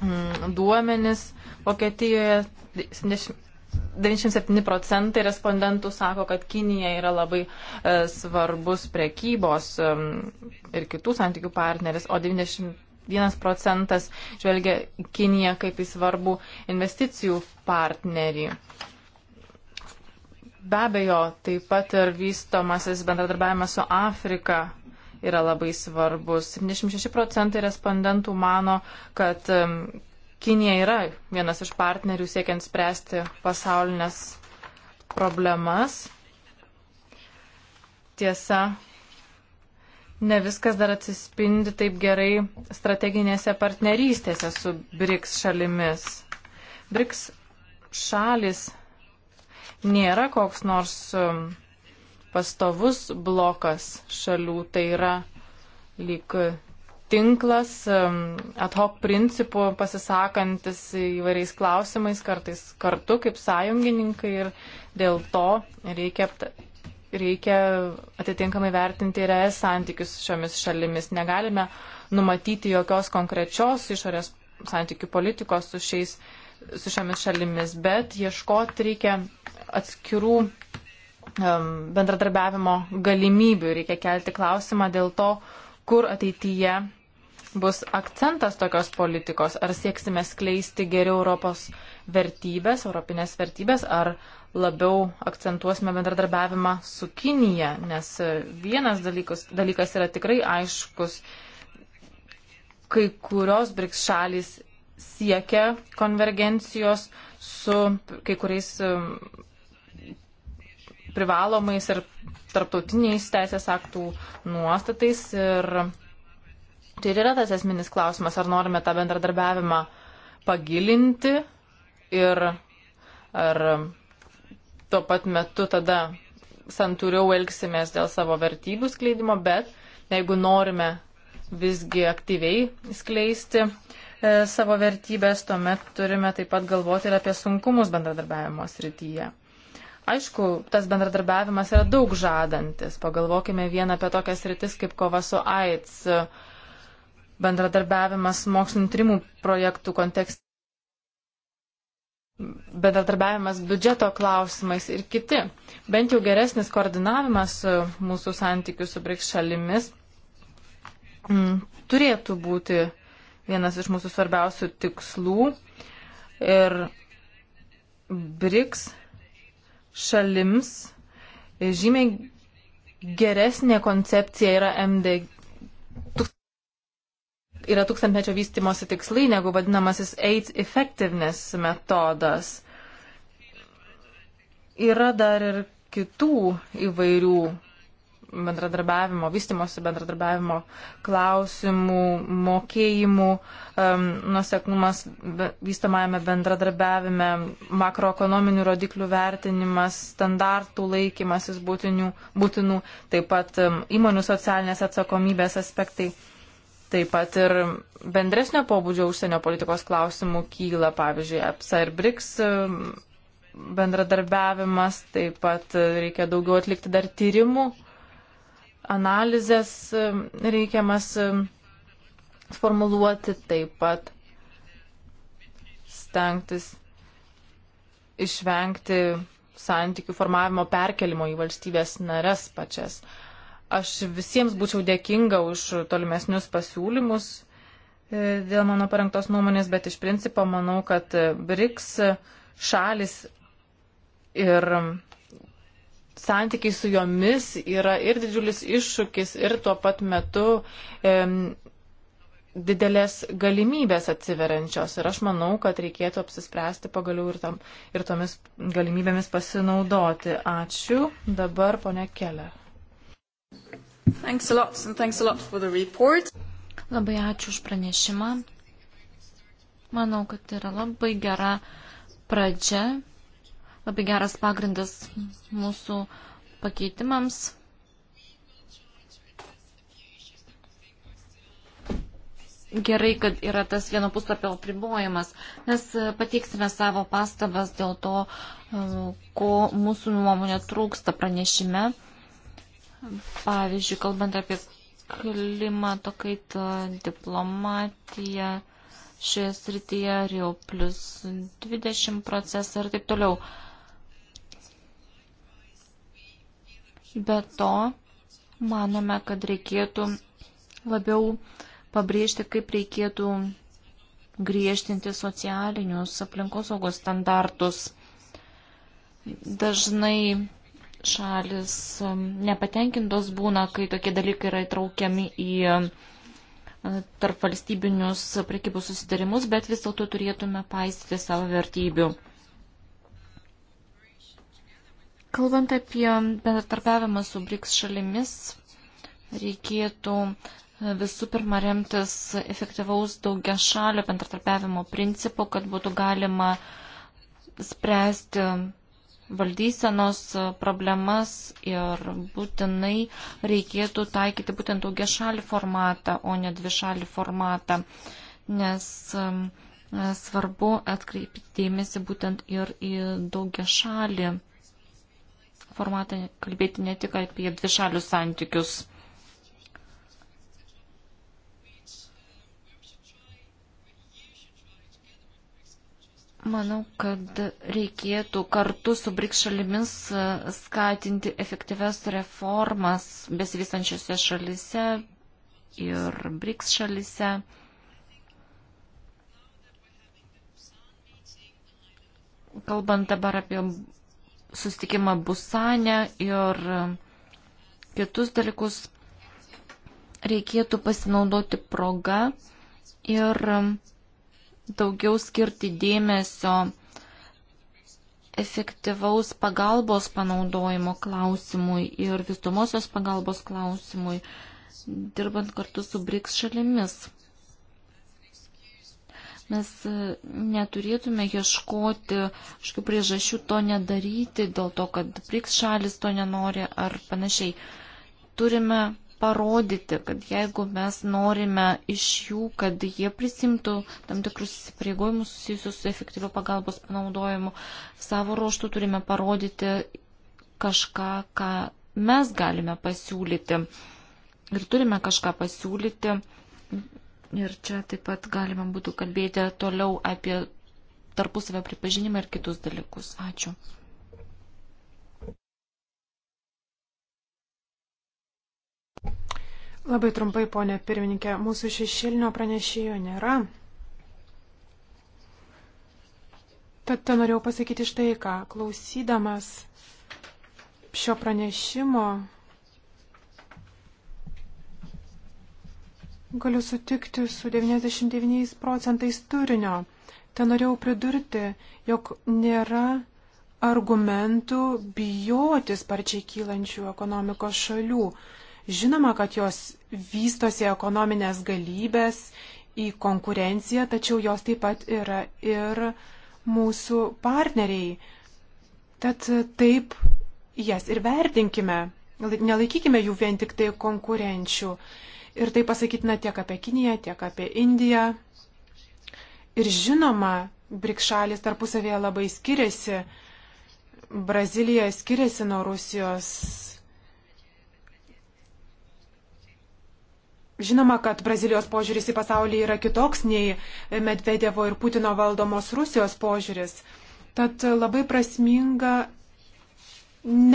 Mm, duomenis Vokietijoje 97 procentai respondentų sako, kad Kinija yra labai e, svarbus prekybos ir kitų santykių partneris, o 91 procentas žvelgia Kiniją kaip į svarbų investicijų partnerį. Be abejo, taip pat ir vystomasis bendradarbiavimas su Afrika yra labai svarbus. 76 procentai respondentų mano, kad Kinija yra vienas iš partnerių siekiant spręsti pasaulinės problemas. Tiesa, ne viskas dar atsispindi taip gerai strateginėse partnerystėse su BRICS šalimis. BRICS šalis nėra koks nors um, pastovus blokas šalių, tai yra lyg tinklas, ad hoc principų pasisakantis įvairiais klausimais, kartais kartu kaip sąjungininkai ir dėl to reikia, reikia atitinkamai vertinti ir es santykius šiomis šalimis. Negalime numatyti jokios konkrečios išorės santykių politikos su, šiais, su šiomis šalimis, bet ieškoti reikia atskirų Um, bendradarbiavimo galimybių. Reikia kelti klausimą dėl to, kur ateityje bus akcentas tokios politikos. Ar sieksime skleisti geriau Europos vertybės, europinės vertybės, ar labiau akcentuosime bendradarbiavimą su Kinija, nes e, vienas dalykus, dalykas yra tikrai aiškus. Kai kurios BRICS šalis siekia konvergencijos su kai kuriais e, privalomais ir tarptautiniais teisės aktų nuostatais. Ir tai ir yra tas esminis klausimas, ar norime tą bendradarbiavimą pagilinti ir ar tuo pat metu tada santūriau elgsimės dėl savo vertybių skleidimo, bet jeigu norime visgi aktyviai skleisti e, savo vertybės, tuomet turime taip pat galvoti ir apie sunkumus bendradarbiavimo srityje. Aišku, tas bendradarbiavimas yra daug žadantis. Pagalvokime vieną apie tokias rytis kaip kova su AIDS, bendradarbiavimas mokslinio trimų projektų kontekste, bendradarbiavimas biudžeto klausimais ir kiti. Bent jau geresnis koordinavimas mūsų santykių su brik šalimis m, mm, turėtų būti vienas iš mūsų svarbiausių tikslų. Ir BRICS šalims žymiai geresnė koncepcija yra MD. Yra tūkstantmečio vystimosi tikslai negu vadinamasis AIDS effectiveness metodas. Yra dar ir kitų įvairių bendradarbiavimo, vystimosi bendradarbiavimo klausimų, mokėjimų, um, nuseklumas vystamajame bendradarbiavime, makroekonominių rodiklių vertinimas, standartų laikymasis būtinių, būtinų, taip pat um, įmonių socialinės atsakomybės aspektai. Taip pat ir bendresnio pobūdžio užsienio politikos klausimų kyla, pavyzdžiui, EPSA ir BRICS bendradarbiavimas, taip pat reikia daugiau atlikti dar tyrimų analizės e, reikiamas e, formuluoti taip pat stengtis išvengti santykių formavimo perkelimo į valstybės nares pačias. Aš visiems būčiau dėkinga už tolimesnius pasiūlymus e, dėl mano parengtos nuomonės, bet iš principo manau, kad BRICS šalis ir santykiai su jomis yra ir didžiulis iššūkis, ir tuo pat metu e, didelės galimybės atsiveriančios. Ir aš manau, kad reikėtų apsispręsti pagaliau ir, tam, ir tomis galimybėmis pasinaudoti. Ačiū. Dabar ponia Keller. Labai ačiū už pranešimą. Manau, kad tai yra labai gera pradžia labai geras pagrindas mūsų pakeitimams. Gerai, kad yra tas vieno puslapio apribojimas. Mes pateiksime savo pastabas dėl to, ko mūsų nuomonė trūksta pranešime. Pavyzdžiui, kalbant apie klimato kaitą, diplomatiją šioje srityje, jau plus 20 procesą ir taip toliau. Be to, manome, kad reikėtų labiau pabrėžti, kaip reikėtų griežtinti socialinius aplinkosaugos standartus. Dažnai šalis um, nepatenkintos būna, kai tokie dalykai yra įtraukiami į uh, tarp valstybinius prekybos susidarimus, bet vis dėlto turėtume paisyti savo vertybių. Kalbant apie bendratarpiavimą su BRICS šalimis, reikėtų e, visų pirma remtis efektyvaus daugia šalio bendratarpiavimo principu, kad būtų galima spręsti valdysenos e, problemas ir būtinai reikėtų taikyti būtent daugia šalį formatą, o ne dvi šalį formatą, nes e, svarbu atkreipti dėmesį būtent ir į daugia šalį formatą, kalbėti ne tik apie dvišalius santykius. Manau, kad reikėtų kartu su BRICS šalimis skatinti efektyves reformas besivystančiose šalise ir BRICS šalise. Kalbant dabar apie sustikimą Busanę ir kitus dalykus, reikėtų pasinaudoti progą ir daugiau skirti dėmesio efektyvaus pagalbos panaudojimo klausimui ir visumosios pagalbos klausimui, dirbant kartu su BRICS šalimis. Mes e, neturėtume ieškoti kažkokių priežasčių to nedaryti, dėl to, kad priks šalis to nenori ar panašiai. Turime parodyti, kad jeigu mes norime iš jų, kad jie prisimtų tam tikrus įsipareigojimus susijusius su efektyviu pagalbos panaudojimu, savo ruoštų turime parodyti kažką, ką mes galime pasiūlyti. Ir turime kažką pasiūlyti Ir čia taip pat galima būtų kalbėti toliau apie tarpusavę pripažinimą ir kitus dalykus. Ačiū. Labai trumpai, ponė pirmininkė, mūsų šešėlinio pranešėjo nėra. Tad ten norėjau pasakyti štai ką. Klausydamas šio pranešimo Galiu sutikti su 99 procentais turinio. Ten norėjau pridurti, jog nėra argumentų bijoti sparčiai kylančių ekonomikos šalių. Žinoma, kad jos vystosi ekonominės galybės į konkurenciją, tačiau jos taip pat yra ir mūsų partneriai. Tad taip jas ir vertinkime, nelaikykime jų vien tik tai konkurenčių. Ir tai pasakytina tiek apie Kiniją, tiek apie Indiją. Ir žinoma, brikšalis tarpusavėje labai skiriasi. Brazilija skiriasi nuo Rusijos. Žinoma, kad Brazilijos požiūris į pasaulį yra kitoks nei Medvedevo ir Putino valdomos Rusijos požiūris. Tad labai prasminga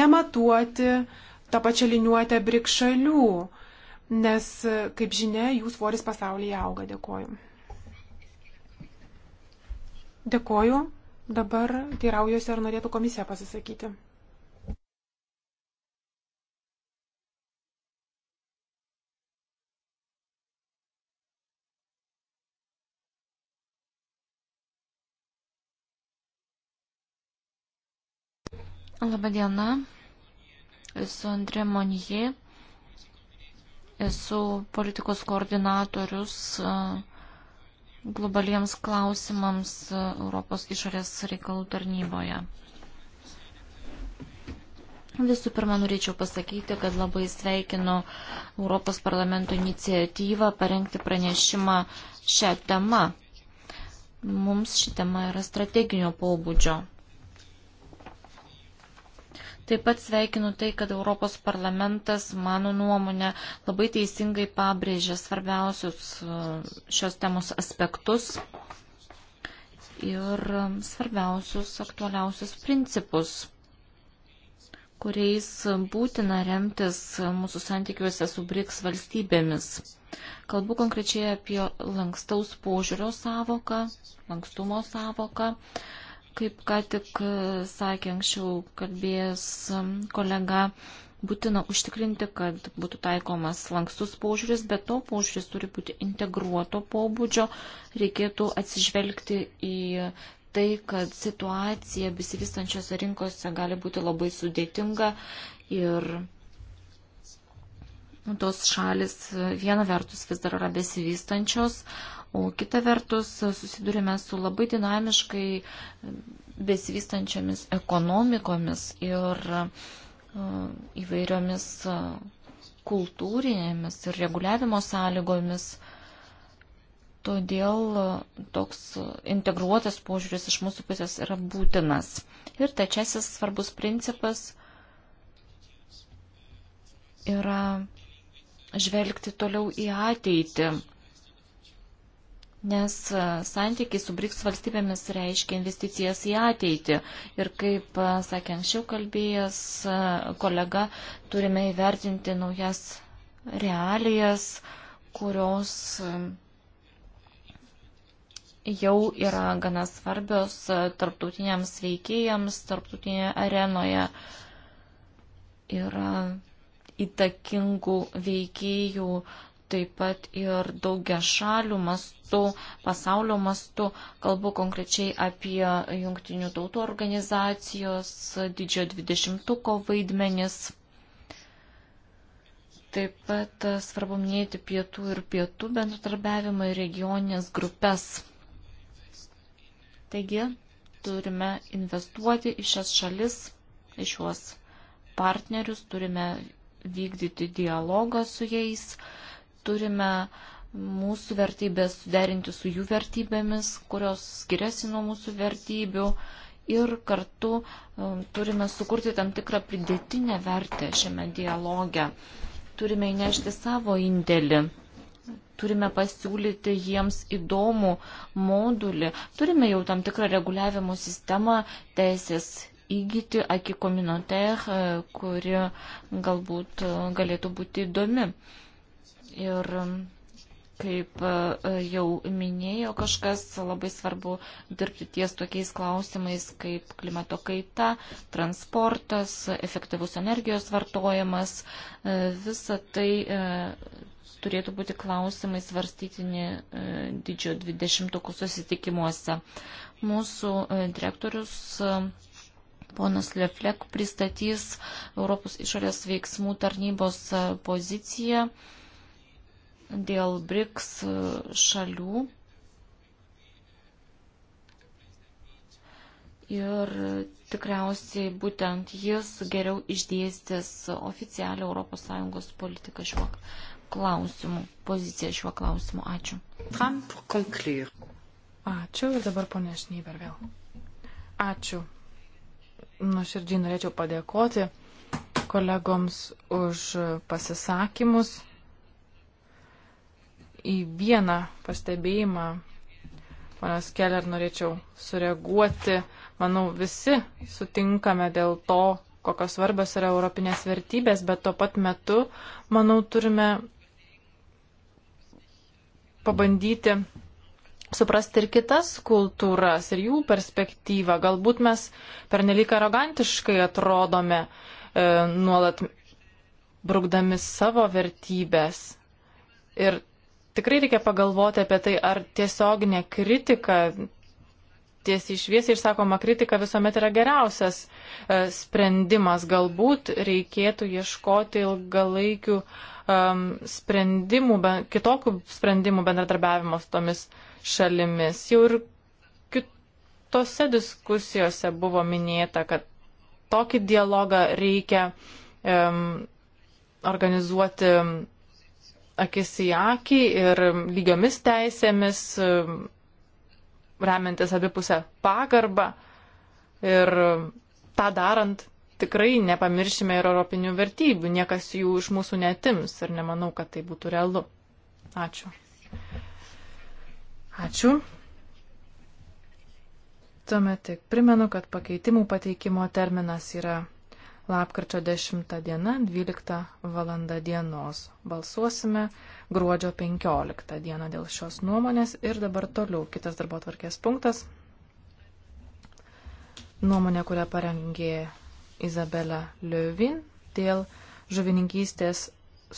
nematuoti tą pačią liniuotę brikšalių nes, kaip žinia, jų svoris pasaulyje auga. Dėkoju. Dėkoju. Dabar teiraujuosi, ar norėtų komisija pasisakyti. Labadiena, esu Andrė Monijai. Esu politikos koordinatorius e, globaliems klausimams e, Europos išorės reikalų tarnyboje. Visų pirma, norėčiau pasakyti, kad labai sveikinu Europos parlamento iniciatyvą parengti pranešimą šią temą. Mums ši tema yra strateginio pobūdžio. Taip pat sveikinu tai, kad Europos parlamentas, mano nuomonė, labai teisingai pabrėžė svarbiausius e, šios temos aspektus ir e, svarbiausius, aktualiausius principus kuriais būtina remtis mūsų santykiuose su BRICS valstybėmis. Kalbu konkrečiai apie lankstaus požiūrio savoką, lankstumo savoką, Kaip ką tik e, sakė anksčiau kalbėjęs kolega, būtina užtikrinti, kad būtų taikomas lankstus požiūris, bet to požiūris turi būti integruoto pobūdžio, reikėtų atsižvelgti į tai, kad situacija besivystančiose rinkose gali būti labai sudėtinga ir tos šalis viena vertus vis dar yra besivystančios, O kita vertus susidurime su labai dinamiškai besivystančiomis ekonomikomis ir e, įvairiomis e, kultūrinėmis ir reguliavimo sąlygomis. Todėl e, toks integruotas požiūris iš mūsų pusės yra būtinas. Ir trečiasis svarbus principas yra žvelgti toliau į ateitį nes e, santykiai su BRICS valstybėmis reiškia investicijas į ateitį. Ir kaip e, sakė anksčiau kalbėjęs e, kolega, turime įvertinti naujas realijas, kurios jau yra gana svarbios tarptautiniams veikėjams, tarptautinėje arenoje yra įtakingų veikėjų taip pat ir daugia šalių mastų, pasaulio mastų. Kalbu konkrečiai apie jungtinių tautų organizacijos, didžiojo dvidešimtuko vaidmenis. Taip pat svarbu minėti pietų ir pietų bendradarbiavimą ir regioninės grupės. Taigi, turime investuoti į šias šalis, į šiuos partnerius, turime vykdyti dialogą su jais, uh, turime mūsų vertybės suderinti su jų vertybėmis, kurios skiriasi nuo mūsų vertybių ir kartu um, turime sukurti tam tikrą pridėtinę vertę šiame dialoge. Turime įnešti savo indėlį. Turime pasiūlyti jiems įdomų modulį. Turime jau tam tikrą reguliavimo sistemą teisės įgyti akikominoter, kuri galbūt uh, galėtų būti įdomi. Ir um, kaip e, e, jau minėjo kažkas, labai svarbu dirbti ties tokiais klausimais kaip klimato kaita, transportas, efektyvus energijos vartojimas. E, visa tai turėtų būti klausimai svarstytini didžio dvidešimtukų susitikimuose. Mūsų direktorius Ponas Leflek pristatys Europos išorės veiksmų tarnybos poziciją dėl BRICS šalių ir tikriausiai būtent jis geriau išdėstys oficialią ES politiką šiuo klausimu, poziciją šiuo klausimu. Ačiū. Ačiū ir dabar ponė Šnyber vėl. Ačiū. Nuoširdžiai norėčiau padėkoti kolegoms už pasisakymus į vieną pastebėjimą, panas Keller, norėčiau sureaguoti. Manau, visi sutinkame dėl to, kokios svarbios yra europinės vertybės, bet tuo pat metu, manau, turime pabandyti suprasti ir kitas kultūras ir jų perspektyvą. Galbūt mes pernelyg arogantiškai atrodome e, nuolat brukdami savo vertybės. Ir tikrai reikia pagalvoti apie tai, ar tiesioginė kritika, tiesiai išviesiai išsakoma kritika visuomet yra geriausias e, sprendimas. Galbūt reikėtų ieškoti ilgalaikių um, sprendimų, be, kitokių sprendimų bendradarbiavimo su tomis šalimis. Jau ir kitose diskusijose buvo minėta, kad tokį dialogą reikia um, organizuoti akis į akį ir lygiomis teisėmis, e, remiantis abipusę pagarbą. Ir tą darant tikrai nepamiršime ir europinių vertybių, niekas jų iš mūsų netims ir nemanau, kad tai būtų realu. Ačiū. Ačiū. Tuomet tik primenu, kad pakeitimų pateikimo terminas yra lapkričio 10 diena, 12 valanda dienos. Balsuosime gruodžio 15 dieną dėl šios nuomonės ir dabar toliau kitas darbo tvarkės punktas. Nuomonė, kurią parengė Izabela Liuvin dėl žuvininkystės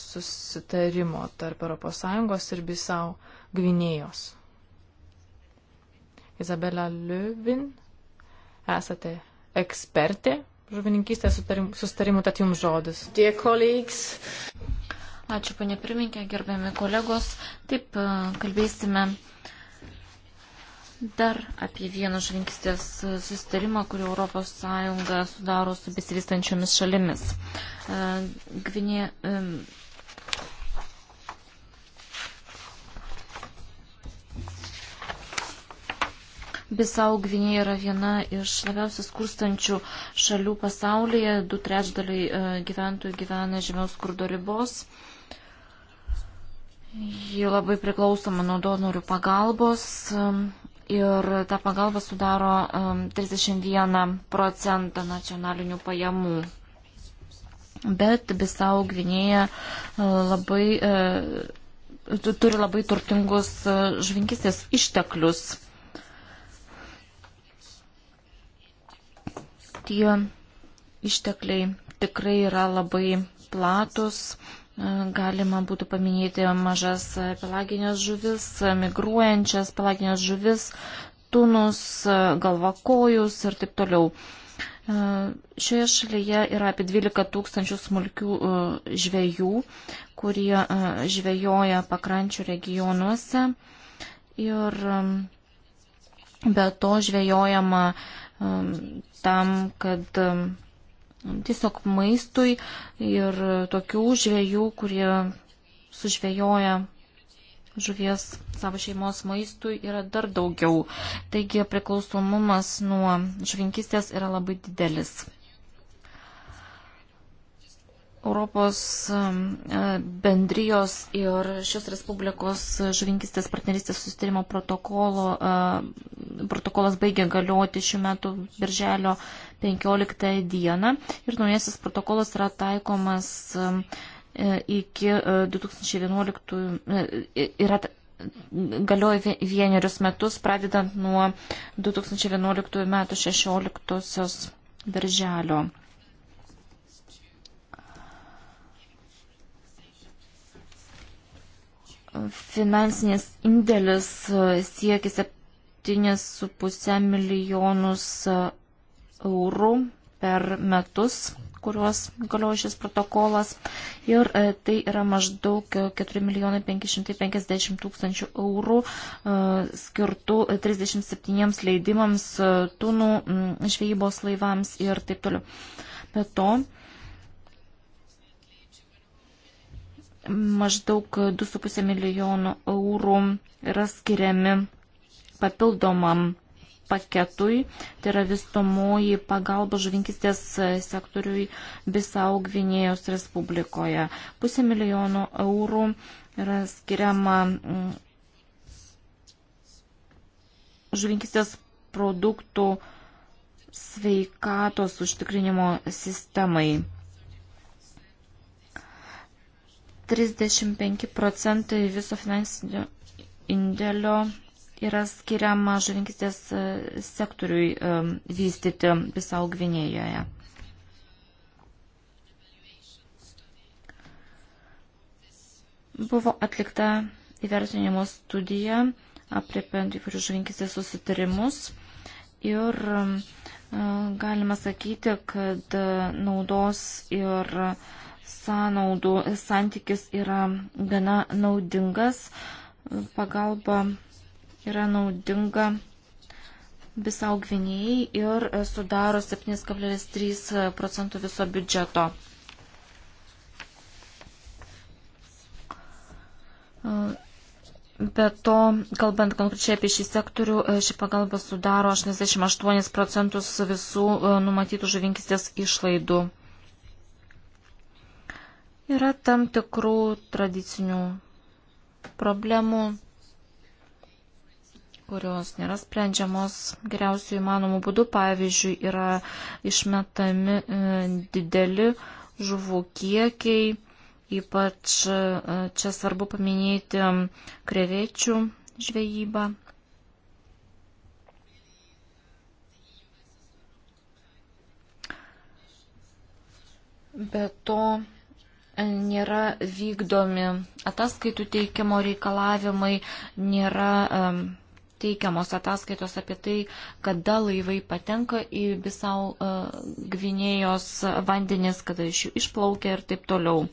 susitarimo tarp ES ir Bisau Gvinėjos. Izabela Liuvin, esate ekspertė žuvininkystės sustarimų, tad jums žodis. Dear colleagues. Ačiū, panė pirminkė, gerbiami kolegos. Taip, e, kalbėsime dar apie vieną žuvininkystės sustarimą, kurį ES sudaro su besivystančiomis šalimis. E, Gvinė, Bisau Gvinėja yra viena iš labiausiai skurstančių šalių pasaulyje. Du trečdaliai e, gyventojų gyvena žemiau skurdo ribos. Ji labai priklausoma nuo donorių pagalbos e, ir ta pagalba sudaro 31 e, procentą nacionalinių pajamų. Bet Bisau Gvinėja labai turi labai turtingus žvinkistės išteklius. Tie ištekliai tikrai yra labai platus. E, galima būtų paminėti mažas pelaginės žuvis, migruojančias pelaginės žuvis, tunus, galvakojus ir taip toliau. E, šioje šalyje yra apie 12 tūkstančių smulkių e, žvėjų, kurie žvejoja pakrančių regionuose. Ir be to žvejojama uh, Um, tam, kad um, tiesiog maistui ir tokių žvėjų, kurie sužvėjoja žuvies savo šeimos maistui yra dar daugiau. Taigi priklausomumas nuo žuvinkistės yra labai didelis. Europos e, bendrijos ir šios Respublikos žuvinkistės partneristės sustarimo e, protokolas baigia galioti šių metų birželio 15 dieną ir naujasis protokolas yra taikomas e, iki 2011 yra galioja vienerius metus, pradedant nuo 2011 metų 16 birželio. finansinės indėlis e, siekia 7,5 milijonus e, eurų per metus, kuriuos galioja šis protokolas. Ir e, tai yra maždaug 4 milijonai 550 tūkstančių eurų skirtų 37 leidimams, tunų žvejybos laivams ir taip toliau. Be to, Maždaug 2,5 milijonų eurų yra skiriami papildomam paketui, tai yra vystomoji pagalba žuvinkistės sektoriui Bisau Gvinėjos Respublikoje. Pusė milijono eurų yra skiriama mm, žuvinkistės produktų sveikatos užtikrinimo sistemai. 35 procentai viso finansinio indėlio yra skiriama žuvinkistės e, sektoriui e, vystyti Bisau Gvinėjoje. Buvo atlikta įvertinimo studija apriepiant įvairius žuvinkistės susitarimus ir e, galima sakyti, kad naudos ir uh, sąnaudų santykis yra gana naudingas, pagalba yra naudinga visau gvinėjai ir sudaro 7,3 procentų viso biudžeto. Be to, kalbant konkrečiai apie šį sektorių, ši pagalba sudaro 88 procentus visų numatytų žuvinkistės išlaidų. Yra tam tikrų tradicinių problemų, kurios nėra sprendžiamos geriausių įmanomų būdų. Pavyzdžiui, yra išmetami e, dideli žuvų kiekiai, ypač e, čia svarbu paminėti krevečių žvejybą. Be to, nėra vykdomi ataskaitų teikimo reikalavimai, nėra um, teikiamos ataskaitos apie tai, kada laivai patenka į visau uh, e, Gvinėjos vandenis, kada iš jų išplaukia ir taip toliau.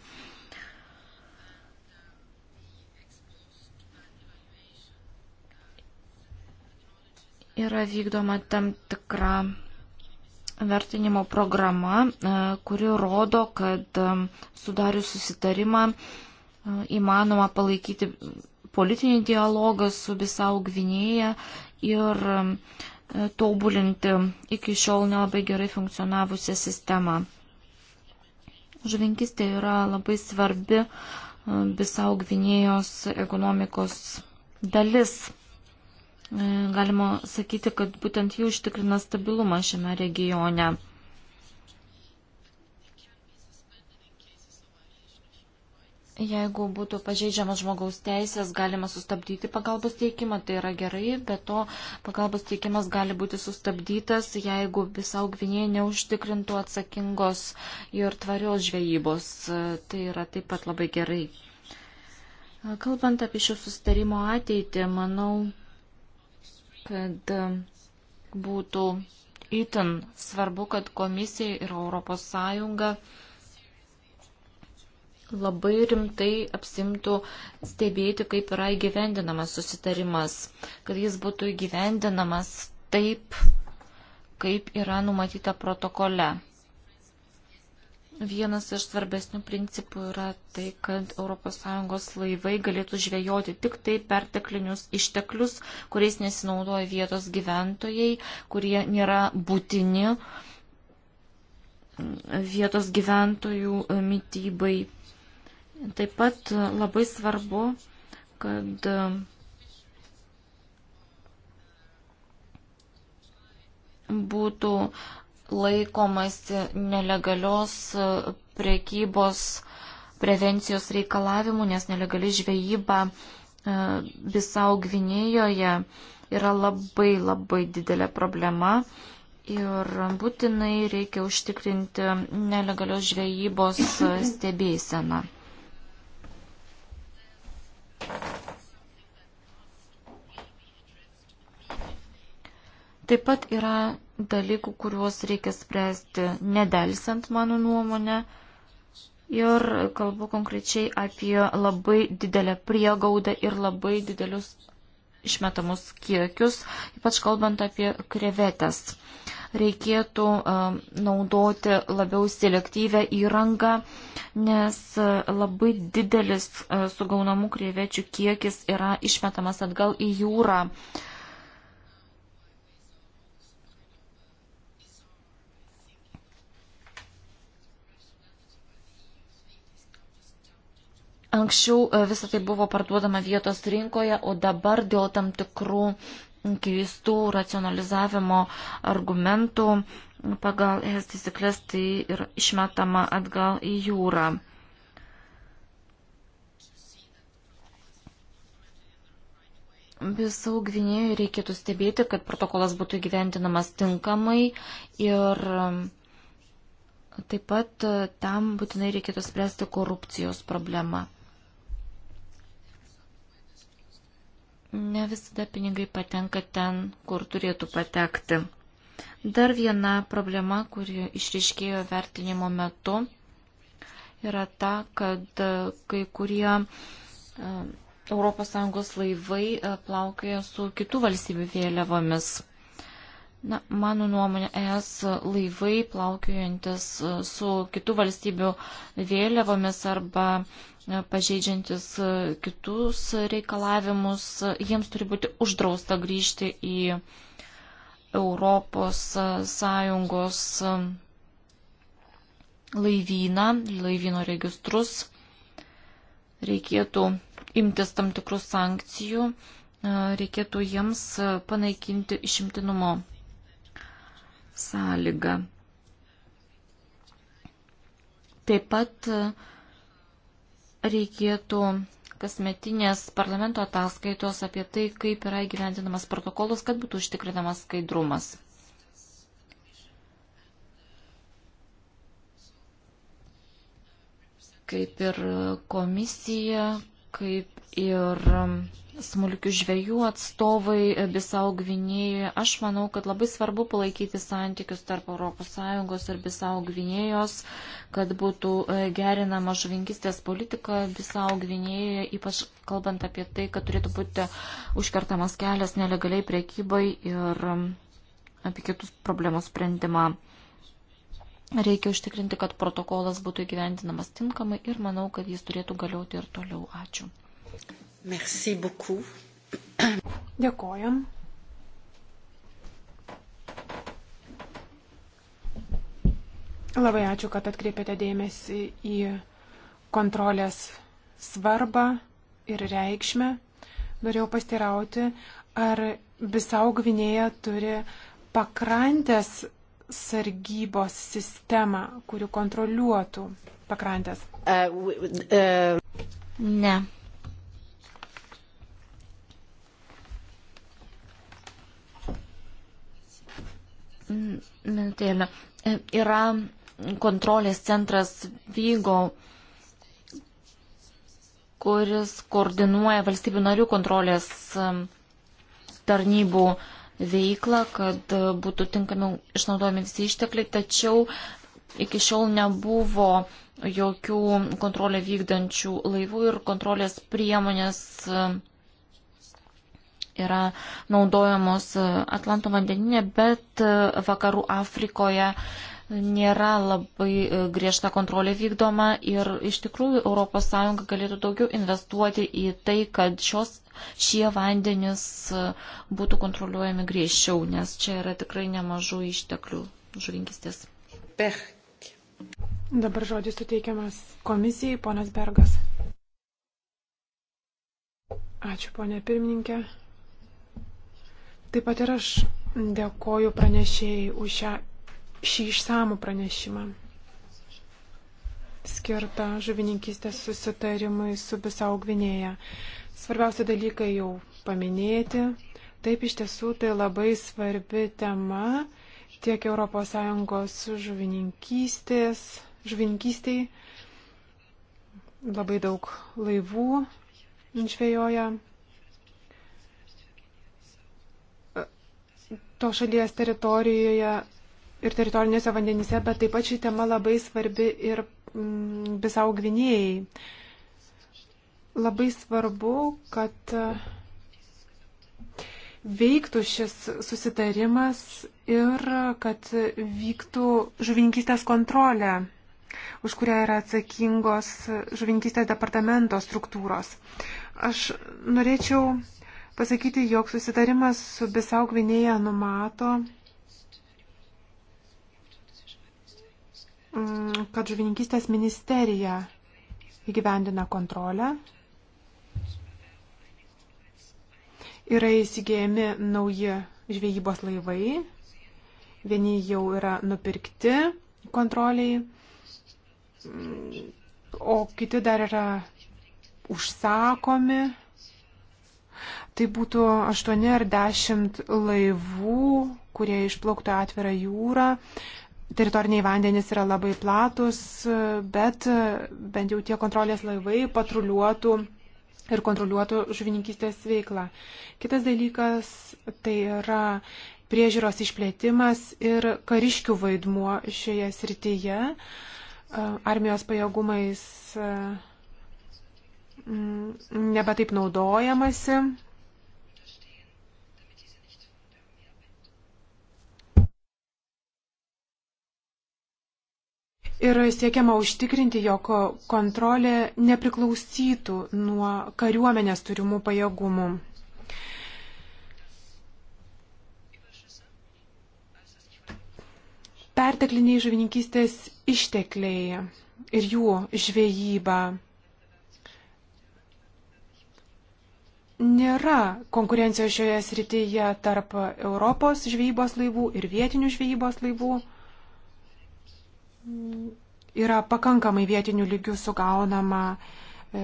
Yra vykdoma tam tikra vertinimo programa, e, kuri rodo, kad e, sudarius susitarimą e, įmanoma palaikyti politinį dialogą su Bisau Gvinėja ir tobulinti iki šiol nelabai gerai funkcionavusią sistemą. Žuvinkistė yra labai svarbi Bisau Gvinėjos ekonomikos dalis. E, galima sakyti, kad būtent jų užtikrina stabilumą šiame regione. Jeigu būtų pažeidžiamas žmogaus teisės, galima sustabdyti pagalbos teikimą, tai yra gerai, bet to pagalbos teikimas gali būti sustabdytas, jeigu visau gvinėje neužtikrintų atsakingos ir tvarios žvejybos. E, tai yra taip pat labai gerai. Kalbant apie šio sustarimo ateitį, manau, kad um, būtų įtin svarbu, kad komisija ir Europos Sąjunga labai rimtai apsimtų stebėti, kaip yra įgyvendinamas susitarimas, kad jis būtų įgyvendinamas taip, kaip yra numatyta protokole. Vienas iš svarbesnių principų yra tai, kad ES laivai galėtų žvejoti tik tai perteklinius išteklius, kuriais nesinaudoja vietos gyventojai, kurie nėra būtini vietos gyventojų mytybai. Taip pat labai svarbu, kad būtų uh, laikomasi nelegalios e, priekybos prevencijos reikalavimų, nes nelegali žvejyba e, Bisau Gvinėjoje yra labai labai didelė problema ir būtinai reikia užtikrinti nelegalios žvejybos e, stebėseną. Taip pat yra dalykų, kuriuos reikia spręsti nedelsiant, mano nuomonė. Ir kalbu konkrečiai apie labai didelę priegaudą ir labai didelius išmetamus kiekius, ypač kalbant apie krevetės. Reikėtų um, naudoti labiau selektyvę įrangą, nes uh, labai didelis uh, sugaunamų krevečių kiekis yra išmetamas atgal į jūrą. Uh, Anksčiau e, visą tai buvo parduodama vietos rinkoje, o dabar dėl tam tikrų keistų racionalizavimo argumentų pagal es taisyklės tai yra išmetama atgal į jūrą. Visau Gvinėjui reikėtų stebėti, kad protokolas būtų įgyventinamas tinkamai ir e, taip pat e, tam būtinai reikėtų spręsti korupcijos problemą. ne visada pinigai patenka ten, kur turėtų patekti. Dar viena problema, kuri išriškėjo vertinimo metu, yra ta, kad e, kai kurie ES laivai e, plaukioja su kitų valstybių vėliavomis. Na, mano nuomonė, ES laivai plaukiojantis e, su kitų valstybių vėliavomis arba uh, pažeidžiantis e, kitus reikalavimus, jiems turi būti uždrausta grįžti į Europos e, Sąjungos e, laivyną, laivyno registrus. Reikėtų imtis tam tikrų sankcijų, reikėtų jiems panaikinti išimtinumo sąlygą. Taip pat uh, reikėtų kasmetinės parlamento ataskaitos apie tai, kaip yra įgyvendinamas protokolas, kad būtų užtikrinamas skaidrumas. Kaip ir komisija, kaip ir smulkių žvėjų atstovai e, Bisau Gvinėjoje. Aš manau, kad labai svarbu palaikyti santykius tarp ES ir Bisau Gvinėjos, kad būtų e, gerinama žuvinkistės politika Bisau Gvinėjoje, ypač kalbant apie tai, kad turėtų būti užkertamas kelias nelegaliai priekybai ir apie kitus problemos sprendimą. Reikia užtikrinti, kad protokolas būtų įgyvendinamas tinkamai ir manau, kad jis turėtų galioti ir toliau. Ačiū. Merci beaucoup. Dėkojam. Labai ačiū, kad atkreipėte dėmesį į kontrolės svarbą ir reikšmę. Norėjau pastirauti, ar Bisau Gvinėja turi pakrantės sargybos sistemą, kuri kontroliuotų pakrantės? Uh, uh, ne. Minutėlė. E, yra kontrolės centras Vygo, kuris koordinuoja valstybių narių kontrolės um, tarnybų uh, veiklą, kad būtų tinkamiau išnaudojami visi ištekliai, tačiau iki šiol nebuvo jokių kontrolę vykdančių laivų ir kontrolės priemonės e, yra naudojamos Atlanto vandeninė, bet vakarų Afrikoje nėra labai e, griežta kontrolė vykdoma ir iš tikrųjų ES galėtų daugiau investuoti į tai, kad šios, šie vandenys e, būtų kontroliuojami griežčiau, nes čia yra tikrai nemažų išteklių žuvinkistės. Berg. Dabar žodis suteikiamas komisijai, ponas Bergas. Ačiū, ponė pirmininkė. Taip pat ir aš dėkoju pranešėjai už šią šį išsamų pranešimą skirtą žuvininkystės susitarimui su Bisau Gvinėja. Svarbiausia dalykai jau paminėti. Taip iš tiesų tai labai svarbi tema tiek ES žuvininkystės, žuvininkystiai. Labai daug laivų žvejoja to šalies teritorijoje ir teritorinėse vandenyse, bet taip pat ši tema labai svarbi ir mm, visau gvinėjai. Labai svarbu, kad e, veiktų šis susitarimas ir kad vyktų žuvininkystės kontrolė, už kurią yra atsakingos žuvininkystės departamento struktūros. Aš norėčiau pasakyti, jog susitarimas su Bisaugvinėje numato Mm, kad žuvininkystės ministerija įgyvendina kontrolę. Yra įsigėjami nauji žvejybos laivai. Vieni jau yra nupirkti kontroliai, mm, o kiti dar yra užsakomi. Tai būtų 8 ar 10 laivų, kurie išplauktų atvirą jūrą. Uh, teritoriniai vandenys yra labai platus, bet bent jau tie kontrolės laivai patruliuotų ir kontroliuotų žuvininkystės veiklą. Kitas dalykas tai yra priežiūros išplėtimas ir kariškių vaidmuo šioje srityje. Armijos pajėgumais mm, nebetaip naudojamasi. ir siekiama užtikrinti, jog kontrolė nepriklausytų nuo kariuomenės turimų pajėgumų. Pertekliniai žuvininkystės ištekliai ir jų žvejyba nėra konkurencijos šioje srityje tarp Europos žvejybos laivų ir vietinių žvejybos laivų yra pakankamai vietinių lygių sugaunama e,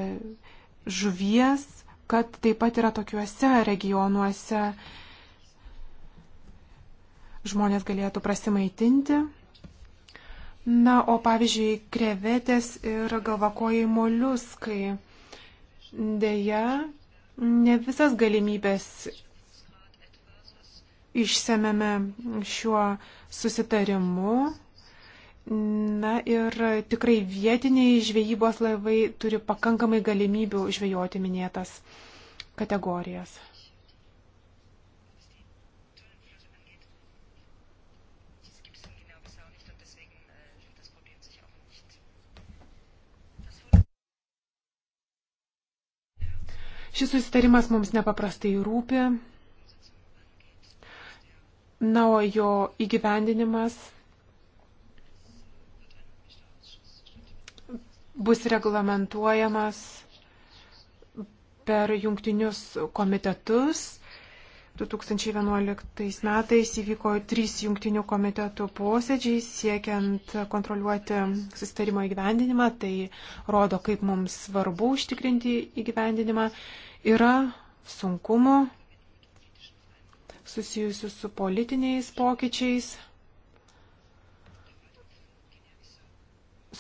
žuvies, kad taip pat yra tokiuose regionuose žmonės galėtų prasimaitinti. Na, o pavyzdžiui, krevetės ir galvakojai moliuskai. Deja, ne visas galimybės išsemėme šiuo susitarimu. Na ir tikrai vietiniai žvejybos laivai turi pakankamai galimybių žvejoti minėtas kategorijas. Šis susitarimas mums nepaprastai rūpi. Na, o jo įgyvendinimas bus reglamentuojamas per jungtinius komitetus. 2011 metais įvyko trys jungtinių komitetų posėdžiai siekiant kontroliuoti sustarimo įgyvendinimą. Tai rodo, kaip mums svarbu užtikrinti įgyvendinimą. Yra sunkumų susijusių su politiniais pokyčiais,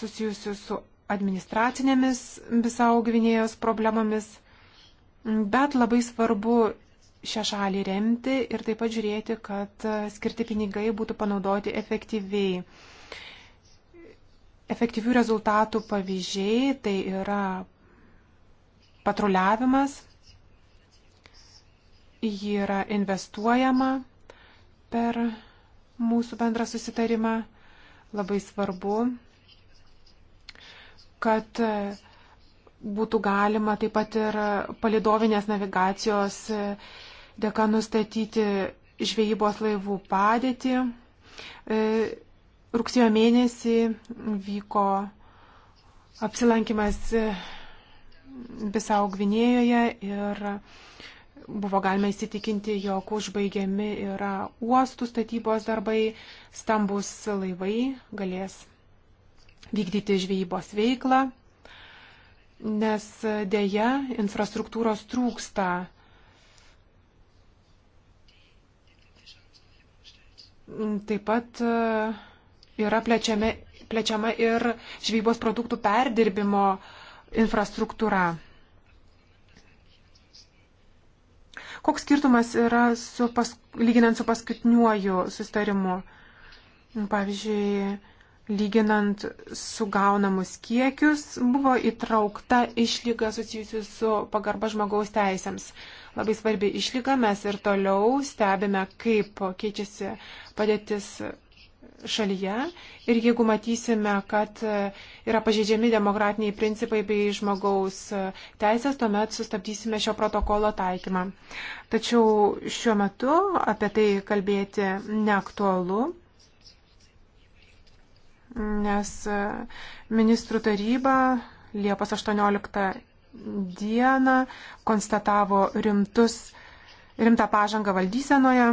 susijusių su administracinėmis Bisau Gvinėjos problemomis, bet labai svarbu šią šalį remti ir taip pat žiūrėti, kad skirti pinigai būtų panaudoti efektyviai. Efektyvių rezultatų pavyzdžiai tai yra patruliavimas, jį yra investuojama per mūsų bendrą susitarimą. Labai svarbu kad e, būtų galima taip pat ir palidovinės navigacijos e, dėka nustatyti žvejybos laivų padėtį. E, rugsėjo mėnesį vyko apsilankimas Bisau Gvinėjoje ir buvo galima įsitikinti, jog užbaigiami yra uostų statybos darbai, stambus laivai galės vykdyti žvejybos veiklą, nes dėja infrastruktūros trūksta. Taip pat e, yra plečiame, plečiama ir žvejybos produktų perdirbimo infrastruktūra. Koks skirtumas yra su pas, lyginant su paskutiniuoju sustarimu? Pavyzdžiui, lyginant su gaunamus kiekius, buvo įtraukta išlyga susijusi su pagarba žmogaus teisėms. Labai svarbi išlyga, mes ir toliau stebime, kaip keičiasi padėtis šalyje ir jeigu matysime, kad yra pažeidžiami demokratiniai principai bei žmogaus teisės, tuomet sustabdysime šio protokolo taikymą. Tačiau šiuo metu apie tai kalbėti neaktualu nes e, ministrų taryba Liepos 18 dieną konstatavo rimtus, rimtą pažangą valdysenoje.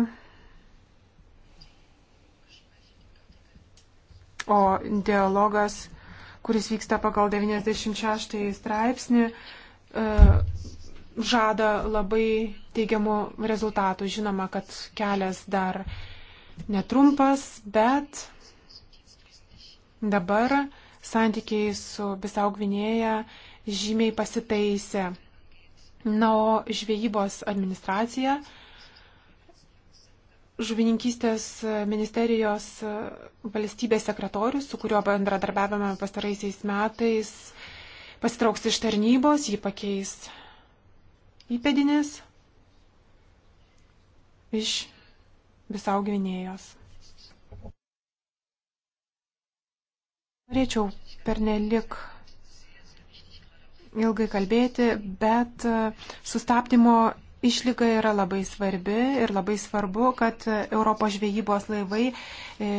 O dialogas, kuris vyksta pagal 96 straipsnį, e, žada labai teigiamų rezultatų. Žinoma, kad kelias dar netrumpas, bet Dabar santykiai su Bisaugvinėja žymiai pasitaisė. Na, o žvejybos administracija žuvininkystės ministerijos valstybės sekretorius, su kuriuo bendradarbiavame pastaraisiais metais, pasitrauks iš tarnybos, jį pakeis įpėdinis iš Bisaugvinėjos. Norėčiau pernelik ilgai kalbėti, bet e, sustabdymo išlyga yra labai svarbi ir labai svarbu, kad Europos žvejybos laivai e,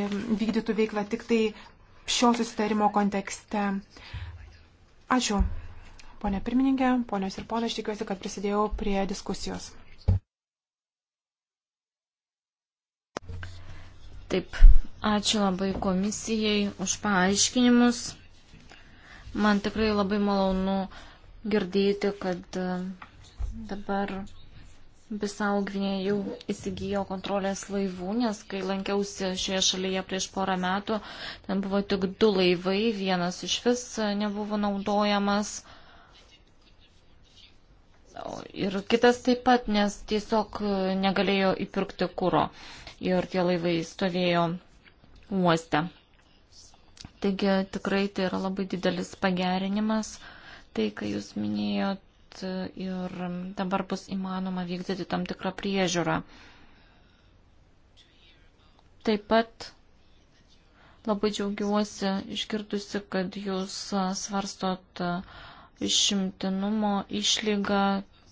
vykdytų veiklą tik tai šio susitarimo kontekste. Ačiū, ponė pirmininkė, ponios ir ponai, aš tikiuosi, kad prisidėjau prie diskusijos. Taip, Ačiū labai komisijai už paaiškinimus. Man tikrai labai malonu girdėti, kad e, dabar Bisau Gvinėje jau įsigijo kontrolės laivų, nes kai lankiausi šioje šalyje prieš porą metų, ten buvo tik du laivai, vienas iš vis nebuvo naudojamas. Ir kitas taip pat, nes tiesiog negalėjo įpirkti kūro. Ir tie laivai stovėjo uoste. Taigi tikrai tai yra labai didelis pagerinimas. Tai, kai jūs minėjot, ir dabar bus įmanoma vykdyti tam tikrą priežiūrą. Taip pat labai džiaugiuosi išgirdusi, kad jūs svarstot išimtinumo išlygą,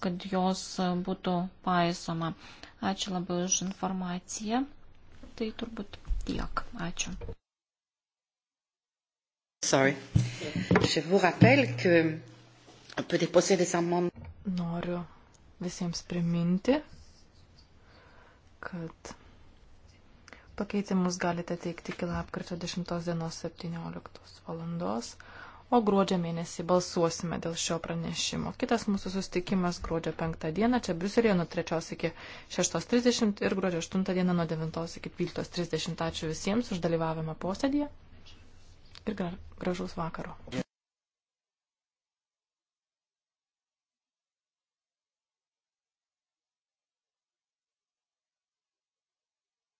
kad jos būtų paisoma. Ačiū labai už informaciją. Tai turbūt Tiek. Ačiū. Sorry. Je vous rappelle que on peut déposer des amendements. Noriu visiems priminti, kad pakeitimus galite teikti iki lapkričio 10 dienos 17 valandos o gruodžio mėnesį balsuosime dėl šio pranešimo. Kitas mūsų sustikimas gruodžio 5 dieną čia Briuselėje nuo 3 iki 6.30 ir gruodžio 8 dieną nuo 9 iki 12.30. Ačiū visiems už dalyvavimą posėdėje ir gražaus vakaro.